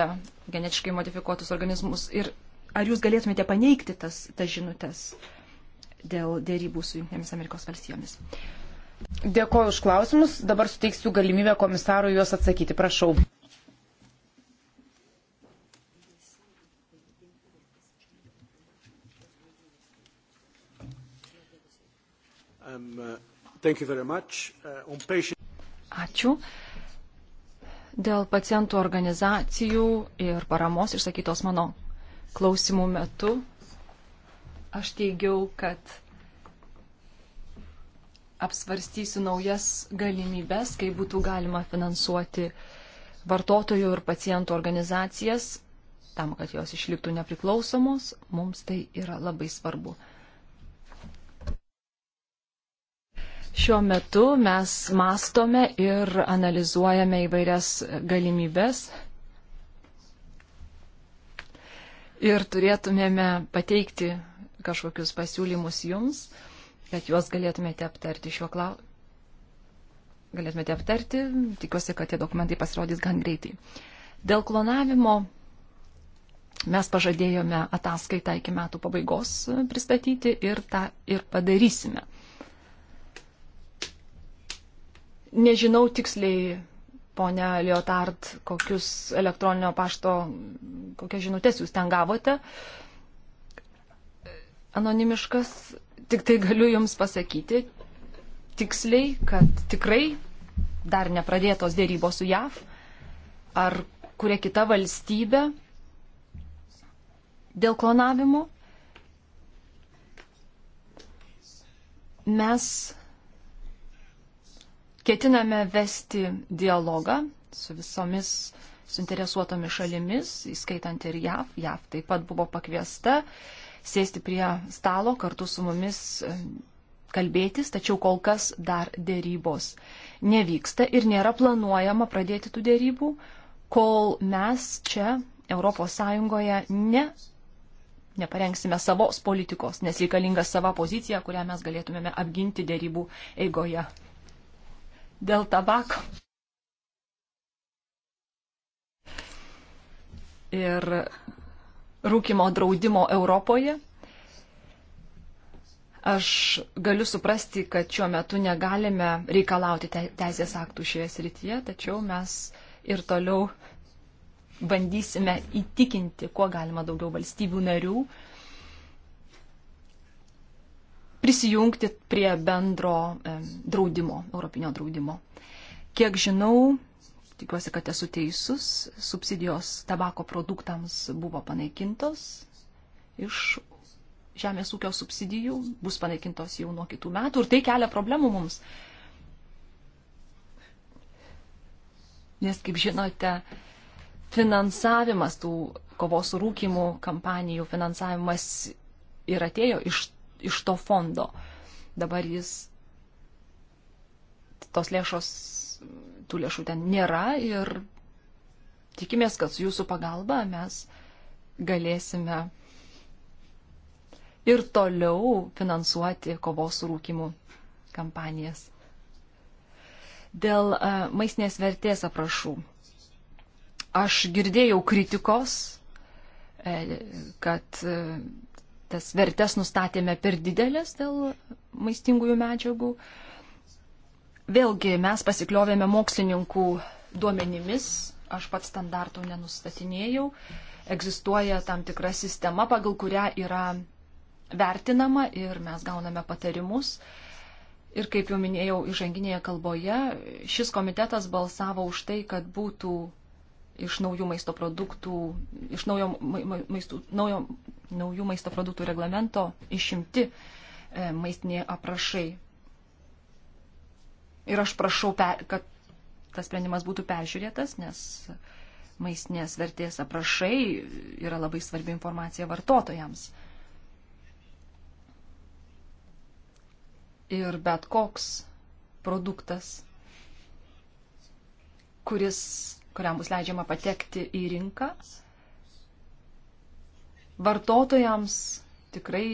Speaker 4: genetiškai modifikuotus organizmus. Ir ar jūs galėtumėte paneigti tas, tas žinutės dėl dėrybų su Junktinėmis Amerikos valstijomis?
Speaker 1: Dėkoju už klausimus. Dabar suteiksiu galimybę komisarui juos atsakyti. Prašau.
Speaker 6: Um, uh... Uh,
Speaker 4: Ačiū. Dėl pacientų organizacijų ir paramos išsakytos mano klausimų metu aš teigiau, kad apsvarstysiu naujas galimybės, kaip būtų galima finansuoti vartotojų ir pacientų organizacijas, tam, kad jos išliktų nepriklausomos, mums tai yra labai svarbu. Šiuo metu mes mastome ir analizuojame įvairias galimybės ir turėtumėme pateikti kažkokius pasiūlymus jums, kad juos galėtumėte aptarti šiuo klausimu. Galėtumėte aptarti, tikiuosi, kad tie dokumentai pasirodys gan greitai. Dėl klonavimo mes pažadėjome ataskaitą iki metų pabaigos pristatyti ir tą ir padarysime. Nežinau tiksliai, ponia Liotard, kokius elektroninio pašto, kokias žinutės jūs ten gavote. Anonimiškas, tik tai galiu jums pasakyti tiksliai, kad tikrai dar nepradėtos dėrybos su JAV ar kuria kita valstybė dėl klonavimo. Mes Ketiname vesti dialogą su visomis suinteresuotomis šalimis, įskaitant ir JAV. JAV taip pat buvo pakviesta sėsti prie stalo kartu su mumis e, kalbėtis, tačiau kol kas dar dėrybos nevyksta ir nėra planuojama pradėti tų dėrybų, kol mes čia ES ne, neparengsime savos politikos, nes reikalinga sava pozicija, kurią mes galėtumėme apginti dėrybų eigoje dėl tabako. Ir rūkimo draudimo Europoje. Aš galiu suprasti, kad šiuo metu negalime reikalauti teisės aktų šioje srityje, tačiau mes ir toliau bandysime įtikinti, kuo galima daugiau valstybių narių, uh, prisijungti prie bendro draudimo, europinio draudimo. Kiek žinau, tikiuosi, kad esu teisus, subsidijos tabako produktams buvo panaikintos iš žemės ūkio subsidijų, bus panaikintos jau nuo kitų metų ir tai kelia problemų mums. Nes, kaip žinote, finansavimas tų kovos rūkimų kampanijų finansavimas ir atėjo iš iš to fondo. Dabar jis, tos lėšos, tų lėšų ten nėra ir tikimės, kad su jūsų pagalba mes galėsime ir toliau finansuoti kovos su rūkimu kampanijas. Dėl e, maistinės vertės aprašų. Aš girdėjau kritikos, e, kad e, tas vertes nustatėme per didelės dėl maistingųjų medžiagų. Vėlgi mes pasikliovėme mokslininkų duomenimis, aš pats standartų nenustatinėjau, egzistuoja tam tikra sistema, pagal kurią yra vertinama ir mes gauname patarimus. Ir kaip jau minėjau įžanginėje kalboje, šis komitetas balsavo už tai, kad būtų iš naujų maisto produktų, iš naujo, maistų, naujo, naujų maisto produktų reglamento išimti e, maistiniai aprašai. Ir aš prašau, kad tas sprendimas būtų peržiūrėtas, nes maistinės vertės aprašai yra labai svarbi informacija vartotojams. Ir bet koks produktas, kuris kuriam bus leidžiama patekti į rinką, vartotojams tikrai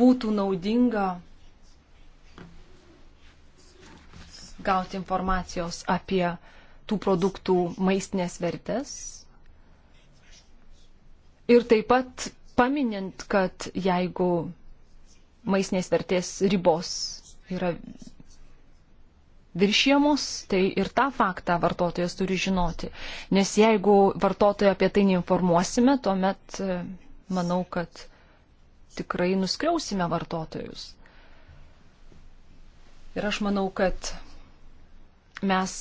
Speaker 4: būtų naudinga gauti informacijos apie tų produktų maistinės vertės. Ir taip pat paminint, kad jeigu maistinės vertės ribos yra viršiemus, tai ir tą faktą vartotojas turi žinoti. Nes jeigu vartotojo apie tai neinformuosime, tuomet e, manau, kad tikrai nuskriausime vartotojus. Ir aš manau, kad mes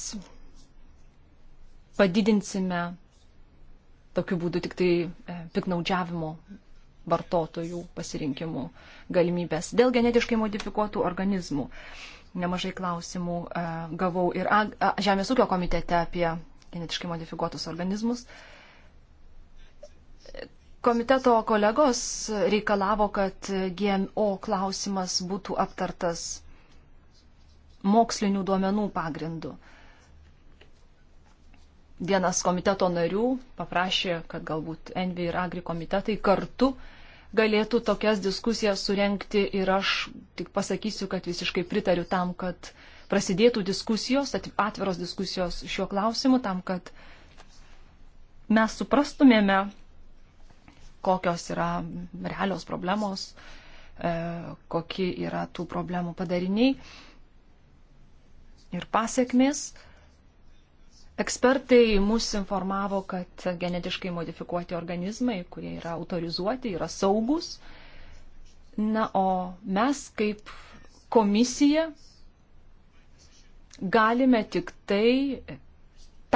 Speaker 4: padidinsime tokiu būdu tik tai e, piknaudžiavimo vartotojų pasirinkimų galimybės dėl genetiškai modifikuotų organizmų. Nemažai klausimų e, gavau ir Žemės ūkio komitete apie genetiškai modifikuotus organizmus. Komiteto kolegos reikalavo, kad GMO klausimas būtų aptartas mokslinių duomenų pagrindu. Vienas komiteto narių paprašė, kad galbūt Envi ir Agri komitetai kartu uh, galėtų tokias diskusijas surenkti ir aš tik pasakysiu, kad visiškai pritariu tam, kad prasidėtų diskusijos, atviros diskusijos šiuo klausimu, tam, kad mes suprastumėme, kokios yra realios problemos, e, kokie yra tų problemų padariniai ir pasiekmės. Ekspertai mus informavo, kad genetiškai modifikuoti organizmai, kurie yra autorizuoti, yra saugus. Na, o mes kaip komisija galime tik tai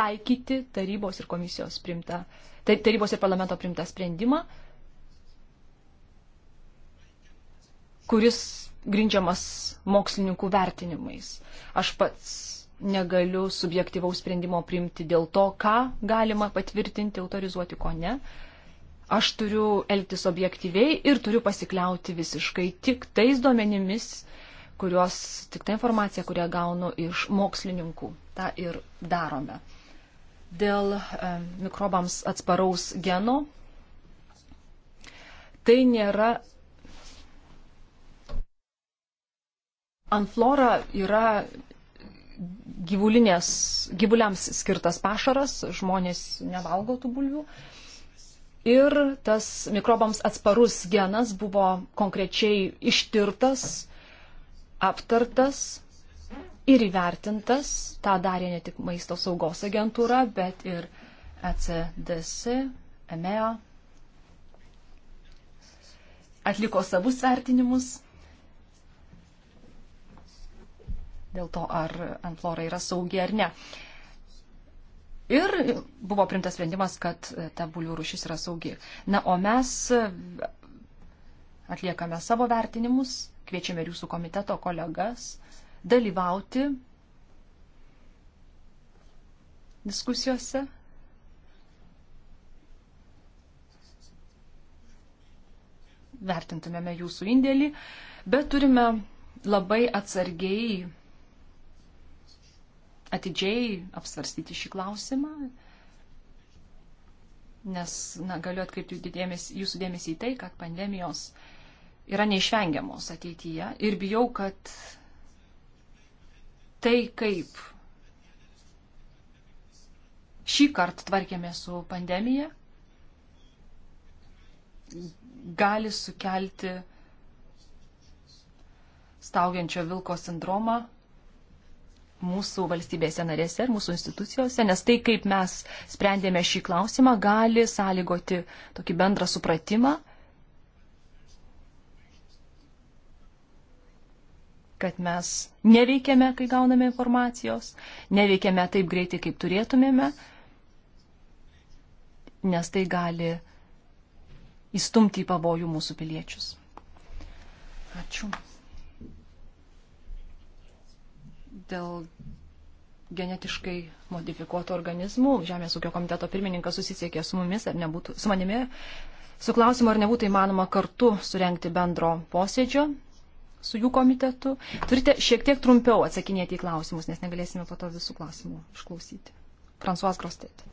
Speaker 4: taikyti tarybos ir komisijos primtą, tai tarybos ir parlamento primtą sprendimą, kuris grindžiamas mokslininkų vertinimais. Aš pats negaliu subjektivaus sprendimo priimti dėl to, ką galima patvirtinti, autorizuoti, ko ne. Aš turiu elgtis objektyviai ir turiu pasikliauti visiškai tik tais duomenimis, kurios, tik ta informacija, kurią gaunu iš mokslininkų. Ta ir darome. Dėl e, mikrobams atsparaus geno. Tai nėra Anflora yra gyvulinės, gyvuliams skirtas pašaras, žmonės nevalgo tų bulvių. Ir tas mikrobams atsparus genas buvo konkrečiai ištirtas, aptartas ir įvertintas. Ta darė ne tik maisto saugos agentūra, bet ir ECDC, EMEA. Atliko savus vertinimus dėl to, ar ant flora yra saugi ar ne. Ir buvo primtas sprendimas, kad ta bulvių rušis yra saugi. Na, o mes atliekame savo vertinimus, kviečiame ir jūsų komiteto kolegas dalyvauti diskusijose. Vertintumėme jūsų indėlį, bet turime labai atsargiai atidžiai apsvarstyti šį klausimą, nes na, galiu atkreipti dėmesį, jūsų dėmesį į tai, kad pandemijos yra neišvengiamos ateityje ir bijau, kad tai, kaip šį kartą tvarkėme su pandemija, gali sukelti staugiančio vilko sindromą mūsų valstybėse narėse ir mūsų institucijose, nes tai, kaip mes sprendėme šį klausimą, gali sąlygoti tokį bendrą supratimą, kad mes neveikiame, kai gauname informacijos, neveikiame taip greitai, kaip turėtumėme, nes tai gali įstumti į pavojų mūsų piliečius. Ačiū. dėl genetiškai modifikuotų organizmų. Žemės ūkio komiteto pirmininkas susisiekė su mumis, ar nebūtų, su manimi, su klausimu, ar nebūtų įmanoma kartu surenkti bendro posėdžio su jų komitetu. Turite šiek tiek trumpiau atsakinėti į klausimus, nes negalėsime po to visų klausimų išklausyti.
Speaker 3: François Grostet.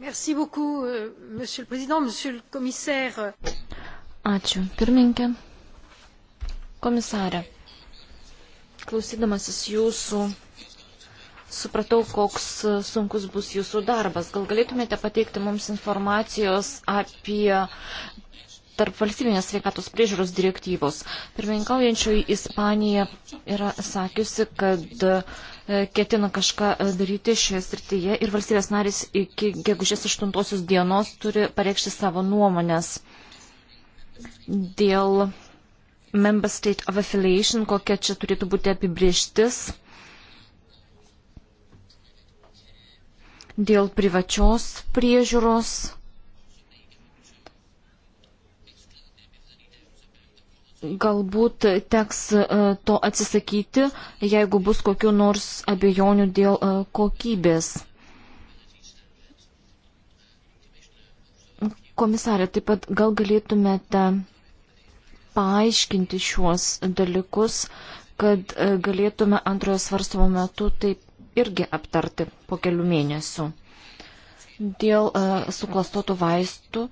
Speaker 4: Merci beaucoup, euh, monsieur le président, monsieur le commissaire.
Speaker 3: Ačiū, pirmininkė. Komisarė klausydamasis jūsų, supratau, koks e, sunkus bus jūsų darbas. Gal galėtumėte pateikti mums informacijos apie tarp valstybinės sveikatos priežiūros direktyvos. Pirmininkaujančioji Ispanija yra sakiusi, kad e, ketina kažką e, daryti šioje srityje ir valstybės narys iki gegužės 8 dienos turi pareikšti savo nuomonės dėl member state of affiliation, kokia čia turėtų būti apibrieštis dėl privačios priežiūros. Galbūt teks e, to atsisakyti, jeigu bus kokiu nors abejonių dėl e, kokybės. Komisarė, taip pat gal galėtumėte paaiškinti šiuos dalykus, kad e, galėtume antrojo svarstymo metu taip irgi aptarti po kelių mėnesių. Dėl e, suklastotų vaistų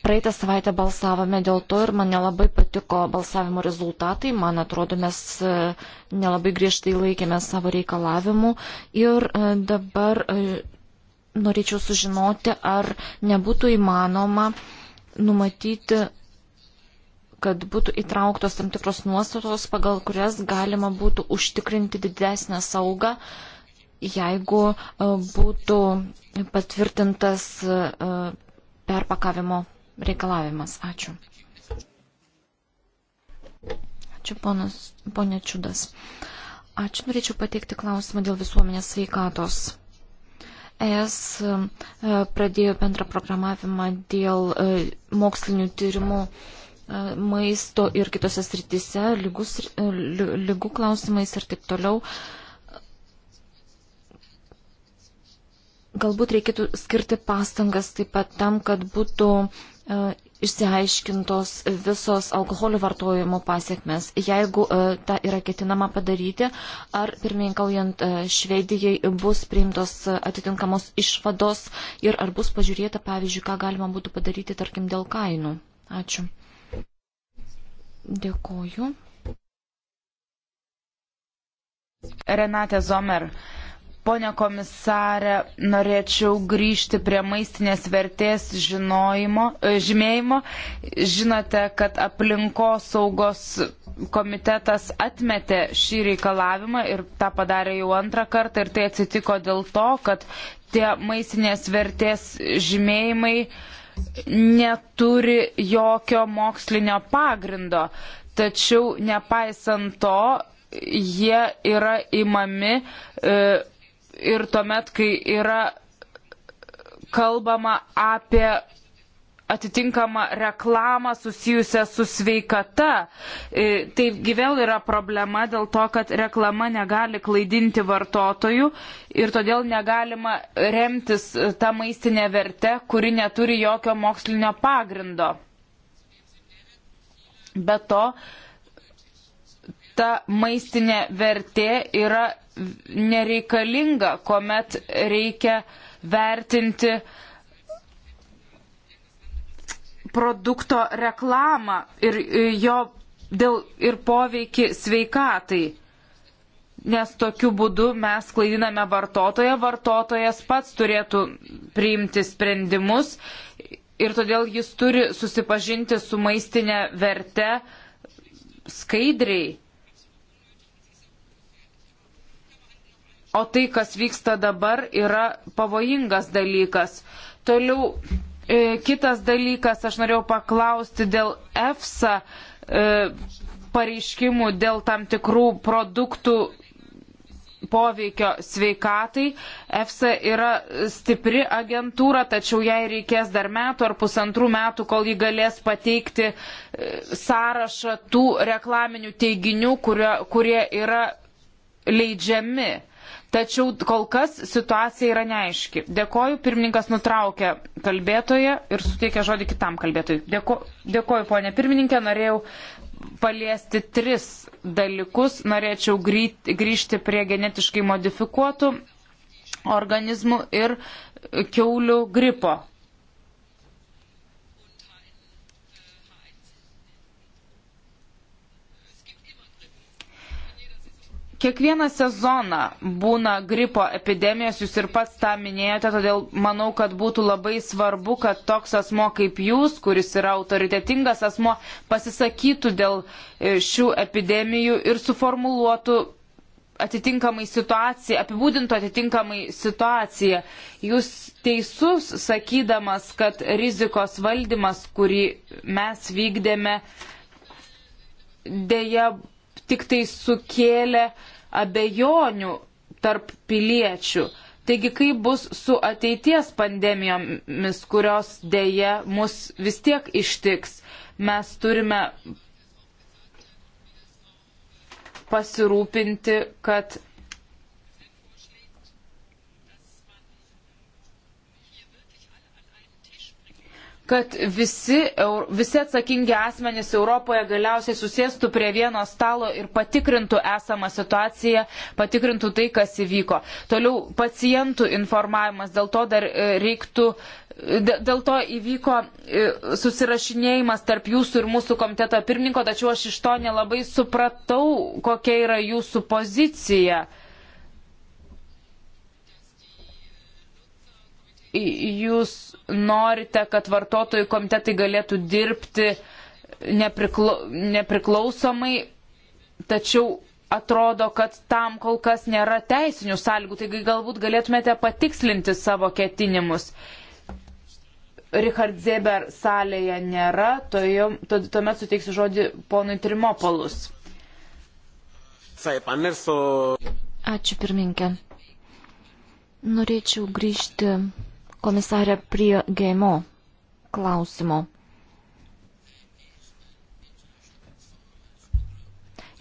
Speaker 3: Praeitą savaitę balsavome dėl to ir man nelabai patiko balsavimo rezultatai. Man atrodo, mes e, nelabai griežtai laikėme savo reikalavimų. Ir dabar norėčiau sužinoti, ar nebūtų įmanoma numatyti kad būtų įtrauktos tam tikros nuostatos, pagal kurias galima būtų užtikrinti didesnę saugą, jeigu e, būtų patvirtintas e, perpakavimo reikalavimas. Ačiū. Ačiū, ponas, ponė Čiudas. Ačiū, norėčiau pateikti klausimą dėl visuomenės sveikatos. ES e, pradėjo bendrą programavimą dėl mokslinių tyrimų maisto ir kitose sritise, lygus, e, lygų klausimais ir taip toliau. Galbūt reikėtų skirti pastangas taip pat tam, kad būtų e, išsiaiškintos visos alkoholio vartojimo pasiekmes. Jeigu uh, tą yra ketinama padaryti, ar pirmininkaujant uh, Švedijai bus priimtos uh, atitinkamos išvados ir ar bus pažiūrėta, pavyzdžiui, ką galima būtų padaryti, tarkim, dėl
Speaker 1: kainų. Ačiū. Dėkoju. Renate Zomer. Pone komisarė, norėčiau grįžti prie maistinės vertės e, žymėjimo. Žinote, kad aplinkos saugos komitetas atmetė šį reikalavimą ir tą padarė jau antrą kartą ir tai atsitiko dėl to, kad tie maistinės vertės žymėjimai uh, neturi jokio mokslinio pagrindo. Tačiau nepaisant to, jie yra imami e, ir tuomet, kai yra kalbama apie atitinkamą reklamą susijusią su sveikata. E, Taigi vėl yra problema dėl to, kad reklama negali klaidinti vartotojų ir todėl negalima remtis e, tą maistinę vertę, kuri neturi jokio mokslinio pagrindo. Be to, ta maistinė vertė yra nereikalinga, kuomet reikia vertinti uh, produkto reklamą ir jo dėl, ir poveikį sveikatai. Nes tokiu būdu mes klaidiname vartotoją, vartotojas pats turėtų priimti sprendimus ir todėl jis turi susipažinti su maistinė verte skaidriai. O tai, kas vyksta dabar, yra pavojingas dalykas. Toliau E, kitas dalykas, aš norėjau paklausti dėl EFSA e, pareiškimų dėl tam tikrų produktų poveikio sveikatai. EFSA yra stipri agentūra, tačiau jai reikės dar metų ar pusantrų metų, kol ji galės pateikti e, sąrašą tų reklaminių teiginių, kurie, kurie yra leidžiami. Tačiau kol kas situacija yra neaiški. Dėkoju, pirmininkas nutraukė kalbėtoją ir suteikė žodį kitam kalbėtojui. Dėko, dėkoju, ponė pirmininkė, norėjau paliesti tris dalykus. Norėčiau grįžti prie genetiškai modifikuotų organizmų ir keulių gripo Kiekvieną sezoną būna gripo epidemijos, jūs ir pats tą minėjote, todėl manau, kad būtų labai svarbu, kad toks asmo kaip jūs, kuris yra autoritetingas asmo, pasisakytų dėl e, šių epidemijų ir suformuluotų atitinkamai situaciją, apibūdintų atitinkamai situaciją. Jūs teisus sakydamas, kad rizikos valdymas, kurį mes vykdėme, dėja tik tai sukėlė uh, abejonių tarp piliečių. Taigi, kaip bus su ateities pandemijomis, kurios dėje mus vis tiek ištiks, mes turime pasirūpinti, kad kad visi, visi atsakingi asmenys Europoje galiausiai susėstų prie vieno stalo ir patikrintų esamą situaciją, patikrintų tai, kas įvyko. Toliau pacientų informavimas, dėl to dar e, reiktų e, dėl to įvyko e, susirašinėjimas tarp jūsų ir mūsų komiteto pirmininko, tačiau aš iš to nelabai supratau, kokia yra jūsų pozicija. jūs norite, kad vartotojų komitetai galėtų dirbti nepriklau, nepriklausomai, tačiau atrodo, kad tam kol kas nėra teisinių sąlygų, taigi galbūt galėtumėte patikslinti savo ketinimus. Richard Zeber salėje nėra, tuomet suteiksiu žodį ponui Trimopolus.
Speaker 2: Ačiū
Speaker 1: pirminkė. Norėčiau
Speaker 3: grįžti Komisarė prie GMO klausimo.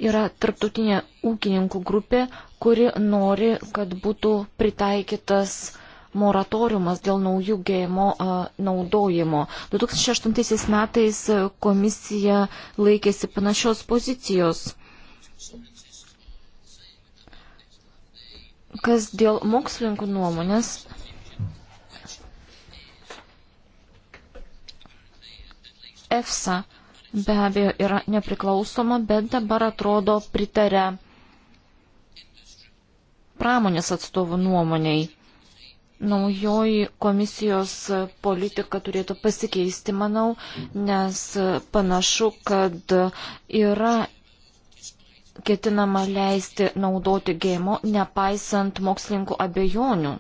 Speaker 3: Yra tarptautinė ūkininkų grupė, kuri nori, kad būtų pritaikytas moratoriumas dėl naujų gėjimo naudojimo. 2008 metais komisija laikėsi panašios pozicijos. Kas dėl mokslininkų nuomonės, EFSA be abejo yra nepriklausoma, bet dabar atrodo pritarė pramonės atstovų nuomoniai. Naujoji komisijos politika turėtų pasikeisti, manau, nes panašu, kad yra ketinama leisti naudoti gėmo, nepaisant mokslininkų abejonių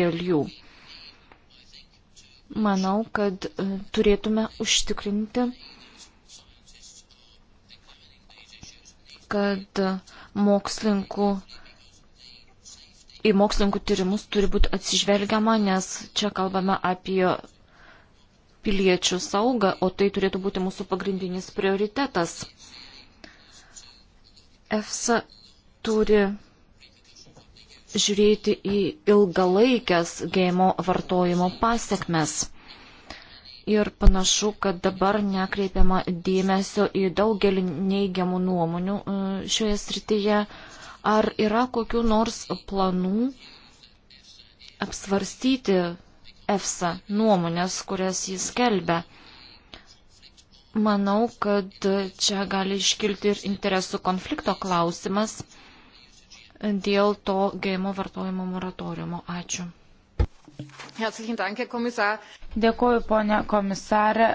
Speaker 3: dėl jų manau, kad e, turėtume užtikrinti, kad mokslininkų, į mokslininkų tyrimus turi būti atsižvelgiama, nes čia kalbame apie piliečių saugą, o tai turėtų būti mūsų pagrindinis prioritetas. EFSA turi žiūrėti į ilgalaikės gėjimo vartojimo pasiekmes. Ir panašu, kad dabar nekreipiama dėmesio į daugelį neigiamų nuomonių e, šioje srityje. Ar yra kokiu nors planų apsvarstyti EFSA nuomonės, kurias jis kelbė? Manau, kad čia gali iškilti ir interesų konflikto klausimas dėl to gėjimo vartojimo moratoriumo. Ačiū.
Speaker 1: Dėkuoju, ponė komisarė.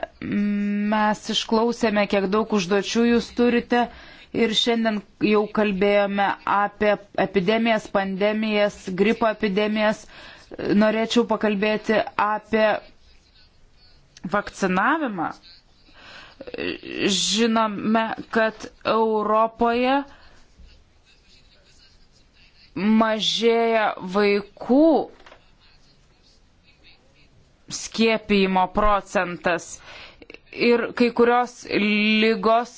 Speaker 1: Mes išklausėme, kiek daug užduočių jūs turite ir šiandien jau kalbėjome apie epidemijas, pandemijas, gripo epidemijas. Norėčiau pakalbėti apie vakcinavimą. Žinome, kad Europoje mažėja vaikų skiepijimo procentas. Ir kai kurios lygos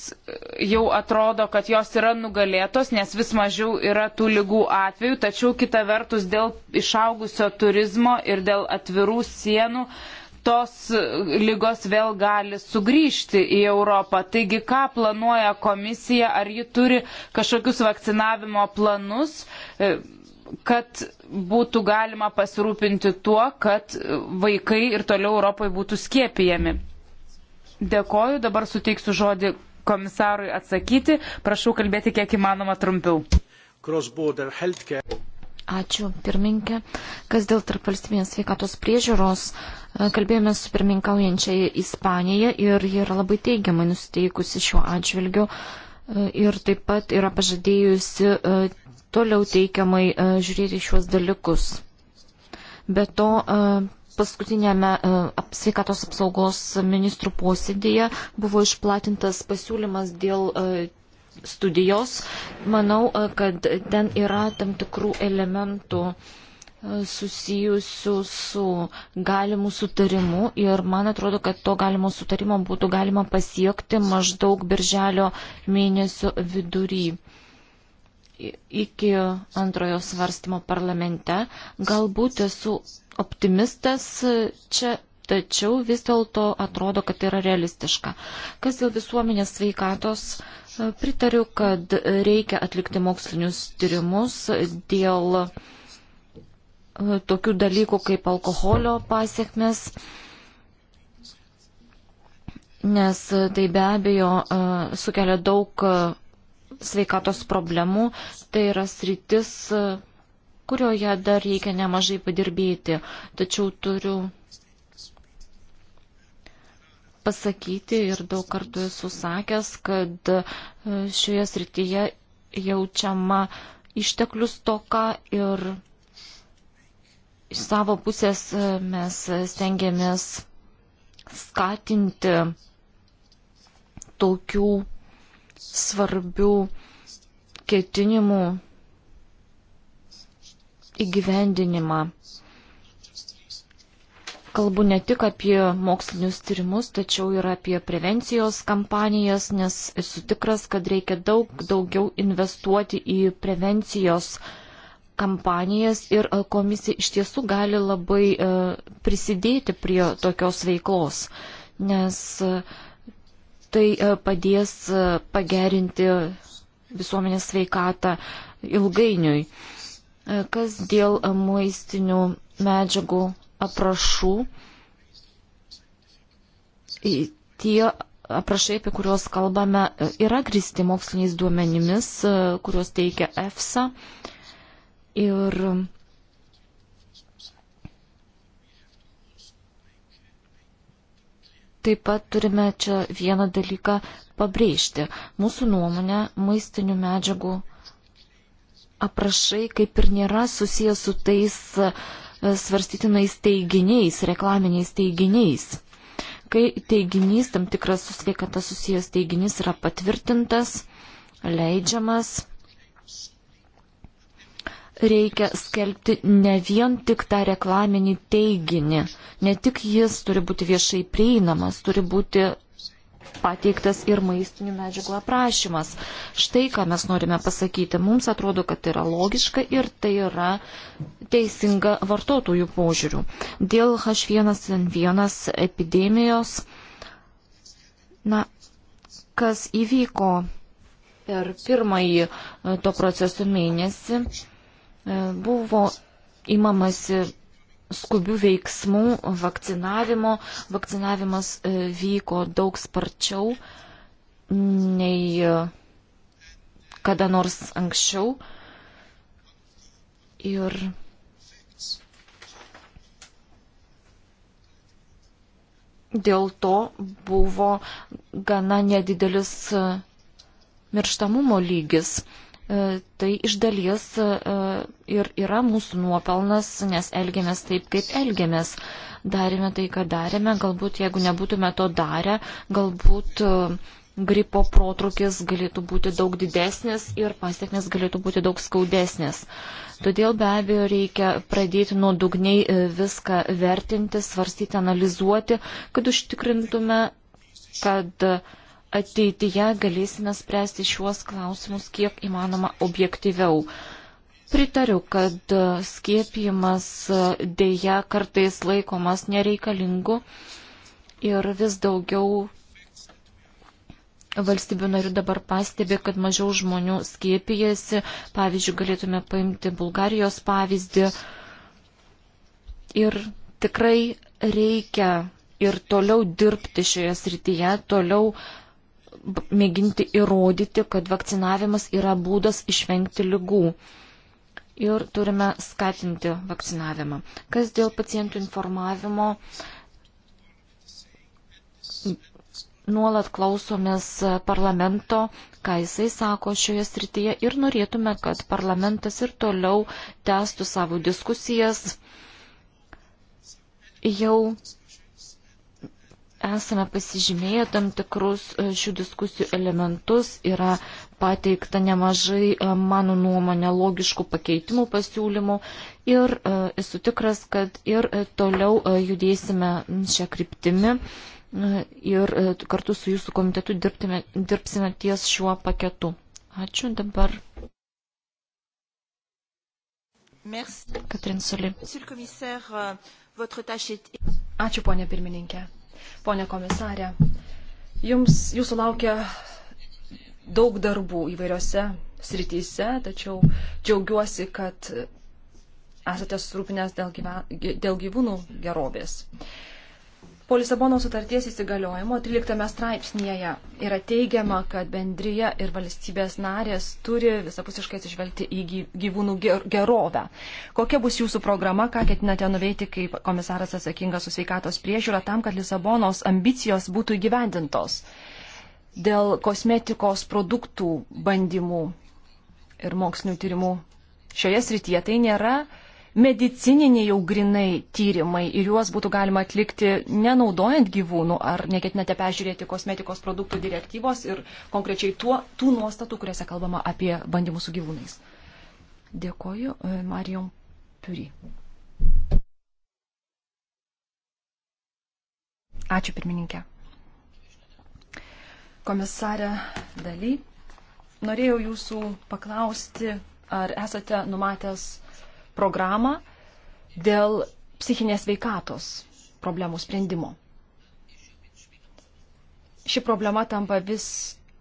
Speaker 1: jau atrodo, kad jos yra nugalėtos, nes vis mažiau yra tų lygų atvejų, tačiau kita vertus dėl išaugusio turizmo ir dėl atvirų sienų uh, tos lygos vėl gali sugrįžti į Europą. Taigi, ką planuoja komisija, ar ji turi kažkokius vakcinavimo planus, e, kad būtų galima pasirūpinti tuo, kad vaikai ir toliau Europoje būtų skiepijami. Dėkoju, dabar suteiksiu žodį komisarui atsakyti. Prašau kalbėti kiek įmanoma trumpiau. Ačiū,
Speaker 3: pirminkė. Kas dėl tarpalstybinės sveikatos priežiūros, Kalbėjome su pirmininkaujančiai Ispanija ir ji yra labai teigiamai nusiteikusi šiuo atžvilgiu e, ir taip pat yra pažadėjusi e, toliau teikiamai e, žiūrėti šiuos dalykus. Be to, paskutinėme sveikatos apsaugos ministrų posėdėje buvo išplatintas pasiūlymas dėl studijos. Manau, kad ten yra tam tikrų elementų susijusių su galimu sutarimu ir man atrodo, kad to galimo sutarimo būtų galima pasiekti maždaug birželio mėnesio vidury iki antrojo svarstymo parlamente. Galbūt esu optimistas čia, tačiau vis dėlto atrodo, kad tai yra realistiška. Kas dėl visuomenės sveikatos, e, pritariu, kad reikia atlikti mokslinius tyrimus dėl tokių dalykų kaip alkoholio pasiekmes, nes tai be abejo e, sukelia daug e, sveikatos problemų. Tai yra sritis, e, kurioje dar reikia nemažai padirbėti. Tačiau turiu pasakyti ir daug kartų esu sakęs, kad šioje srityje jaučiama išteklių stoka ir Iš savo pusės e, mes stengiamės skatinti tokių svarbių ketinimų įgyvendinimą. Kalbu ne tik apie mokslinius tyrimus, tačiau ir apie prevencijos kampanijas, nes esu tikras, kad reikia daug daugiau investuoti į prevencijos kampanijas kampanijas ir e, komisija iš tiesų gali labai e, prisidėti prie tokios veiklos, nes e, tai padės pagerinti visuomenės sveikatą ilgainiui. Kas dėl maistinių medžiagų aprašų, tie aprašai, apie kuriuos kalbame, yra gristi moksliniais duomenimis, kuriuos teikia EFSA. Ir taip pat turime čia vieną dalyką pabrėžti. Mūsų nuomonė, maistinių medžiagų aprašai kaip ir nėra susijęs su tais e, svarstytinais teiginiais, reklaminiais teiginiais. Kai teiginys, tam tikras su sveikata susijęs teiginys yra patvirtintas, leidžiamas, reikia skelbti ne vien tik tą reklaminį teiginį, ne tik jis turi būti viešai prieinamas, turi būti pateiktas ir maistinių medžiagų aprašymas. Štai ką mes norime pasakyti. Mums atrodo, kad tai yra logiška ir tai yra teisinga vartotojų požiūrių. Dėl H1N1 epidemijos, na, kas įvyko per pirmąjį e, to proceso mėnesį, E, buvo imamasi skubių veiksmų vakcinavimo. Vakcinavimas e, vyko daug sparčiau nei e, kada nors anksčiau. Ir dėl to buvo gana nedidelis mirštamumo lygis. E, tai iš dalies e, ir yra mūsų nuopelnas, nes elgiamės taip, kaip elgiamės. Darėme tai, ką darėme, galbūt jeigu nebūtume to darę, galbūt e, gripo protrukis galėtų būti daug didesnis ir pasiekmes galėtų būti daug skaudesnės. Todėl be abejo reikia pradėti nuodugniai viską vertinti, svarstyti, analizuoti, kad užtikrintume, kad uh, ateityje galėsime spręsti šiuos klausimus kiek įmanoma objektyviau. Pritariu, kad skiepijimas dėja kartais laikomas nereikalingu ir vis daugiau valstybių narių dabar pastebi, kad mažiau žmonių skiepijasi. Pavyzdžiui, galėtume paimti Bulgarijos pavyzdį. Ir tikrai reikia ir toliau dirbti šioje srityje, toliau mėginti įrodyti, kad vakcinavimas yra būdas išvengti lygų. Ir turime skatinti vakcinavimą. Kas dėl pacientų informavimo, nuolat klausomės parlamento, ką jisai sako šioje srityje ir norėtume, kad parlamentas ir toliau tęstų savo diskusijas. Jau esame pasižymėję tam tikrus e, šių diskusijų elementus, yra pateikta nemažai, e, mano nuomonė, logiškų pakeitimų pasiūlymų ir e, esu tikras, kad ir toliau judėsime šią kryptimį ir kartu su jūsų komitetu dirbtime, dirbsime ties šiuo paketu. Ačiū dabar. Merci. Katrin Soli. Euh,
Speaker 4: Ačiū, ponė pirmininkė. Pone komisarė, jums jūsų laukia daug darbų įvairiose srityse, tačiau džiaugiuosi, kad esate surūpinęs dėl, gyven, dėl gyvūnų gerovės. Po Lisabono sutarties įsigaliojimo 13 straipsnėje yra teigiama, kad bendryje ir valstybės narės turi visapusiškai atsižvelgti į gyvūnų gerovę. Kokia bus jūsų programa, ką ketinate nuveikti kaip komisaras atsakingas su sveikatos priežiūra tam, kad Lisabonos ambicijos būtų įgyvendintos dėl kosmetikos produktų bandymų ir mokslinių tyrimų šioje srityje. Tai nėra medicininiai jau grinai tyrimai ir juos būtų galima atlikti nenaudojant gyvūnų, ar neketinate peržiūrėti kosmetikos produktų direktyvos ir konkrečiai tuo, tų nuostatų, kuriuose kalbama apie bandymus su gyvūnais. Dėkoju, e, Marijom Piuri. Ačiū pirmininkė. Komisarė Daly, norėjau jūsų paklausti, ar esate numatęs programą dėl psichinės veikatos problemų sprendimo. Ši problema tampa vis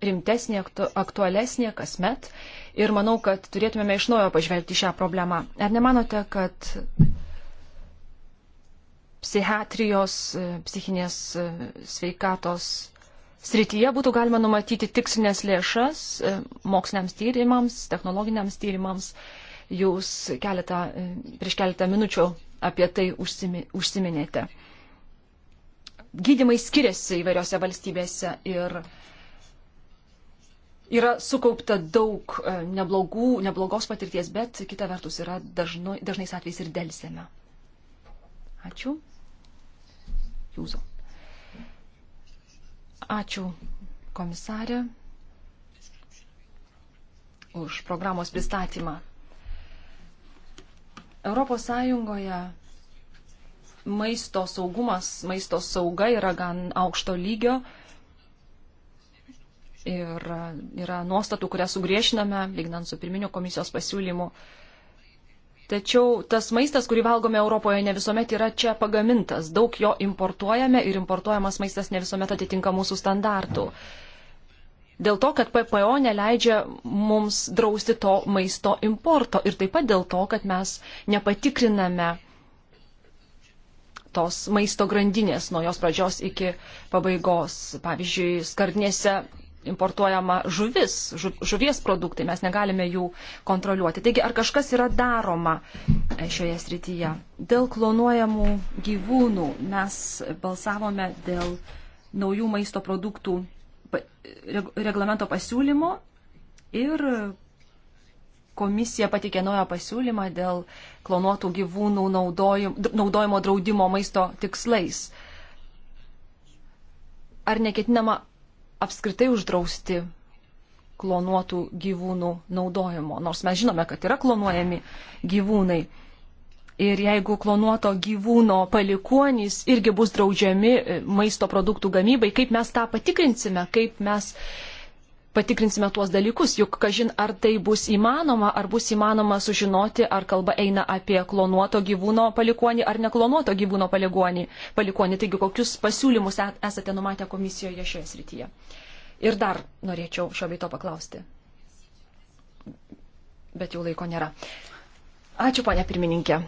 Speaker 4: rimtesnė, aktualesnė kasmet ir manau, kad turėtumėme iš naujo pažvelgti šią problemą. Ar nemanote, kad psichiatrijos, psichinės sveikatos srityje būtų galima numatyti tikslinės lėšas moksliniams tyrimams, technologiniams tyrimams, jūs keletą, prieš keletą minučių apie tai užsiminėte. Gydymai skiriasi įvairiose valstybėse ir yra sukaupta daug e, neblogų, neblogos patirties, bet kita vertus yra dažno, dažnais atvejais ir dėlsėme. Ačiū. Jūsų. Ačiū komisarė už programos pristatymą. Europos Sąjungoje maisto saugumas, maisto sauga yra gan aukšto lygio ir yra nuostatų, kurias sugriešiname, lygnant su pirminiu komisijos pasiūlymu. Tačiau tas maistas, kurį valgome Europoje, ne visuomet yra čia pagamintas. Daug jo importuojame ir importuojamas maistas ne visuomet atitinka mūsų standartų. Na dėl to, kad PPO neleidžia mums drausti to maisto importo ir taip pat dėl to, kad mes nepatikriname tos maisto grandinės nuo jos pradžios iki pabaigos. Pavyzdžiui, skardinėse importuojama žuvis, žuvies produktai, mes negalime jų kontroliuoti. Taigi, ar kažkas yra daroma e, šioje srityje? Dėl klonuojamų gyvūnų mes balsavome dėl naujų maisto produktų reglamento pasiūlymo ir komisija patikė naują pasiūlymą dėl klonuotų gyvūnų naudojimo, naudojimo draudimo maisto tikslais. Ar neketinama apskritai uždrausti klonuotų gyvūnų naudojimo, nors mes žinome, kad yra klonuojami gyvūnai. Ir jeigu klonuoto gyvūno palikuonys irgi bus draudžiami e, maisto produktų gamybai, kaip mes tą patikrinsime, kaip mes patikrinsime tuos dalykus, juk kažin ar tai bus įmanoma, ar bus įmanoma sužinoti, ar kalba eina apie klonuoto gyvūno palikuonį ar neklonuoto gyvūno palikuonį. palikuonį. Taigi, kokius pasiūlymus e, esate numatę komisijoje šioje srityje. Ir dar norėčiau šio beito paklausti. Bet jau laiko nėra. Ačiū, ponia pirmininkė.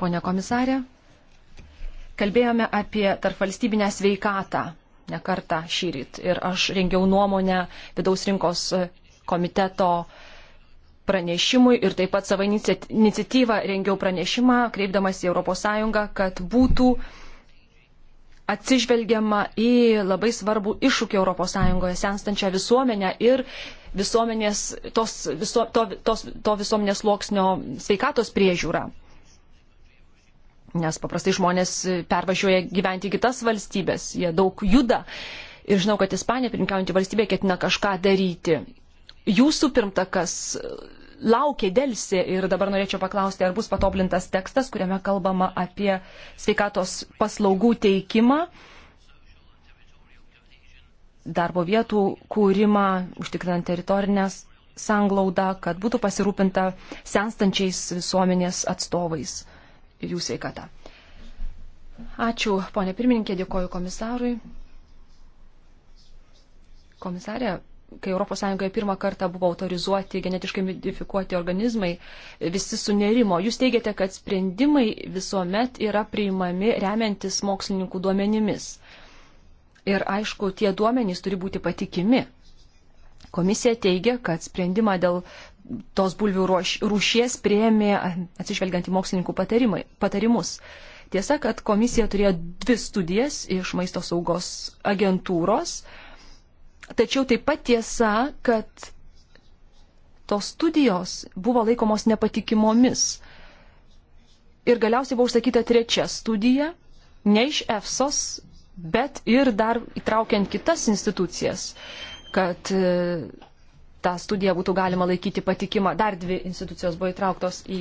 Speaker 4: Pone komisarė, kalbėjome apie tarpvalstybinę sveikatą nekartą šyrit ir aš rengiau nuomonę vidaus rinkos komiteto pranešimui ir taip pat savo iniciatyvą rengiau pranešimą, kreipdamas į ES, kad būtų atsižvelgiama į labai svarbų iššūkį ES, senstančią visuomenę ir visuomenės, tos, viso, to, tos, to visuomenės sluoksnio sveikatos priežiūrą nes paprastai žmonės pervažiuoja gyventi į kitas valstybės, jie daug juda. Ir žinau, kad Ispanija, pirmkiaujantį valstybę, ketina kažką daryti. Jūsų pirmtakas laukia dėlsi ir dabar norėčiau paklausti, ar bus patoblintas tekstas, kuriame kalbama apie sveikatos paslaugų teikimą, darbo vietų kūrimą, užtikrinant teritorinės sanglaudą, kad būtų pasirūpinta senstančiais visuomenės atstovais ir jų sveikata. Ačiū, ponė pirmininkė, dėkoju komisarui. Komisarė, kai ES pirmą kartą buvo autorizuoti genetiškai modifikuoti organizmai, visi sunerimo. Jūs teigiate, kad sprendimai visuomet yra priimami remiantis mokslininkų duomenimis. Ir aišku, tie duomenys turi būti patikimi. Komisija teigia, kad sprendimą dėl tos bulvių rūšies prieimė atsižvelgiant į mokslininkų patarimai, patarimus. Tiesa, kad komisija turėjo dvi studijas iš maisto saugos agentūros, tačiau taip pat tiesa, kad tos studijos buvo laikomos nepatikimomis. Ir galiausiai buvo užsakyta trečia studija, ne iš EFSOS, bet ir dar įtraukiant kitas institucijas, kad e, tą studiją būtų galima laikyti patikimą. Dar dvi institucijos buvo įtrauktos į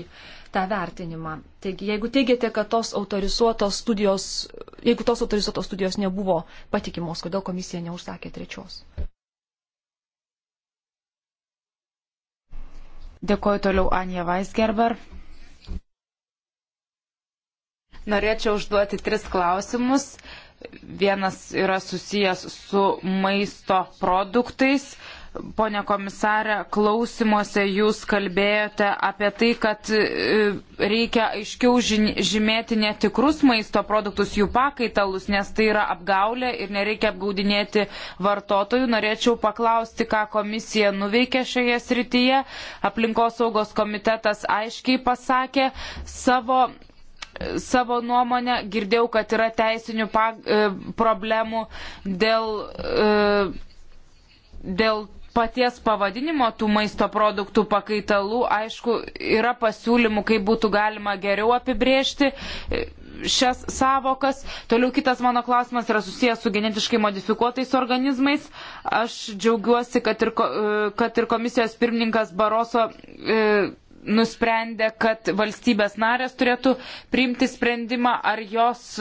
Speaker 4: tą vertinimą. Taigi, jeigu teigiate, kad tos autorizuotos studijos, jeigu tos autorizuotos studijos nebuvo patikimos, kodėl komisija
Speaker 1: neužsakė trečios? Dėkuoju toliau Anja Weisgerber. Norėčiau užduoti tris klausimus. Vienas yra susijęs su maisto produktais. Uh, Pone komisarė, klausimuose jūs kalbėjote apie tai, kad e, reikia aiškiau žymėti netikrus maisto produktus, jų pakaitalus, nes tai yra apgaulė ir nereikia apgaudinėti vartotojų. Norėčiau paklausti, ką komisija nuveikė šioje srityje. Aplinkosaugos komitetas aiškiai pasakė savo e, savo nuomonę, girdėjau, kad yra teisinių pag, e, problemų dėl, e, dėl paties pavadinimo tų maisto produktų pakaitalų, aišku, yra pasiūlymų, kaip būtų galima geriau apibrėžti e, šias savokas. Toliau kitas mano klausimas yra susijęs su genetiškai modifikuotais organizmais. Aš džiaugiuosi, kad ir, e, kad ir komisijos pirmininkas Baroso e, nusprendė, kad valstybės narės turėtų priimti sprendimą, ar jos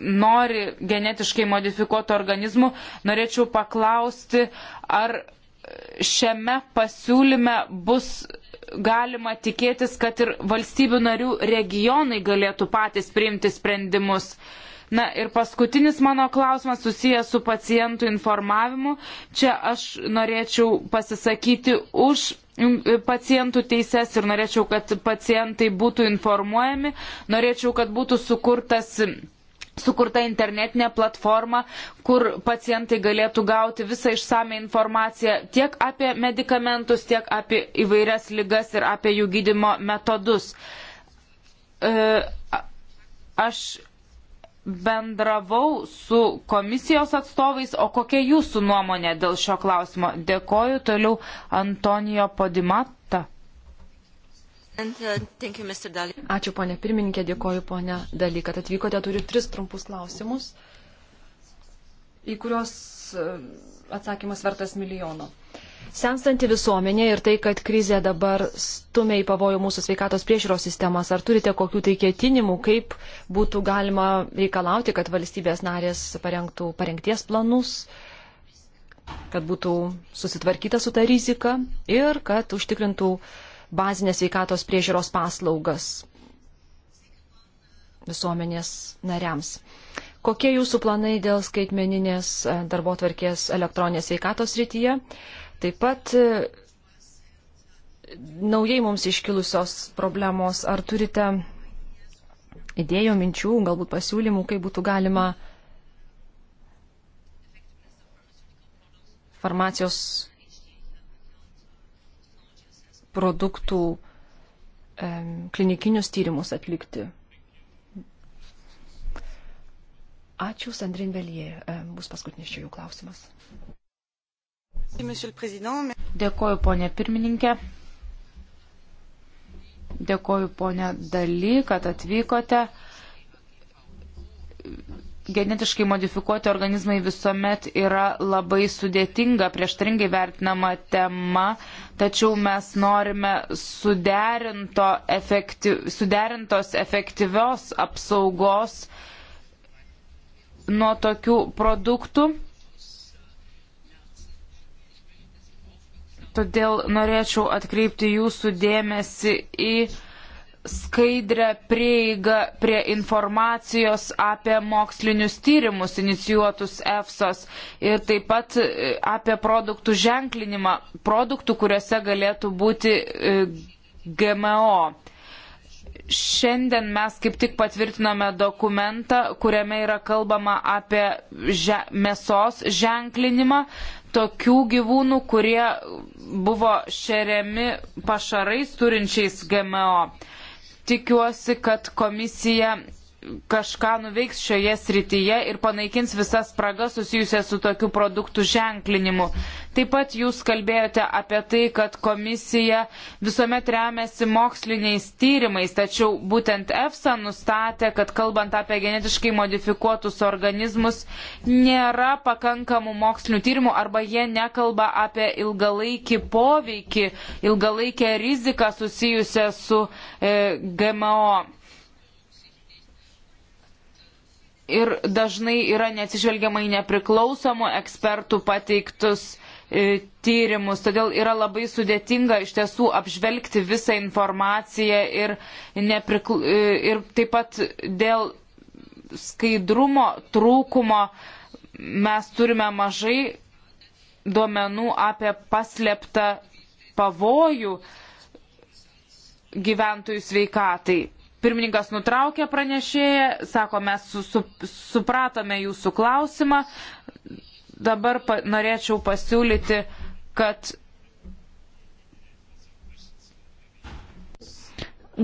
Speaker 1: nori genetiškai modifikuotų organizmų, norėčiau paklausti, ar šiame pasiūlyme bus galima tikėtis, kad ir valstybių narių regionai galėtų patys priimti sprendimus. Na ir paskutinis mano klausimas susijęs su pacientų informavimu. Čia aš norėčiau pasisakyti už mm, pacientų teises ir norėčiau, kad pacientai būtų informuojami. Norėčiau, kad būtų sukurtas sukurta internetinė platforma, kur pacientai galėtų gauti visą išsame informaciją tiek apie medikamentus, tiek apie įvairias lygas ir apie jų gydimo metodus. E, aš bendravau su komisijos atstovais, o kokia jūsų nuomonė dėl šio klausimo? Dėkoju toliau Antonijo Podimat.
Speaker 3: Uh,
Speaker 1: Ačiū, ponė pirmininkė, dėkoju, ponė
Speaker 4: Daly, kad atvykote. Turiu tris trumpus klausimus, į kuriuos e, atsakymas vertas milijono. Senstanti visuomenė ir tai, kad krizė dabar stumia į pavojų mūsų sveikatos priežiūros sistemas, ar turite kokių tai ketinimų, kaip būtų galima reikalauti, kad valstybės narės parengtų parengties planus, kad būtų susitvarkyta su ta rizika ir kad užtikrintų uh, bazinės veikatos priežiūros paslaugas visuomenės nariams. Kokie jūsų planai dėl skaitmeninės e, darbo tvarkės elektroninės veikatos rytyje? Taip pat e, naujai mums iškilusios problemos, ar turite idėjų, minčių, galbūt pasiūlymų, kaip būtų galima farmacijos produktų klinikinius tyrimus atlikti. Ačiū, Sandrin Velyje. Bus paskutinis čia jų klausimas.
Speaker 1: Dėkoju, ponė pirmininkė. Dėkoju, ponė Daly, kad atvykote genetiškai modifikuoti organizmai visuomet yra labai sudėtinga, prieštaringai vertinama tema, tačiau mes norime suderinto efektyv, suderintos efektyvios apsaugos nuo tokių produktų. Todėl norėčiau atkreipti jūsų dėmesį į skaidrę prieigą prie informacijos apie mokslinius tyrimus inicijuotus EFSOS ir taip pat e, apie produktų ženklinimą, produktų, kuriuose galėtų būti e, GMO. Šiandien mes kaip tik patvirtinome dokumentą, kuriame yra kalbama apie že mėsos ženklinimą, tokių gyvūnų, kurie buvo šeriami pašarais turinčiais GMO tikiuosi, kad komisija kažką nuveiks šioje srityje ir panaikins visas spragas susijusias su tokių produktų ženklinimu. Taip pat jūs kalbėjote apie tai, kad komisija visuomet remiasi moksliniais tyrimais, tačiau būtent EFSA nustatė, kad kalbant apie genetiškai modifikuotus organizmus, nėra pakankamų mokslinių tyrimų arba jie nekalba apie ilgalaikį poveikį, ilgalaikę riziką susijusią su e, GMO ir dažnai yra neatsižvelgiamai nepriklausomų ekspertų pateiktus e, tyrimus, todėl yra labai sudėtinga iš tiesų apžvelgti visą informaciją ir, neprikl... E, ir taip pat dėl skaidrumo trūkumo mes turime mažai duomenų apie paslėptą pavojų gyventojų sveikatai. Pirmininkas nutraukė pranešėją, sako, mes su, su, supratome jūsų klausimą. Dabar pa, norėčiau pasiūlyti, kad.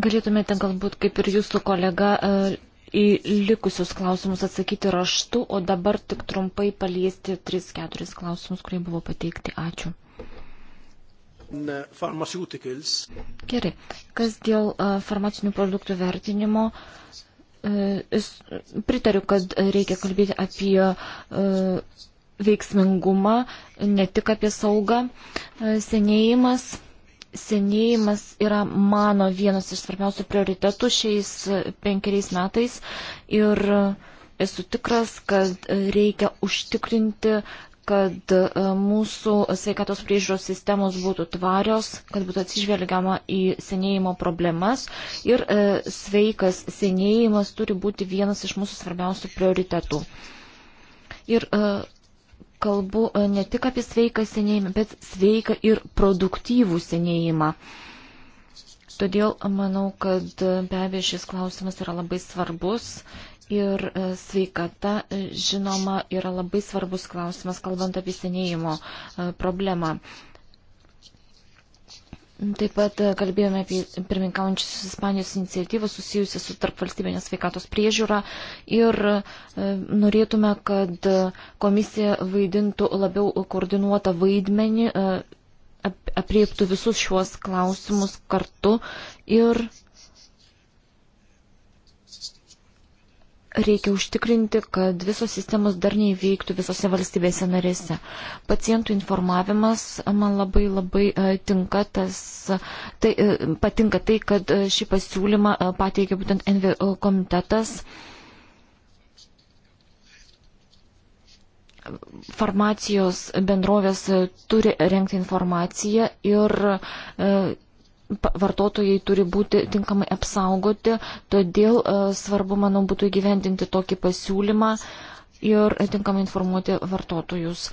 Speaker 3: Galėtumėte galbūt kaip ir jūsų kolega e, į likusius klausimus atsakyti raštu, o dabar tik trumpai paliesti 3-4 klausimus, kurie buvo pateikti. Ačiū.
Speaker 6: Gerai,
Speaker 3: kas dėl farmacinių produktų vertinimo, e, pritariu, kad reikia kalbėti apie e, veiksmingumą, ne tik apie saugą. E, senėjimas, senėjimas yra mano vienas iš svarbiausių prioritetų šiais penkeriais metais ir esu tikras, kad reikia užtikrinti, kad e, mūsų sveikatos priežiūros sistemos būtų tvarios, kad būtų atsižvelgiama į senėjimo problemas ir e, sveikas senėjimas turi būti vienas iš mūsų svarbiausių prioritetų. Ir e, kalbu ne tik apie sveiką senėjimą, bet sveiką ir produktyvų senėjimą. Todėl manau, kad be abejo šis klausimas yra labai svarbus Ir e, sveikata, e, žinoma, yra labai svarbus klausimas, kalbant apie senėjimo e, problemą. Taip pat kalbėjome apie pirmininkaujančius Ispanijos iniciatyvą susijusią su tarpvalstybinės sveikatos priežiūra ir norėtume, kad komisija vaidintų labiau koordinuotą vaidmenį, apriektų visus šiuos klausimus kartu ir reikia užtikrinti, kad visos sistemos dar neįveiktų visose valstybėse narėse. Pacientų informavimas man labai labai e, tinka, tas, tai, e, patinka tai, kad e, šį pasiūlymą pateikė būtent NVO komitetas. Farmacijos bendrovės turi renkti informaciją ir vartotojai turi būti tinkamai apsaugoti, todėl e, svarbu, manau, būtų įgyvendinti tokį pasiūlymą ir tinkamai informuoti vartotojus.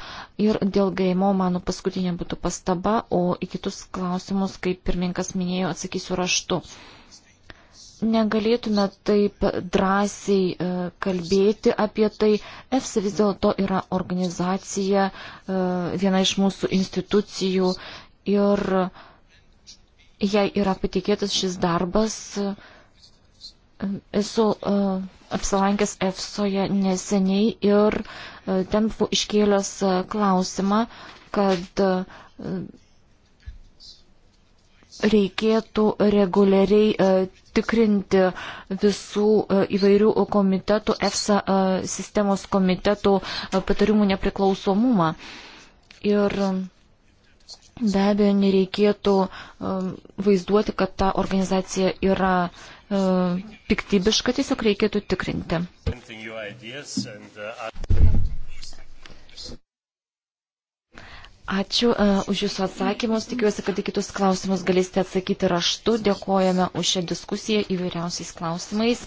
Speaker 3: Ir dėl gaimo mano paskutinė būtų pastaba, o į kitus klausimus, kaip pirmininkas minėjo, atsakysiu raštu. Negalėtume taip drąsiai e, kalbėti apie tai. EFSA vis dėlto yra organizacija, e, viena iš mūsų institucijų ir uh, jai yra patikėtas šis darbas. Esu uh, apsilankęs EFSOje neseniai ir uh, ten buvau iškėlęs uh, klausimą, kad uh, reikėtų reguliariai uh, tikrinti visų įvairių komitetų, EFSA sistemos komitetų patarimų nepriklausomumą. Ir Be abejo, nereikėtų um, vaizduoti, kad ta organizacija yra um, piktybiška, tiesiog reikėtų tikrinti. Ačiū uh, už Jūsų atsakymus. Tikiuosi, kad į kitus klausimus galėsite atsakyti raštu. Dėkojame už šią diskusiją įvairiausiais klausimais.